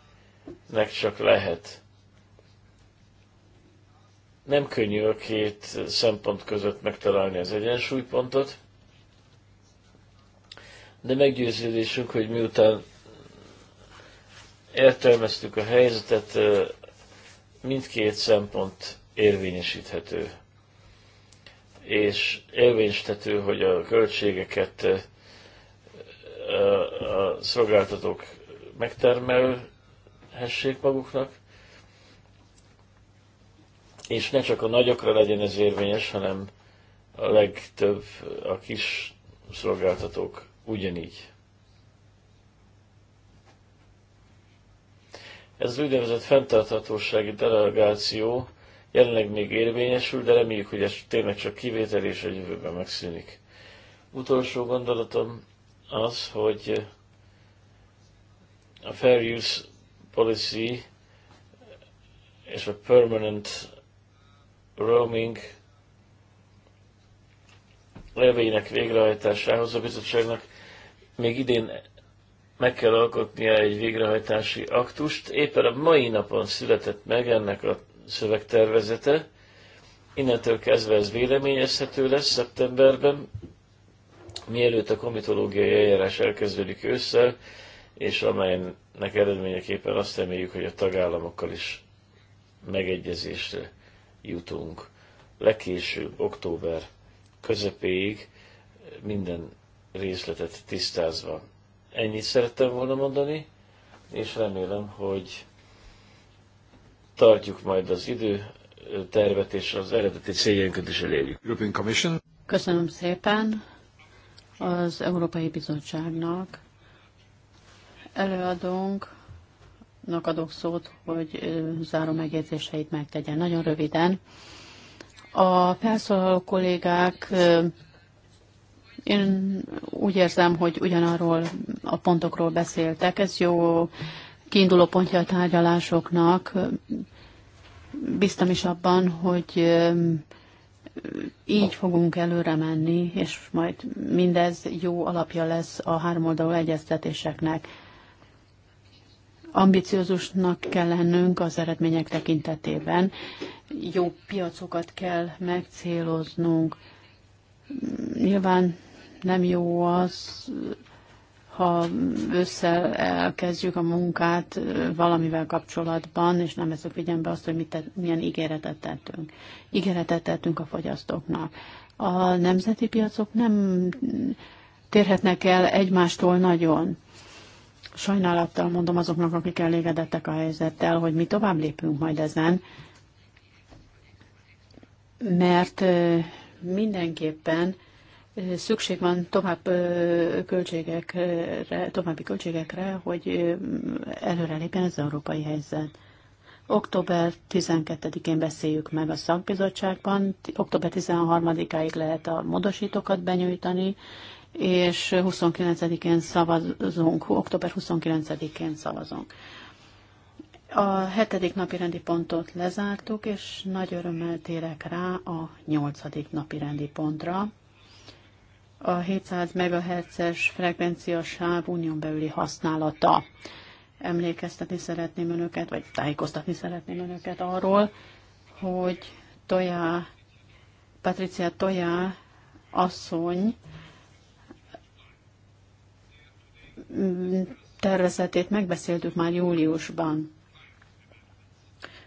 csak lehet nem könnyű a két szempont között megtalálni az egyensúlypontot, de meggyőződésünk, hogy miután értelmeztük a helyzetet, mindkét szempont érvényesíthető. És érvényesíthető, hogy a költségeket a szolgáltatók megtermelhessék maguknak, és ne csak a nagyokra legyen ez érvényes, hanem a legtöbb a kis szolgáltatók ugyanígy. Ez az úgynevezett fenntarthatósági delegáció jelenleg még érvényesül, de reméljük, hogy ez tényleg csak kivétel és a jövőben megszűnik. Utolsó gondolatom az, hogy a Fair Use Policy és a Permanent roaming elvének végrehajtásához a bizottságnak még idén meg kell alkotnia egy végrehajtási aktust. Éppen a mai napon született meg ennek a szövegtervezete. Innentől kezdve ez véleményezhető lesz szeptemberben, mielőtt a komitológiai eljárás elkezdődik ősszel, és amelynek eredményeképpen azt reméljük, hogy a tagállamokkal is megegyezésre jutunk. Legkésőbb október közepéig minden részletet tisztázva. Ennyit szerettem volna mondani, és remélem, hogy tartjuk majd az idő tervet, és az eredeti céljainkat is elérjük. European Commission. Köszönöm szépen az Európai Bizottságnak. Előadunk Nak adok szót, hogy záró megjegyzéseit megtegyen. Nagyon röviden. A felszólaló kollégák, én úgy érzem, hogy ugyanarról a pontokról beszéltek. Ez jó kiinduló pontja a tárgyalásoknak. Biztam is abban, hogy így fogunk előre menni, és majd mindez jó alapja lesz a háromoldalú egyeztetéseknek ambiciózusnak kell lennünk az eredmények tekintetében, jó piacokat kell megcéloznunk. Nyilván nem jó az, ha elkezdjük a munkát valamivel kapcsolatban, és nem veszük figyelembe azt, hogy mit milyen ígéretet tettünk. Ígéretet tettünk a fogyasztóknak. A nemzeti piacok nem térhetnek el egymástól nagyon sajnálattal mondom azoknak, akik elégedettek a helyzettel, hogy mi tovább lépünk majd ezen, mert mindenképpen szükség van tovább költségekre, további költségekre, hogy előrelépjen az európai helyzet. Október 12-én beszéljük meg a szakbizottságban, október 13-áig lehet a módosítókat benyújtani, és 29-én szavazunk, október 29-én szavazunk. A hetedik napi rendi pontot lezártuk, és nagy örömmel térek rá a nyolcadik napi rendi pontra. A 700 MHz-es frekvenciasáv unión belüli használata. Emlékeztetni szeretném önöket, vagy tájékoztatni szeretném önöket arról, hogy Tojá, Patricia Tojá asszony tervezetét megbeszéltük már júliusban.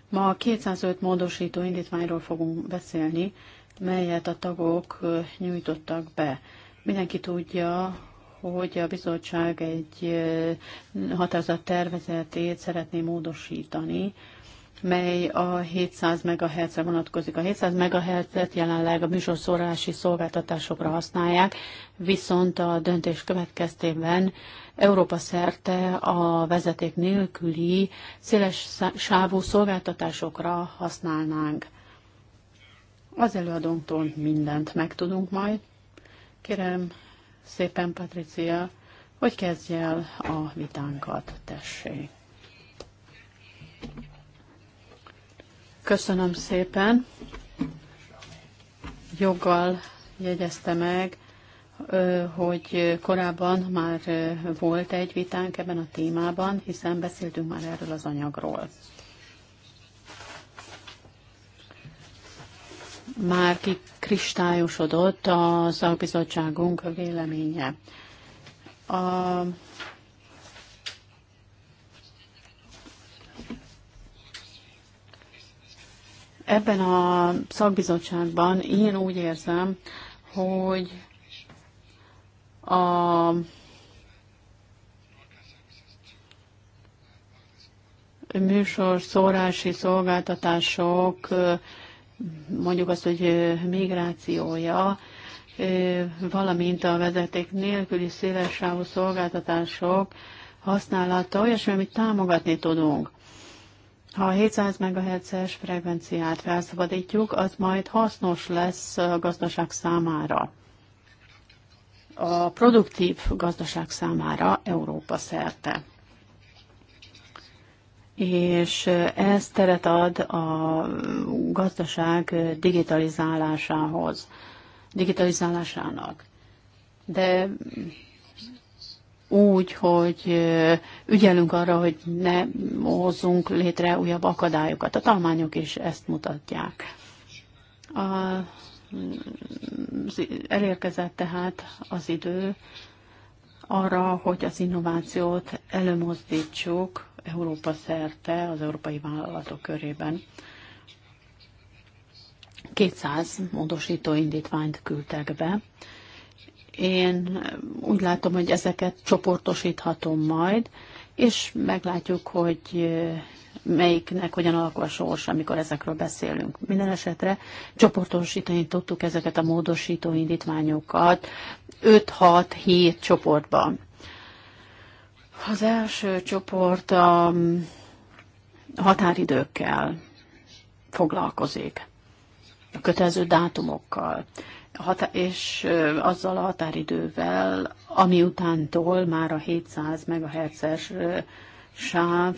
Ma a 205 módosító indítványról fogunk beszélni, melyet a tagok nyújtottak be. Mindenki tudja, hogy a bizottság egy határozat tervezetét szeretné módosítani, mely a 700 MHz-re vonatkozik. A 700 MHz-et jelenleg a műsorszórási szolgáltatásokra használják, viszont a döntés következtében Európa szerte a vezeték nélküli széles sávú szolgáltatásokra használnánk. Az előadónktól mindent megtudunk majd. Kérem szépen, Patricia, hogy kezdj el a vitánkat, tessék. Köszönöm szépen. Joggal jegyezte meg, hogy korábban már volt egy vitánk ebben a témában, hiszen beszéltünk már erről az anyagról. Már kikristályosodott a szakbizottságunk véleménye. A Ebben a szakbizottságban én úgy érzem, hogy a műsor szórási szolgáltatások, mondjuk azt, hogy migrációja, valamint a vezeték nélküli szélessávú szolgáltatások használata olyasmi, amit támogatni tudunk. Ha a 700 MHz-es frekvenciát felszabadítjuk, az majd hasznos lesz a gazdaság számára. A produktív gazdaság számára Európa szerte. És ez teret ad a gazdaság digitalizálásához, digitalizálásának. De úgy, hogy ügyelünk arra, hogy ne hozzunk létre újabb akadályokat. A talmányok is ezt mutatják. A, elérkezett tehát az idő arra, hogy az innovációt előmozdítsuk Európa szerte az európai vállalatok körében. 200 módosító indítványt küldtek be én úgy látom, hogy ezeket csoportosíthatom majd, és meglátjuk, hogy melyiknek hogyan alakul a sors, amikor ezekről beszélünk. Minden esetre csoportosítani tudtuk ezeket a módosító indítványokat 5-6-7 csoportba. Az első csoport a határidőkkel foglalkozik, a kötelező dátumokkal és azzal a határidővel, ami utántól már a 700 MHz-es sáv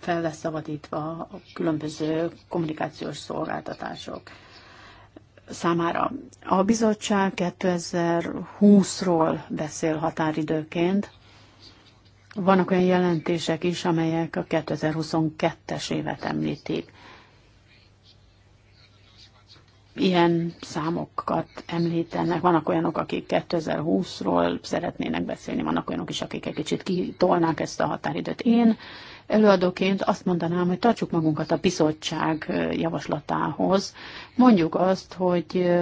fel lesz szabadítva a különböző kommunikációs szolgáltatások számára. A bizottság 2020-ról beszél határidőként. Vannak olyan jelentések is, amelyek a 2022-es évet említik ilyen számokat említenek. Vannak olyanok, akik 2020-ról szeretnének beszélni, vannak olyanok is, akik egy kicsit kitolnák ezt a határidőt. Én előadóként azt mondanám, hogy tartsuk magunkat a bizottság javaslatához. Mondjuk azt, hogy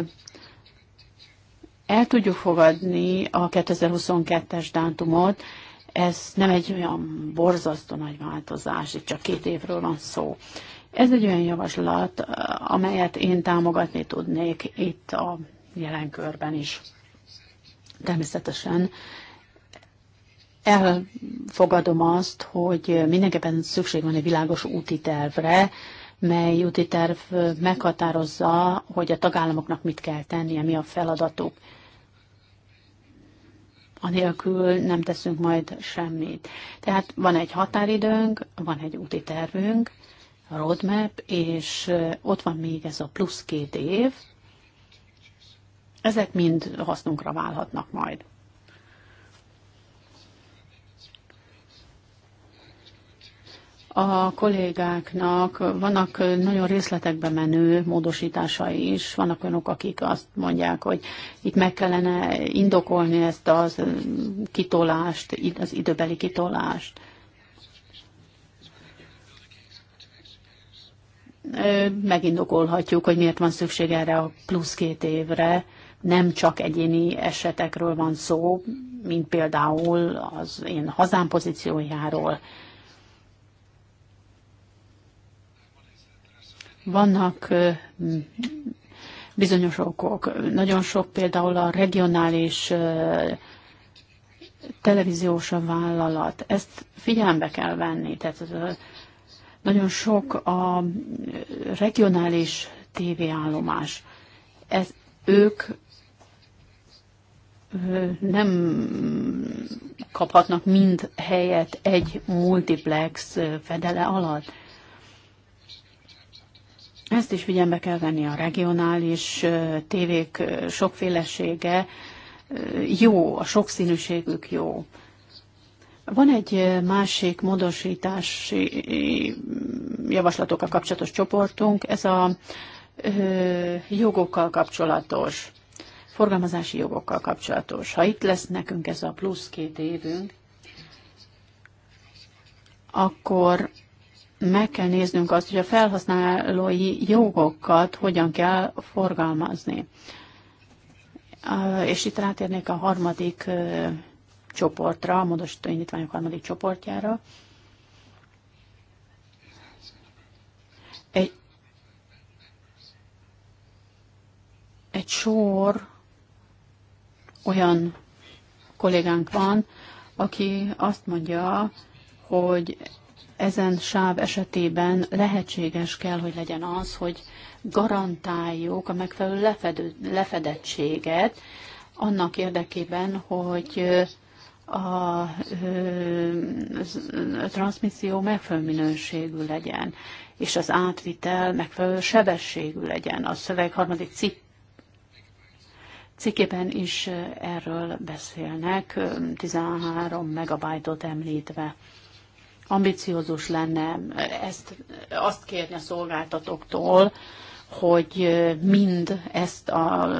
el tudjuk fogadni a 2022-es dátumot, ez nem egy olyan borzasztó nagy változás, itt csak két évről van szó. Ez egy olyan javaslat, amelyet én támogatni tudnék itt a jelenkörben is. Természetesen elfogadom azt, hogy mindenképpen szükség van egy világos úti tervre, mely úti terv meghatározza, hogy a tagállamoknak mit kell tennie, mi a feladatuk. Anélkül nem teszünk majd semmit. Tehát van egy határidőnk, van egy úti tervünk, roadmap, és ott van még ez a plusz két év. Ezek mind hasznunkra válhatnak majd. a kollégáknak vannak nagyon részletekbe menő módosításai is. Vannak olyanok, akik azt mondják, hogy itt meg kellene indokolni ezt az kitolást, az időbeli kitolást. megindokolhatjuk, hogy miért van szükség erre a plusz két évre. Nem csak egyéni esetekről van szó, mint például az én hazám pozíciójáról. Vannak bizonyos okok. Nagyon sok például a regionális televíziós vállalat. Ezt figyelembe kell venni. Tehát nagyon sok a regionális tévéállomás. Ez, ők nem kaphatnak mind helyet egy multiplex fedele alatt. Ezt is figyelme kell venni a regionális tévék sokfélesége jó, a sokszínűségük jó. Van egy másik módosítási mm, javaslatokkal kapcsolatos csoportunk, ez a jogokkal kapcsolatos, forgalmazási jogokkal kapcsolatos. Ha itt lesz nekünk ez a plusz két évünk, akkor meg kell néznünk azt, hogy a felhasználói jogokat hogyan kell forgalmazni. És itt rátérnék a harmadik csoportra, a módosító indítványok harmadik csoportjára. Egy, egy sor olyan kollégánk van, aki azt mondja, hogy ezen sáv esetében lehetséges kell, hogy legyen az, hogy garantáljuk a megfelelő lefedő, lefedettséget annak érdekében, hogy a, a transmisszió megfelelő minőségű legyen, és az átvitel megfelelő sebességű legyen. A szöveg harmadik cikk cikkében is erről beszélnek, 13 megabajtot említve. Ambiciózus lenne ezt, azt kérni a szolgáltatóktól, hogy mind ezt a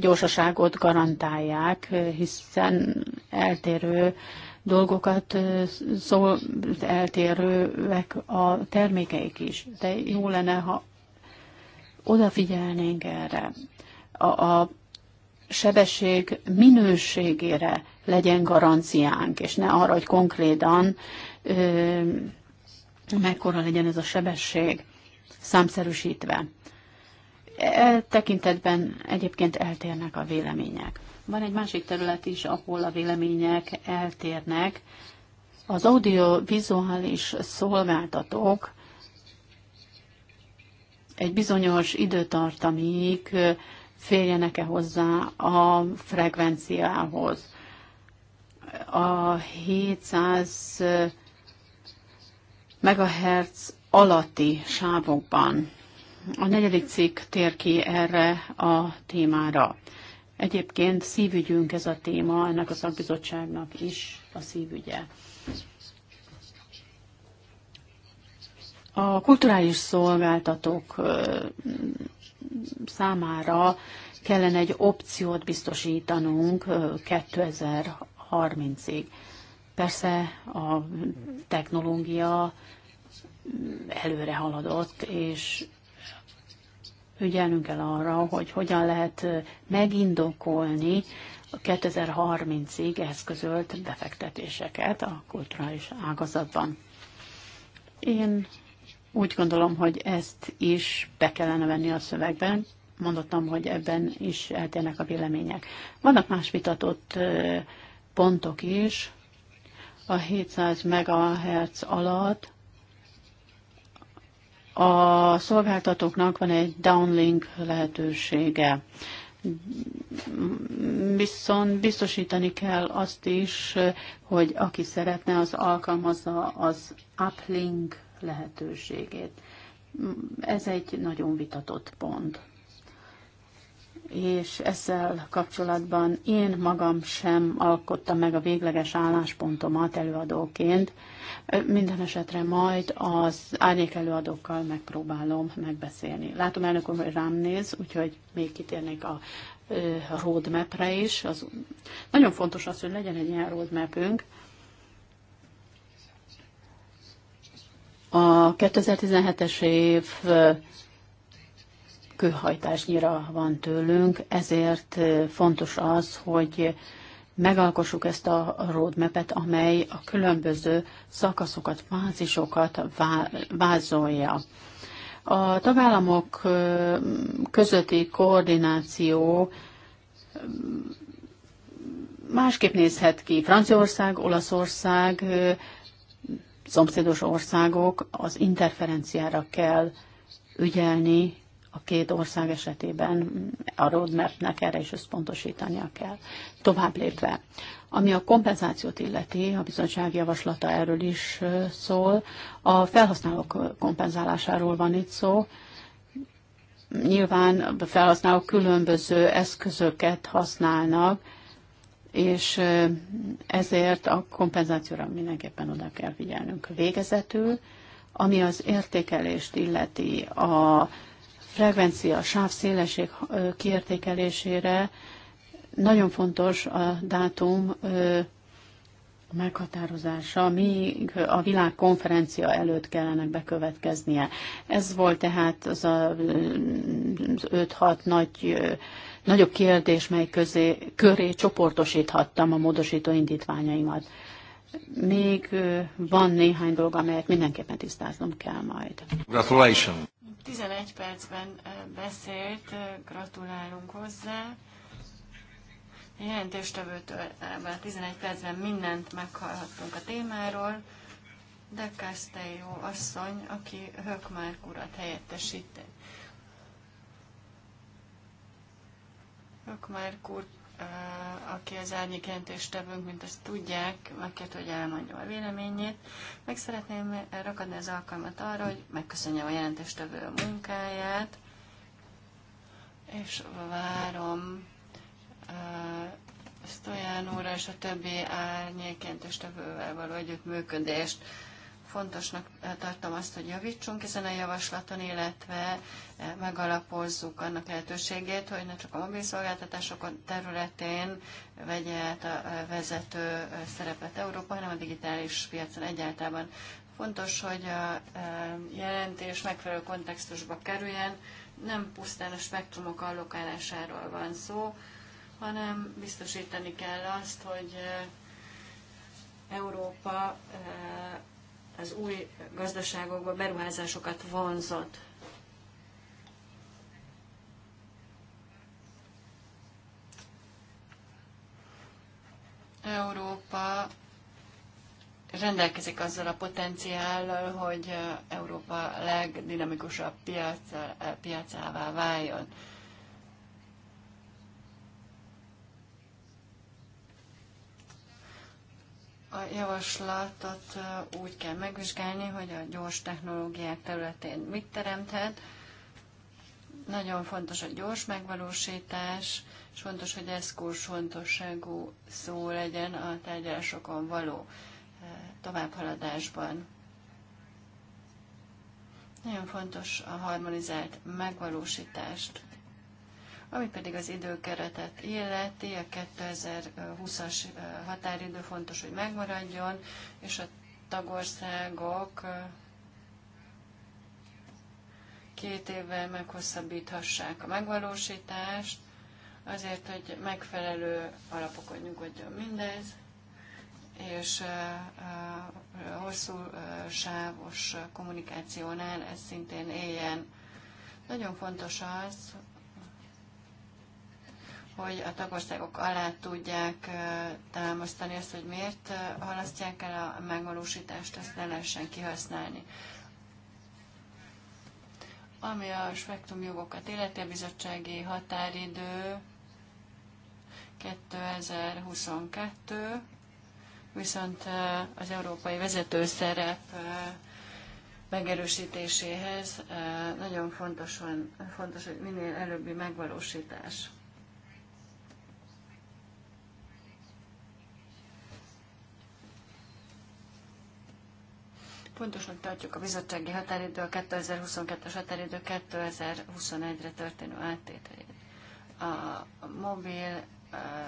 gyorsaságot garantálják, hiszen eltérő dolgokat szól, eltérőek a termékeik is. De jó lenne, ha odafigyelnénk erre. A, a sebesség minőségére legyen garanciánk, és ne arra, hogy konkrétan ö, mekkora legyen ez a sebesség számszerűsítve. E tekintetben egyébként eltérnek a vélemények. Van egy másik terület is, ahol a vélemények eltérnek. Az audiovizuális szolgáltatók egy bizonyos időtartamig férjenek-e hozzá a frekvenciához. A 700 megahertz alatti sávokban a negyedik cikk tér ki erre a témára. Egyébként szívügyünk ez a téma, ennek a szakbizottságnak is a szívügye. A kulturális szolgáltatók számára kellene egy opciót biztosítanunk 2030-ig. Persze a technológia előre haladott, és ügyelnünk kell arra, hogy hogyan lehet megindokolni a 2030-ig eszközölt befektetéseket a kulturális ágazatban. Én úgy gondolom, hogy ezt is be kellene venni a szövegben. Mondottam, hogy ebben is eltérnek a vélemények. Vannak más vitatott pontok is. A 700 MHz alatt a szolgáltatóknak van egy downlink lehetősége. Viszont biztosítani kell azt is, hogy aki szeretne, az alkalmazza az uplink lehetőségét. Ez egy nagyon vitatott pont és ezzel kapcsolatban én magam sem alkottam meg a végleges álláspontomat előadóként. Minden esetre majd az árnyék előadókkal megpróbálom megbeszélni. Látom elnök hogy rám néz, úgyhogy még kitérnék a roadmapre is. Az, nagyon fontos az, hogy legyen egy ilyen roadmapünk, a 2017-es év kőhajtásnyira van tőlünk, ezért fontos az, hogy megalkossuk ezt a roadmap-et, amely a különböző szakaszokat, fázisokat vázolja. A tagállamok közötti koordináció másképp nézhet ki. Franciaország, Olaszország, szomszédos országok az interferenciára kell ügyelni, a két ország esetében a roadmapnek erre is összpontosítania kell. Tovább lépve, ami a kompenzációt illeti, a bizottság javaslata erről is szól, a felhasználók kompenzálásáról van itt szó, Nyilván a felhasználók különböző eszközöket használnak, és ezért a kompenzációra mindenképpen oda kell figyelnünk. Végezetül, ami az értékelést illeti, a frekvencia, sávszélesség kiértékelésére nagyon fontos a dátum meghatározása, míg a világkonferencia előtt kellene bekövetkeznie. Ez volt tehát az a 5-6 nagy, nagyobb kérdés, mely közé, köré csoportosíthattam a módosító indítványaimat még van néhány dolog, amelyet mindenképpen tisztáznom kell majd. Gratulation! 11 percben beszélt, gratulálunk hozzá. A jelentéstevőtől ebben a 11 percben mindent meghallhattunk a témáról, de Castello asszony, aki Hökmárk urat helyettesíti. Hökmárk úr Eh, aki az árnyék jelentéstevőnk, mint azt tudják, megkért, hogy elmondja a véleményét. Meg szeretném rakadni az alkalmat arra, hogy megköszönjem a jelentéstevő a munkáját, és várom eh, Sztoján úrra és a többi árnyék jelentéstevővel való együttműködést. Fontosnak eh, tartom azt, hogy javítsunk ezen a javaslaton, illetve eh, megalapozzuk annak lehetőségét, hogy ne csak a mobil szolgáltatások területén vegye át a eh, vezető szerepet Európa, hanem a digitális piacon egyáltalán. Fontos, hogy a jelentés megfelelő kontextusba kerüljen, nem pusztán a spektrumok allokálásáról van szó, hanem biztosítani kell azt, hogy Európa az új gazdaságokba beruházásokat vonzott. Európa rendelkezik azzal a potenciállal, hogy Európa legdinamikusabb piac, piacává váljon. A javaslatot úgy kell megvizsgálni, hogy a gyors technológiák területén mit teremthet. Nagyon fontos a gyors megvalósítás, és fontos, hogy ez kulcsfontosságú szó legyen a tárgyalásokon való továbbhaladásban. Nagyon fontos a harmonizált megvalósítást ami pedig az időkeretet illeti, a 2020-as határidő fontos, hogy megmaradjon, és a tagországok két évvel meghosszabbíthassák a megvalósítást, azért, hogy megfelelő alapokon nyugodjon mindez, és a hosszú sávos kommunikációnál ez szintén éljen. Nagyon fontos az, hogy a tagországok alá tudják támasztani azt, hogy miért halasztják el a megvalósítást, ezt ne lehessen kihasználni. Ami a spektrumjogokat illeti, a bizottsági határidő 2022, viszont az európai vezetőszerep megerősítéséhez nagyon fontos, van, fontos hogy minél előbbi megvalósítás. Fontosnak tartjuk a bizottsági határidő, a 2022-es határidő 2021-re történő áttételét. A mobil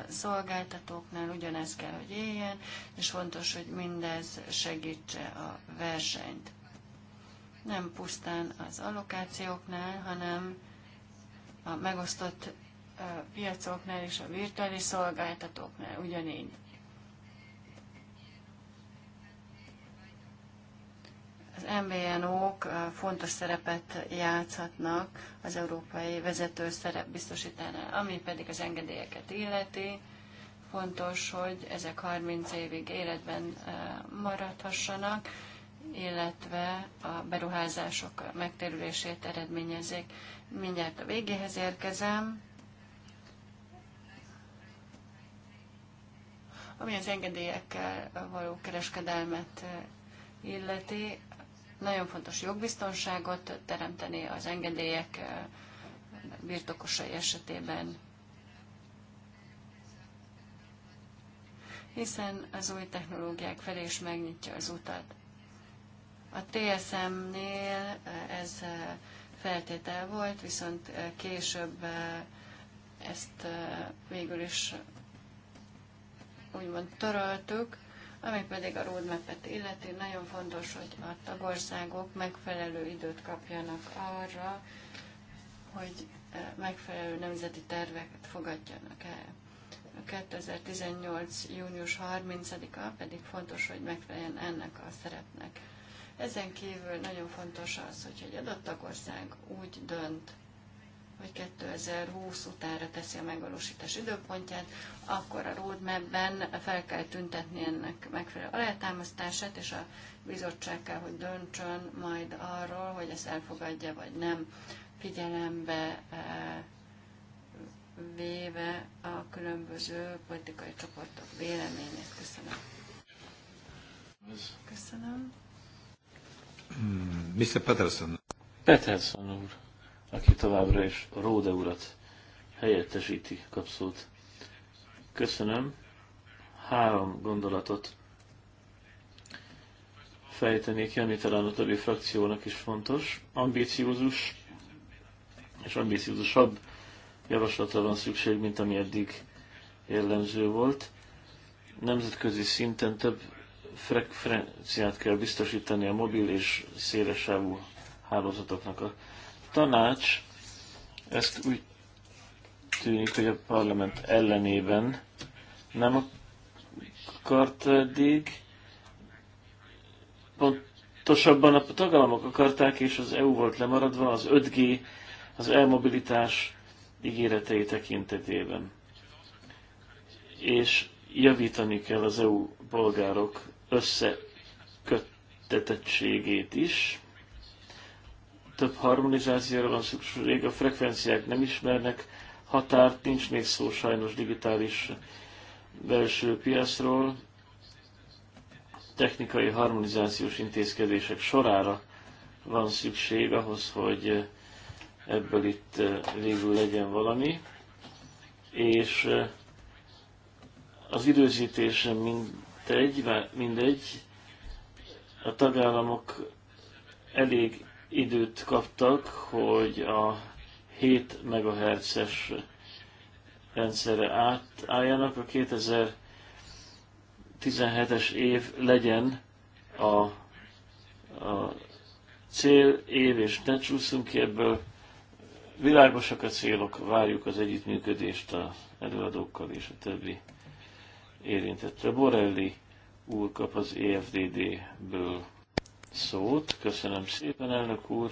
szolgáltatóknál ugyanez kell, hogy éljen, és fontos, hogy mindez segítse a versenyt. Nem pusztán az allokációknál, hanem a megosztott piacoknál és a virtuális szolgáltatóknál ugyanígy. Az MVNO-k fontos szerepet játszhatnak az európai vezető szerep biztosítánál, ami pedig az engedélyeket illeti. Fontos, hogy ezek 30 évig életben maradhassanak, illetve a beruházások megterülését eredményezik. Mindjárt a végéhez érkezem. Ami az engedélyekkel való kereskedelmet illeti, nagyon fontos jogbiztonságot teremteni az engedélyek eh, birtokosai esetében, hiszen az új technológiák felé is megnyitja az utat. A TSM-nél eh, ez eh, feltétel volt, viszont később ezt végül is úgymond töröltük, ami pedig a roadmap-et illeti, nagyon fontos, hogy a tagországok megfelelő időt kapjanak arra, hogy e, megfelelő nemzeti terveket fogadjanak el. A 2018. június 30-a pedig fontos, hogy megfeleljen ennek a szerepnek. Ezen kívül nagyon fontos az, hogy egy adott tagország úgy dönt, hogy 2020 utára teszi a megvalósítás időpontját, akkor a roadmap-ben fel kell tüntetni ennek megfelelő alátámasztását, és a bizottság kell, hogy döntsön majd arról, hogy ezt elfogadja vagy nem, figyelembe e, véve a különböző politikai csoportok véleményét. Köszönöm. Köszönöm. Mr. Hmm, Peterson. Peterson úr aki továbbra is Róde urat helyettesíti kapszót. Köszönöm. Három gondolatot fejtenék ki, ami talán a többi frakciónak is fontos. Ambíciózus és ambíciózusabb javaslatra van szükség, mint ami eddig jellemző volt. Nemzetközi szinten több frekvenciát kell biztosítani a mobil és szélesávú hálózatoknak a tanács ezt úgy tűnik, hogy a parlament ellenében nem akart eddig, pontosabban a tagállamok akarták, és az EU volt lemaradva az 5G, az elmobilitás ígéretei tekintetében. És javítani kell az EU polgárok összeköttetettségét is, több harmonizációra van szükség, a frekvenciák nem ismernek határt, nincs még szó sajnos digitális belső piacról, technikai harmonizációs intézkedések sorára van szükség ahhoz, hogy ebből itt eh, végül legyen valami, és eh, az időzítése mindegy, mindegy, a tagállamok elég időt kaptak, hogy a 7 MHz-es rendszerre átálljanak. A 2017-es év legyen a, a cél év, és ne csúszunk ki ebből. Világosak a célok, várjuk az együttműködést a előadókkal és a többi érintettel. Borelli úr kap az EFDD-ből szót. Köszönöm szépen, elnök úr.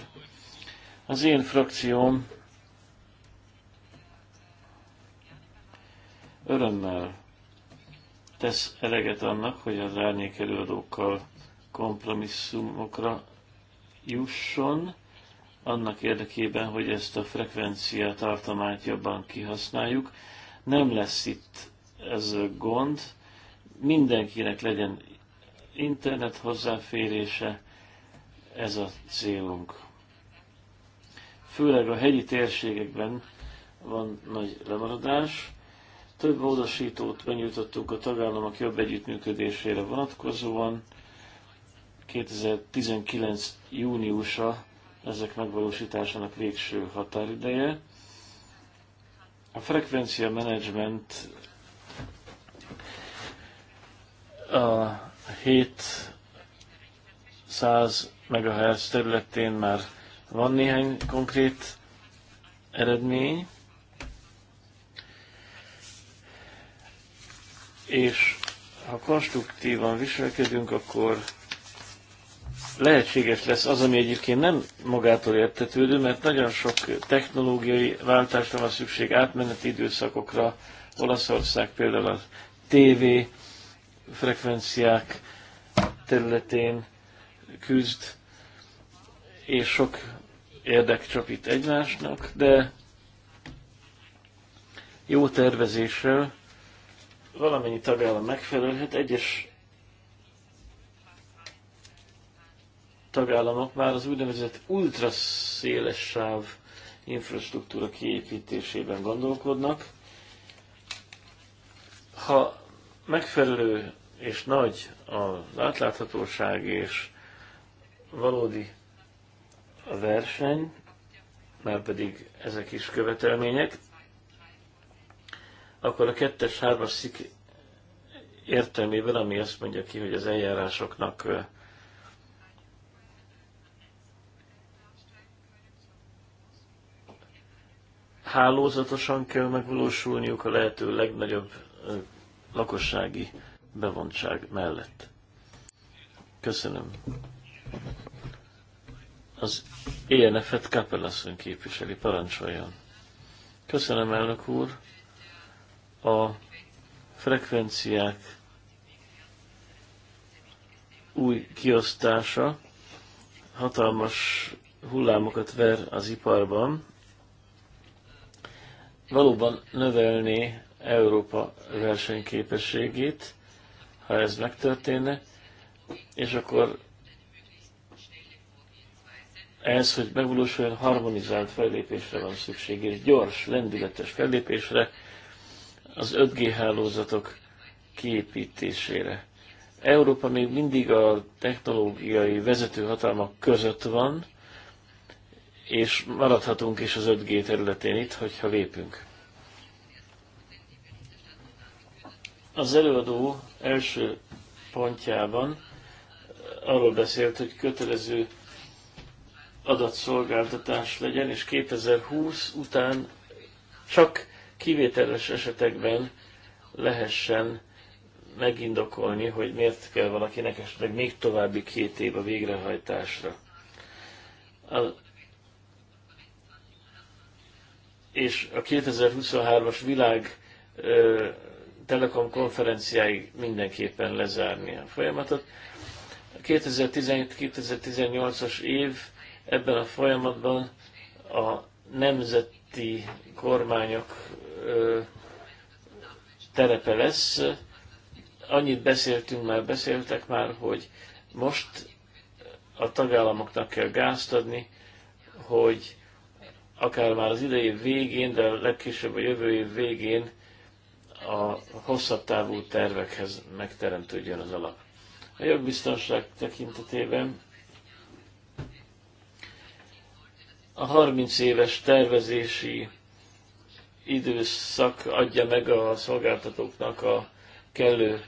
Az én frakcióm örömmel tesz eleget annak, hogy az árnyék előadókkal kompromisszumokra jusson, annak érdekében, hogy ezt a frekvencia tartományt jobban kihasználjuk. Nem lesz itt ez gond, mindenkinek legyen internet hozzáférése, ez a célunk. Főleg a hegyi térségekben van nagy lemaradás. Több módosítót benyújtottunk a tagállamok jobb együttműködésére vonatkozóan. 2019. júniusa ezek megvalósításának végső határideje. A frekvencia menedzsment a 700 MHz területén már van néhány konkrét eredmény, és ha konstruktívan viselkedünk, akkor lehetséges lesz az, ami egyébként nem magától értetődő, mert nagyon sok technológiai váltásra van szükség, átmeneti időszakokra. Olaszország például a TV frekvenciák területén küzd, és sok érdek csapít egymásnak, de jó tervezéssel valamennyi tagállam megfelelhet, egyes tagállamok már az úgynevezett ultraszéles sáv infrastruktúra kiépítésében gondolkodnak. Ha megfelelő és nagy az átláthatóság és valódi a verseny, már pedig ezek is követelmények, akkor a kettes hármas szik értelmében, ami azt mondja ki, hogy az eljárásoknak hálózatosan kell megvalósulniuk a lehető legnagyobb lakossági bevontság mellett. Köszönöm. Az ENF-et kapelasszony képviseli, parancsoljon. Köszönöm, elnök úr. A frekvenciák új kiosztása hatalmas hullámokat ver az iparban. Valóban növelné Európa versenyképességét, ha ez megtörténne, és akkor ehhez, hogy megvalósuljon harmonizált fellépésre van szükség, és gyors, lendületes fellépésre, az 5G hálózatok kiépítésére. Európa még mindig a technológiai vezető hatalmak között van, és maradhatunk is az 5G területén itt, hogyha lépünk. Az előadó első pontjában arról beszélt, hogy kötelező adatszolgáltatás legyen, és 2020 után csak kivételes esetekben lehessen megindokolni, hogy miért kell valakinek esetleg még további két év a végrehajtásra. A, és a 2023-as világ ö, Telekom konferenciáig mindenképpen lezárni a folyamatot. A 2017-2018-as év Ebben a folyamatban a nemzeti kormányok terepe lesz. Annyit beszéltünk már, beszéltek már, hogy most a tagállamoknak kell gázt adni, hogy akár már az idei végén, de legkésőbb a jövő év végén a hosszabb távú tervekhez megteremtődjön az alap. A jogbiztonság tekintetében a 30 éves tervezési időszak adja meg a szolgáltatóknak a kellő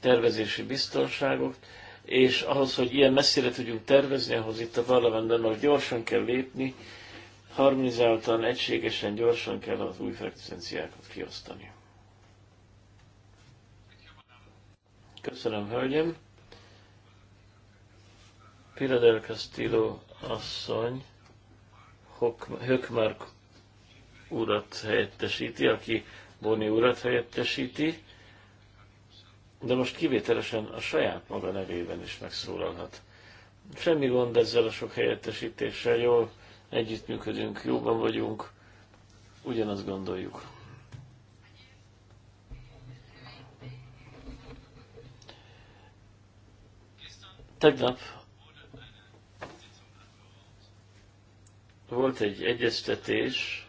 tervezési biztonságot, és ahhoz, hogy ilyen messzire tudjunk tervezni, ahhoz itt a parlamentben most gyorsan kell lépni, harmonizáltan, egységesen, gyorsan kell az új frekvenciákat kiosztani. Köszönöm, hölgyem! Piradel Castillo asszony Hökmark urat helyettesíti, aki Boni urat helyettesíti, de most kivételesen a saját maga nevében is megszólalhat. Semmi gond ezzel a sok helyettesítéssel, jól együttműködünk, jóban vagyunk, ugyanazt gondoljuk. Tegnap volt egy egyeztetés,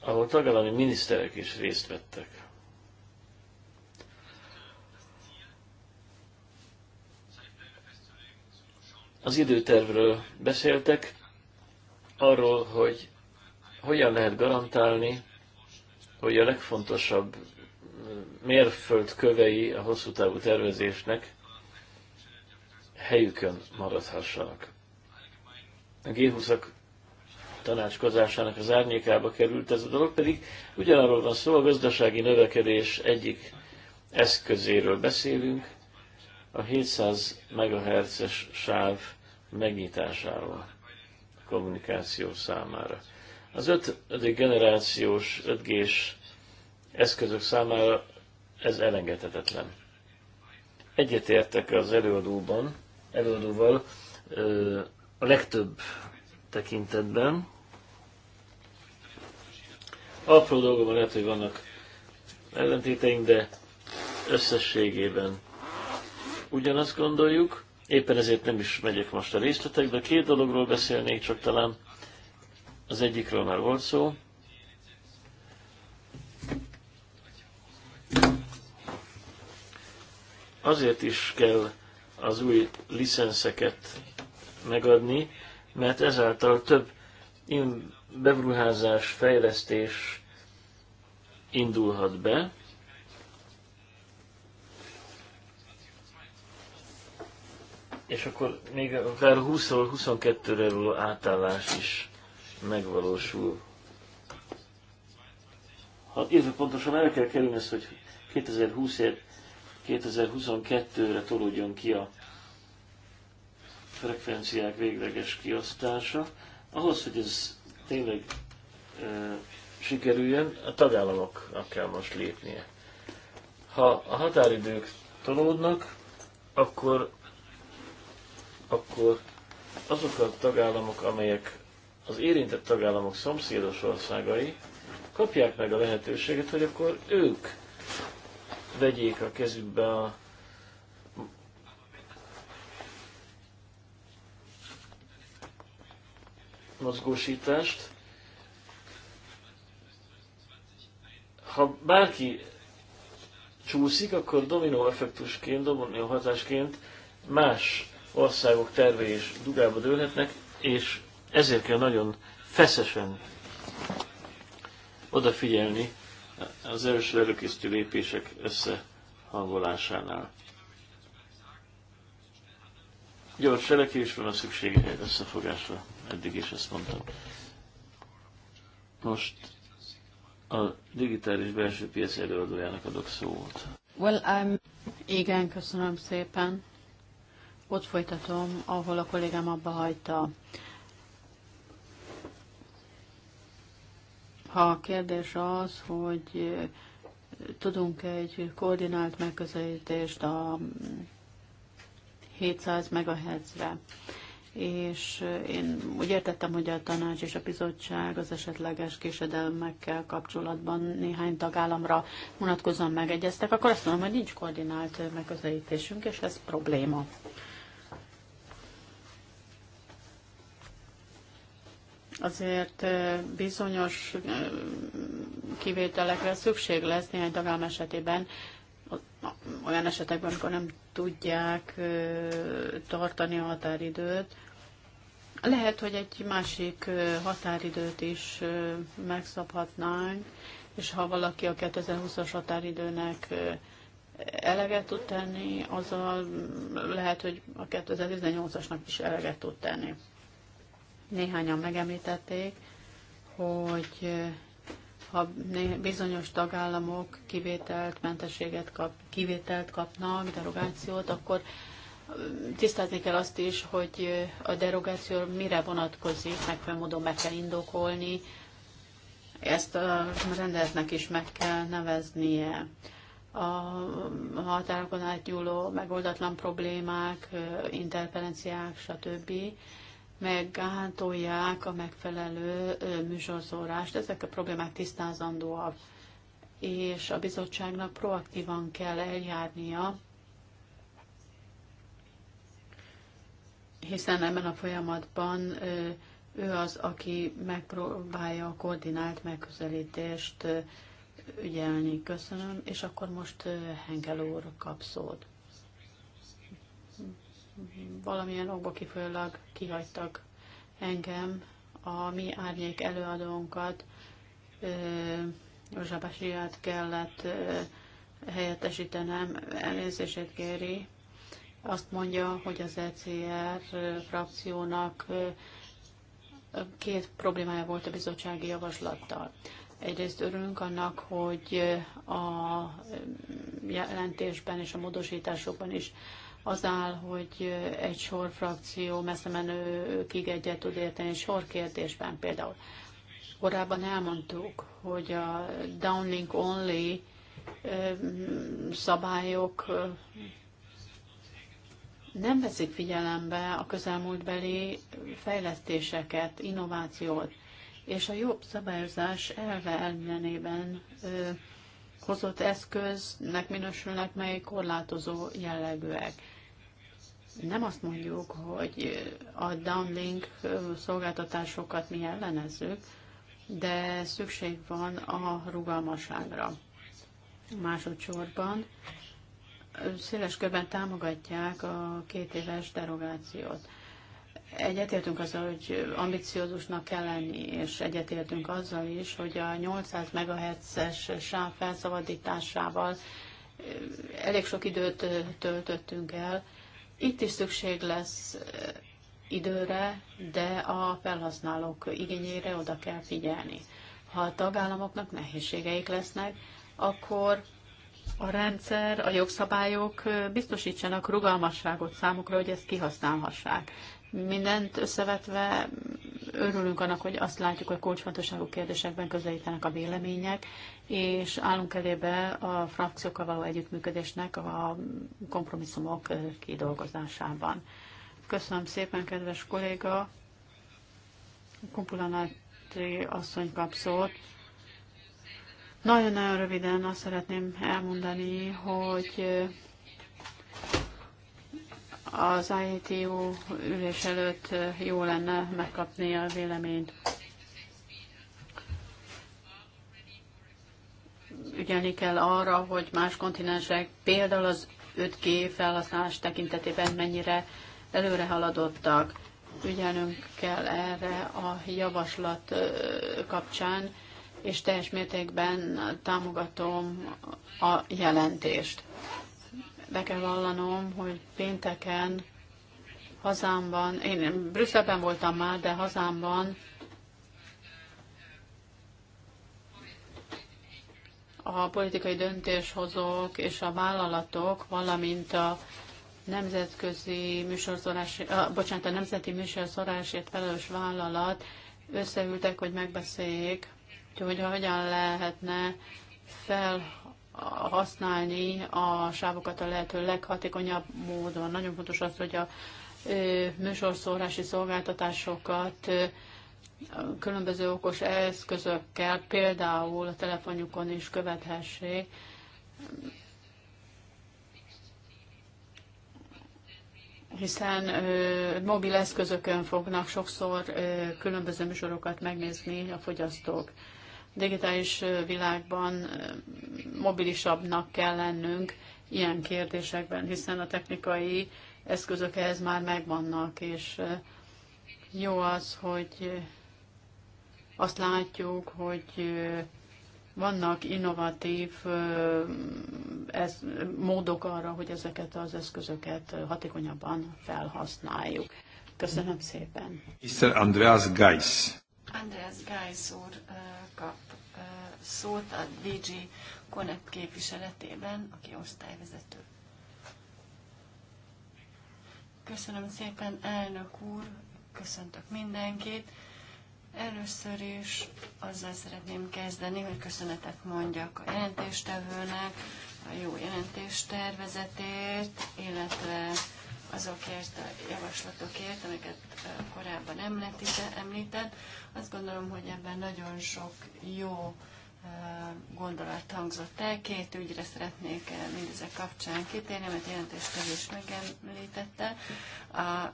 ahol tagállami miniszterek is részt vettek. Az időtervről beszéltek, arról, hogy hogyan lehet garantálni, hogy a legfontosabb mérföldkövei a hosszú távú tervezésnek helyükön maradhassanak. A g 20 tanácskozásának az árnyékába került ez a dolog, pedig ugyanarról van szó, a gazdasági növekedés egyik eszközéről beszélünk, a 700 MHz-es sáv megnyitásával a kommunikáció számára. Az ötödik generációs 5G-s eszközök számára ez elengedhetetlen. Egyetértek az előadóban előadóval a legtöbb tekintetben. Apró dolgokban lehet, hogy vannak ellentéteink, de összességében ugyanazt gondoljuk. Éppen ezért nem is megyek most a részletekbe. Két dologról beszélnék, csak talán az egyikről már volt szó. Azért is kell az új licenszeket megadni, mert ezáltal több beruházás, fejlesztés indulhat be. És akkor még akár 20-ról 22-re való átállás is megvalósul. Ha jövő pontosan el kell kerülni ezt, hogy 2020-ért 2022-re tolódjon ki a frekvenciák végleges kiosztása. Ahhoz, hogy ez tényleg e, sikerüljön, a tagállamoknak kell most lépnie. Ha a határidők tolódnak, akkor, akkor azok a tagállamok, amelyek az érintett tagállamok szomszédos országai kapják meg a lehetőséget, hogy akkor ők vegyék a kezükbe a mozgósítást. Ha bárki csúszik, akkor dominó effektusként, dominó hatásként más országok tervei is dugába dőlhetnek, és ezért kell nagyon feszesen odafigyelni az első előkészítő lépések összehangolásánál. Gyors cselekvés van szükség összefogásra, eddig is ezt mondtam. Most a digitális belső piac előadójának adok szót. Well, I'm... Igen, köszönöm szépen. Ott folytatom, ahol a kollégám abba hagyta. Ha a kérdés az, hogy eh, tudunk egy koordinált megközelítést a 700 MHz-re, és eh, én úgy értettem, hogy a tanács és a bizottság az esetleges késedelmekkel kapcsolatban néhány tagállamra vonatkozóan megegyeztek, akkor azt mondom, hogy nincs koordinált eh, megközelítésünk, és ez probléma. azért bizonyos kivételekre szükség lesz néhány tagállam esetében, olyan esetekben, amikor nem tudják tartani a határidőt. Lehet, hogy egy másik határidőt is megszabhatnánk, és ha valaki a 2020-as határidőnek eleget tud tenni, azzal lehet, hogy a 2018-asnak is eleget tud tenni. Néhányan megemlítették, hogy ha bizonyos tagállamok kivételt, mentességet kap, kivételt kapnak, derogációt, akkor tisztázni kell azt is, hogy a derogáció mire vonatkozik, megfelelő módon meg kell indokolni, ezt a rendeletnek is meg kell neveznie. A határokon átnyúló megoldatlan problémák, interferenciák, stb meggátolják a megfelelő műsorszórást. Ezek a problémák tisztázandóak, és a bizottságnak proaktívan kell eljárnia, hiszen ebben a folyamatban ő az, aki megpróbálja a koordinált megközelítést ügyelni. Köszönöm, és akkor most Hengel úr kap szót valamilyen okba kifolyólag kihagytak engem, a mi árnyék előadónkat, Zsabasiát kellett helyettesítenem, elnézését kéri. Azt mondja, hogy az ECR frakciónak két problémája volt a bizottsági javaslattal. Egyrészt örülünk annak, hogy a jelentésben és a módosításokban is az áll, hogy egy sor frakció messze menőkig egyet tud érteni egy sor kérdésben például. Korábban elmondtuk, hogy a downlink only szabályok nem veszik figyelembe a közelmúltbeli fejlesztéseket, innovációt, és a jobb szabályozás elve ellenében hozott eszköznek minősülnek, mely korlátozó jellegűek nem azt mondjuk, hogy a downlink szolgáltatásokat mi ellenezzük, de szükség van a rugalmaságra. Másodszorban széles körben támogatják a két éves derogációt. Egyetértünk azzal, hogy ambiciózusnak kell lenni, és egyetértünk azzal is, hogy a 800 MHz-es sáv felszabadításával elég sok időt töltöttünk el, itt is szükség lesz eh, időre, de a felhasználók igényére oda kell figyelni. Ha a tagállamoknak nehézségeik lesznek, akkor a rendszer, a jogszabályok eh, biztosítsanak rugalmasságot számukra, hogy ezt kihasználhassák. Mindent összevetve örülünk annak, hogy azt látjuk, hogy kulcsfontosságú kérdésekben közelítenek a vélemények, és állunk elébe a frakciókkal való együttműködésnek a kompromisszumok kidolgozásában. Köszönöm szépen, kedves kolléga! Kompulanátri asszony kap szót. Nagyon-nagyon röviden azt szeretném elmondani, hogy az ITU ülés előtt jó lenne megkapni a véleményt. Ügyelni kell arra, hogy más kontinensek például az 5G felhasználás tekintetében mennyire előre haladottak. Ügyelnünk kell erre a javaslat kapcsán, és teljes mértékben támogatom a jelentést be kell vallanom, hogy pénteken hazámban, én Brüsszelben voltam már, de hazámban a politikai döntéshozók és a vállalatok, valamint a nemzetközi műsorszorás, a, bocsánat, a nemzeti műsorszorásért felelős vállalat összeültek, hogy megbeszéljék, hogy hogyan lehetne fel használni a sávokat a lehető leghatékonyabb módon. Nagyon fontos az, hogy a műsorszórási szolgáltatásokat különböző okos eszközökkel, például a telefonjukon is követhessék. hiszen ö, mobil eszközökön fognak sokszor ö, különböző műsorokat megnézni a fogyasztók digitális világban mobilisabbnak kell lennünk ilyen kérdésekben, hiszen a technikai eszközök ehhez már megvannak, és jó az, hogy azt látjuk, hogy vannak innovatív ez, módok arra, hogy ezeket az eszközöket hatékonyabban felhasználjuk. Köszönöm szépen. Mr. Andreas Geis. Andreas Geis úr kap szót a DG Connect képviseletében, aki osztályvezető. Köszönöm szépen, elnök úr, köszöntök mindenkit. Először is azzal szeretném kezdeni, hogy köszönetet mondjak a jelentéstevőnek, a jó jelentés tervezetért, illetve azokért a javaslatokért, amiket korábban említett. Azt gondolom, hogy ebben nagyon sok jó gondolat hangzott el. Két ügyre szeretnék mindezek kapcsán kitérni, mert jelentéstevő is megemlítette. A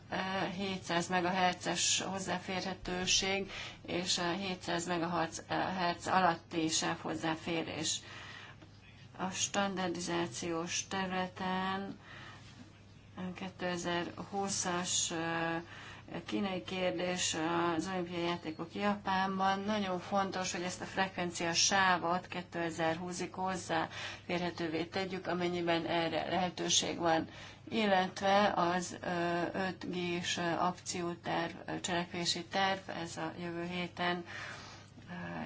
700 MHz-es hozzáférhetőség és a 700 MHz alatti sáv hozzáférés. A standardizációs területen 2020-as kínai kérdés az olimpiai játékok Japánban. Nagyon fontos, hogy ezt a frekvencia sávot 2020-ig férhetővé tegyük, amennyiben erre lehetőség van, illetve az 5G-s akcióterv, cselekvési terv, ez a jövő héten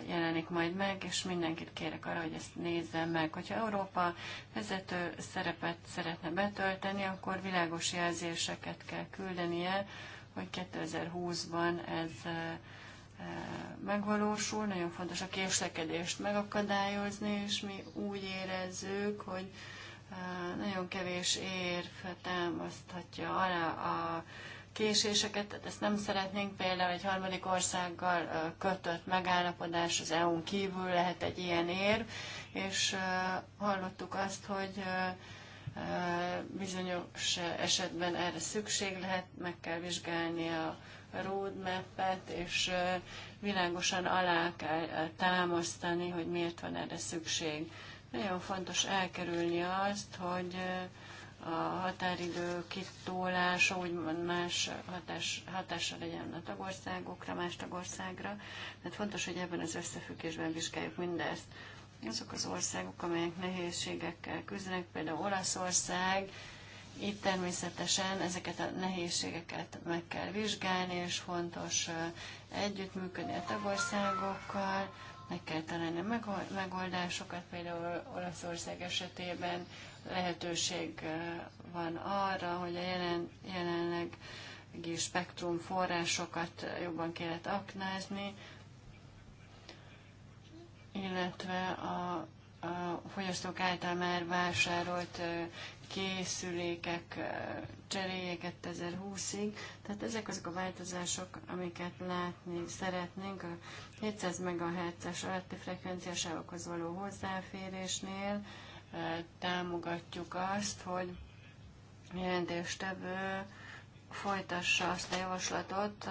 jelenik majd meg, és mindenkit kérek arra, hogy ezt nézze meg. Hogyha Európa vezető szerepet szeretne betölteni, akkor világos jelzéseket kell küldenie, hogy 2020-ban ez e, e, megvalósul. Nagyon fontos a késlekedést megakadályozni, és mi úgy érezzük, hogy e, nagyon kevés érv támaszthatja alá a késéseket, tehát ezt nem szeretnénk, például egy harmadik országgal kötött megállapodás az EU-n kívül lehet egy ilyen ér, és hallottuk azt, hogy bizonyos esetben erre szükség lehet, meg kell vizsgálni a roadmap-et, és világosan alá kell támasztani, hogy miért van erre szükség. Nagyon fontos elkerülni azt, hogy a határidő kitolása, úgymond más hatás, hatása legyen a tagországokra, más tagországra. Tehát fontos, hogy ebben az összefüggésben vizsgáljuk mindezt. Azok az országok, amelyek nehézségekkel küzdenek, például Olaszország, itt természetesen ezeket a nehézségeket meg kell vizsgálni, és fontos együttműködni a tagországokkal, meg kell találni a megoldásokat, például Olaszország esetében lehetőség van arra, hogy a jelen, jelenlegi spektrum forrásokat jobban kellett aknázni, illetve a, a fogyasztók által már vásárolt készülékek cseréje 2020-ig. Tehát ezek azok a változások, amiket látni szeretnénk a 700 MHz-es alatti frekvenciásávokhoz való hozzáférésnél, támogatjuk azt, hogy jelentéstevő folytassa azt a javaslatot,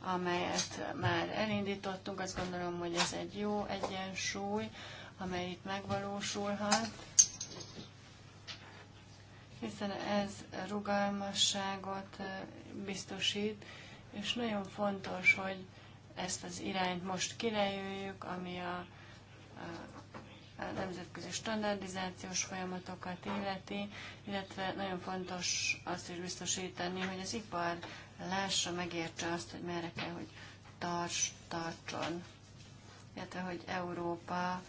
amelyet már elindítottunk. Azt gondolom, hogy ez egy jó egyensúly, amely itt megvalósulhat, hiszen ez rugalmasságot biztosít, és nagyon fontos, hogy ezt az irányt most kirejöjjük, ami a, a nemzetközi standardizációs folyamatokat illeti, illetve nagyon fontos azt is biztosítani, hogy az ipar lássa, megértse azt, hogy merre kell, hogy tarts, tartson, illetve hogy Európa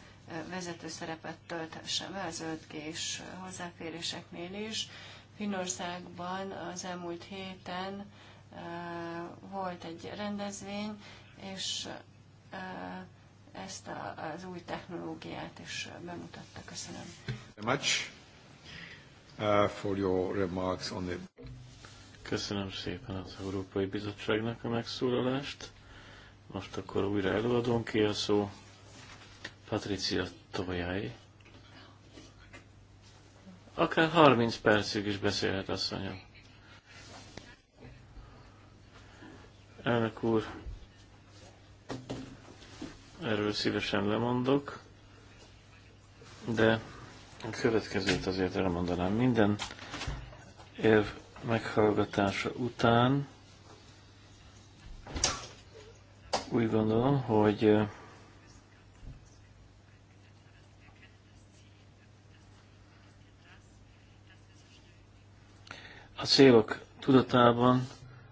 vezető szerepet tölthesse be az 5 hozzáféréseknél is. Finországban az elmúlt héten volt egy rendezvény, és ezt a, az új technológiát is bemutatta. Köszönöm. Much. Uh, for your remarks on the... Köszönöm szépen az Európai Bizottságnak a megszólalást. Most akkor újra előadom ki a szó. Patricia Tojai. Akár 30 percig is beszélhet, asszonyom. Elnök úr, erről szívesen lemondok, de a következőt azért elmondanám. Minden év meghallgatása után úgy gondolom, hogy a célok tudatában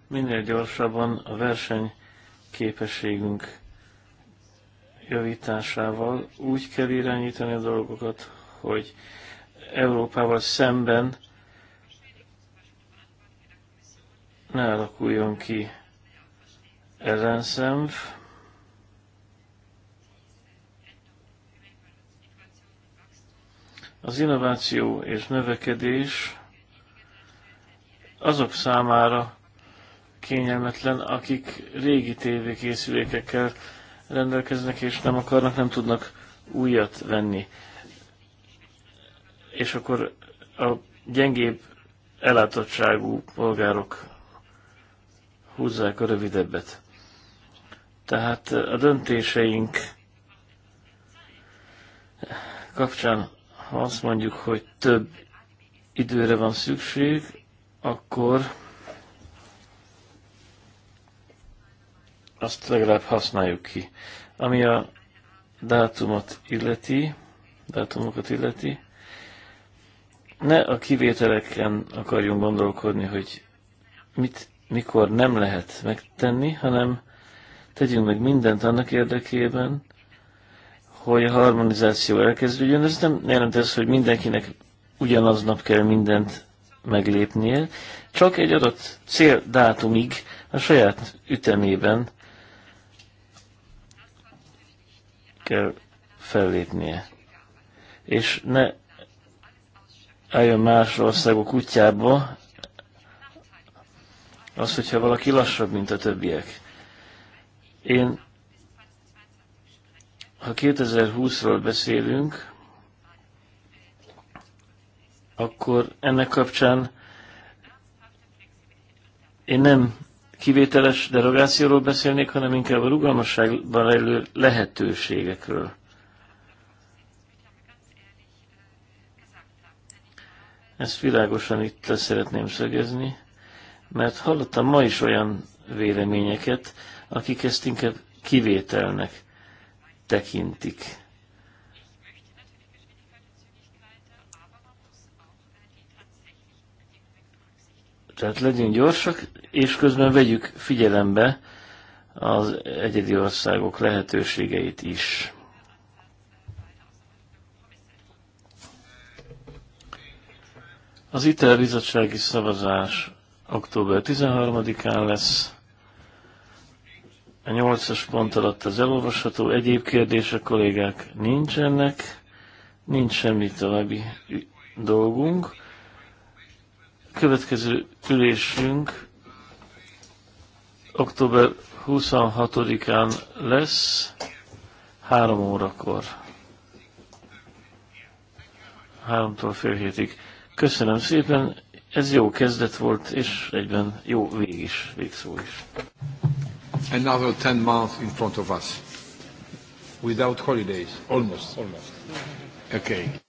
minél gyorsabban a versenyképességünk javításával úgy kell irányítani a dolgokat, hogy Európával szemben ne alakuljon ki ellenszenv, az innováció és növekedés azok számára kényelmetlen, akik régi tévékészülékekkel rendelkeznek, és nem akarnak, nem tudnak újat venni. És akkor a gyengébb ellátottságú polgárok húzzák a rövidebbet. Tehát a döntéseink kapcsán, ha azt mondjuk, hogy több időre van szükség, akkor azt legalább használjuk ki. Ami a dátumot illeti, dátumokat illeti, ne a kivételeken akarjunk gondolkodni, hogy mit, mikor nem lehet megtenni, hanem tegyünk meg mindent annak érdekében, hogy a harmonizáció elkezdődjön. Ez nem jelent ez, hogy mindenkinek ugyanaznap kell mindent meglépnie, csak egy adott cél dátumig a saját ütemében kell fellépnie. És ne álljon más országok útjába az, hogyha valaki lassabb, mint a többiek. Én, ha 2020-ról beszélünk, akkor ennek kapcsán én nem kivételes derogációról beszélnék, hanem inkább a rugalmasságban rejlő lehetőségekről. Ezt világosan itt le szeretném szögezni, mert hallottam ma is olyan véleményeket, akik ezt inkább kivételnek tekintik. Tehát legyünk gyorsak, és közben vegyük figyelembe az egyedi országok lehetőségeit is. Az ITER bizottsági szavazás október 13-án lesz. A 8-as pont alatt az elolvasható. Egyéb kérdések, kollégák, nincsenek. Nincs semmi további dolgunk. Következő ülésünk október 26-án lesz, 3 órakor. 3-tól fél hétig. Köszönöm szépen, ez jó kezdet volt, és egyben jó vég is, végszó is. Another 10 months in front of us. Without holidays, almost, almost. Okay.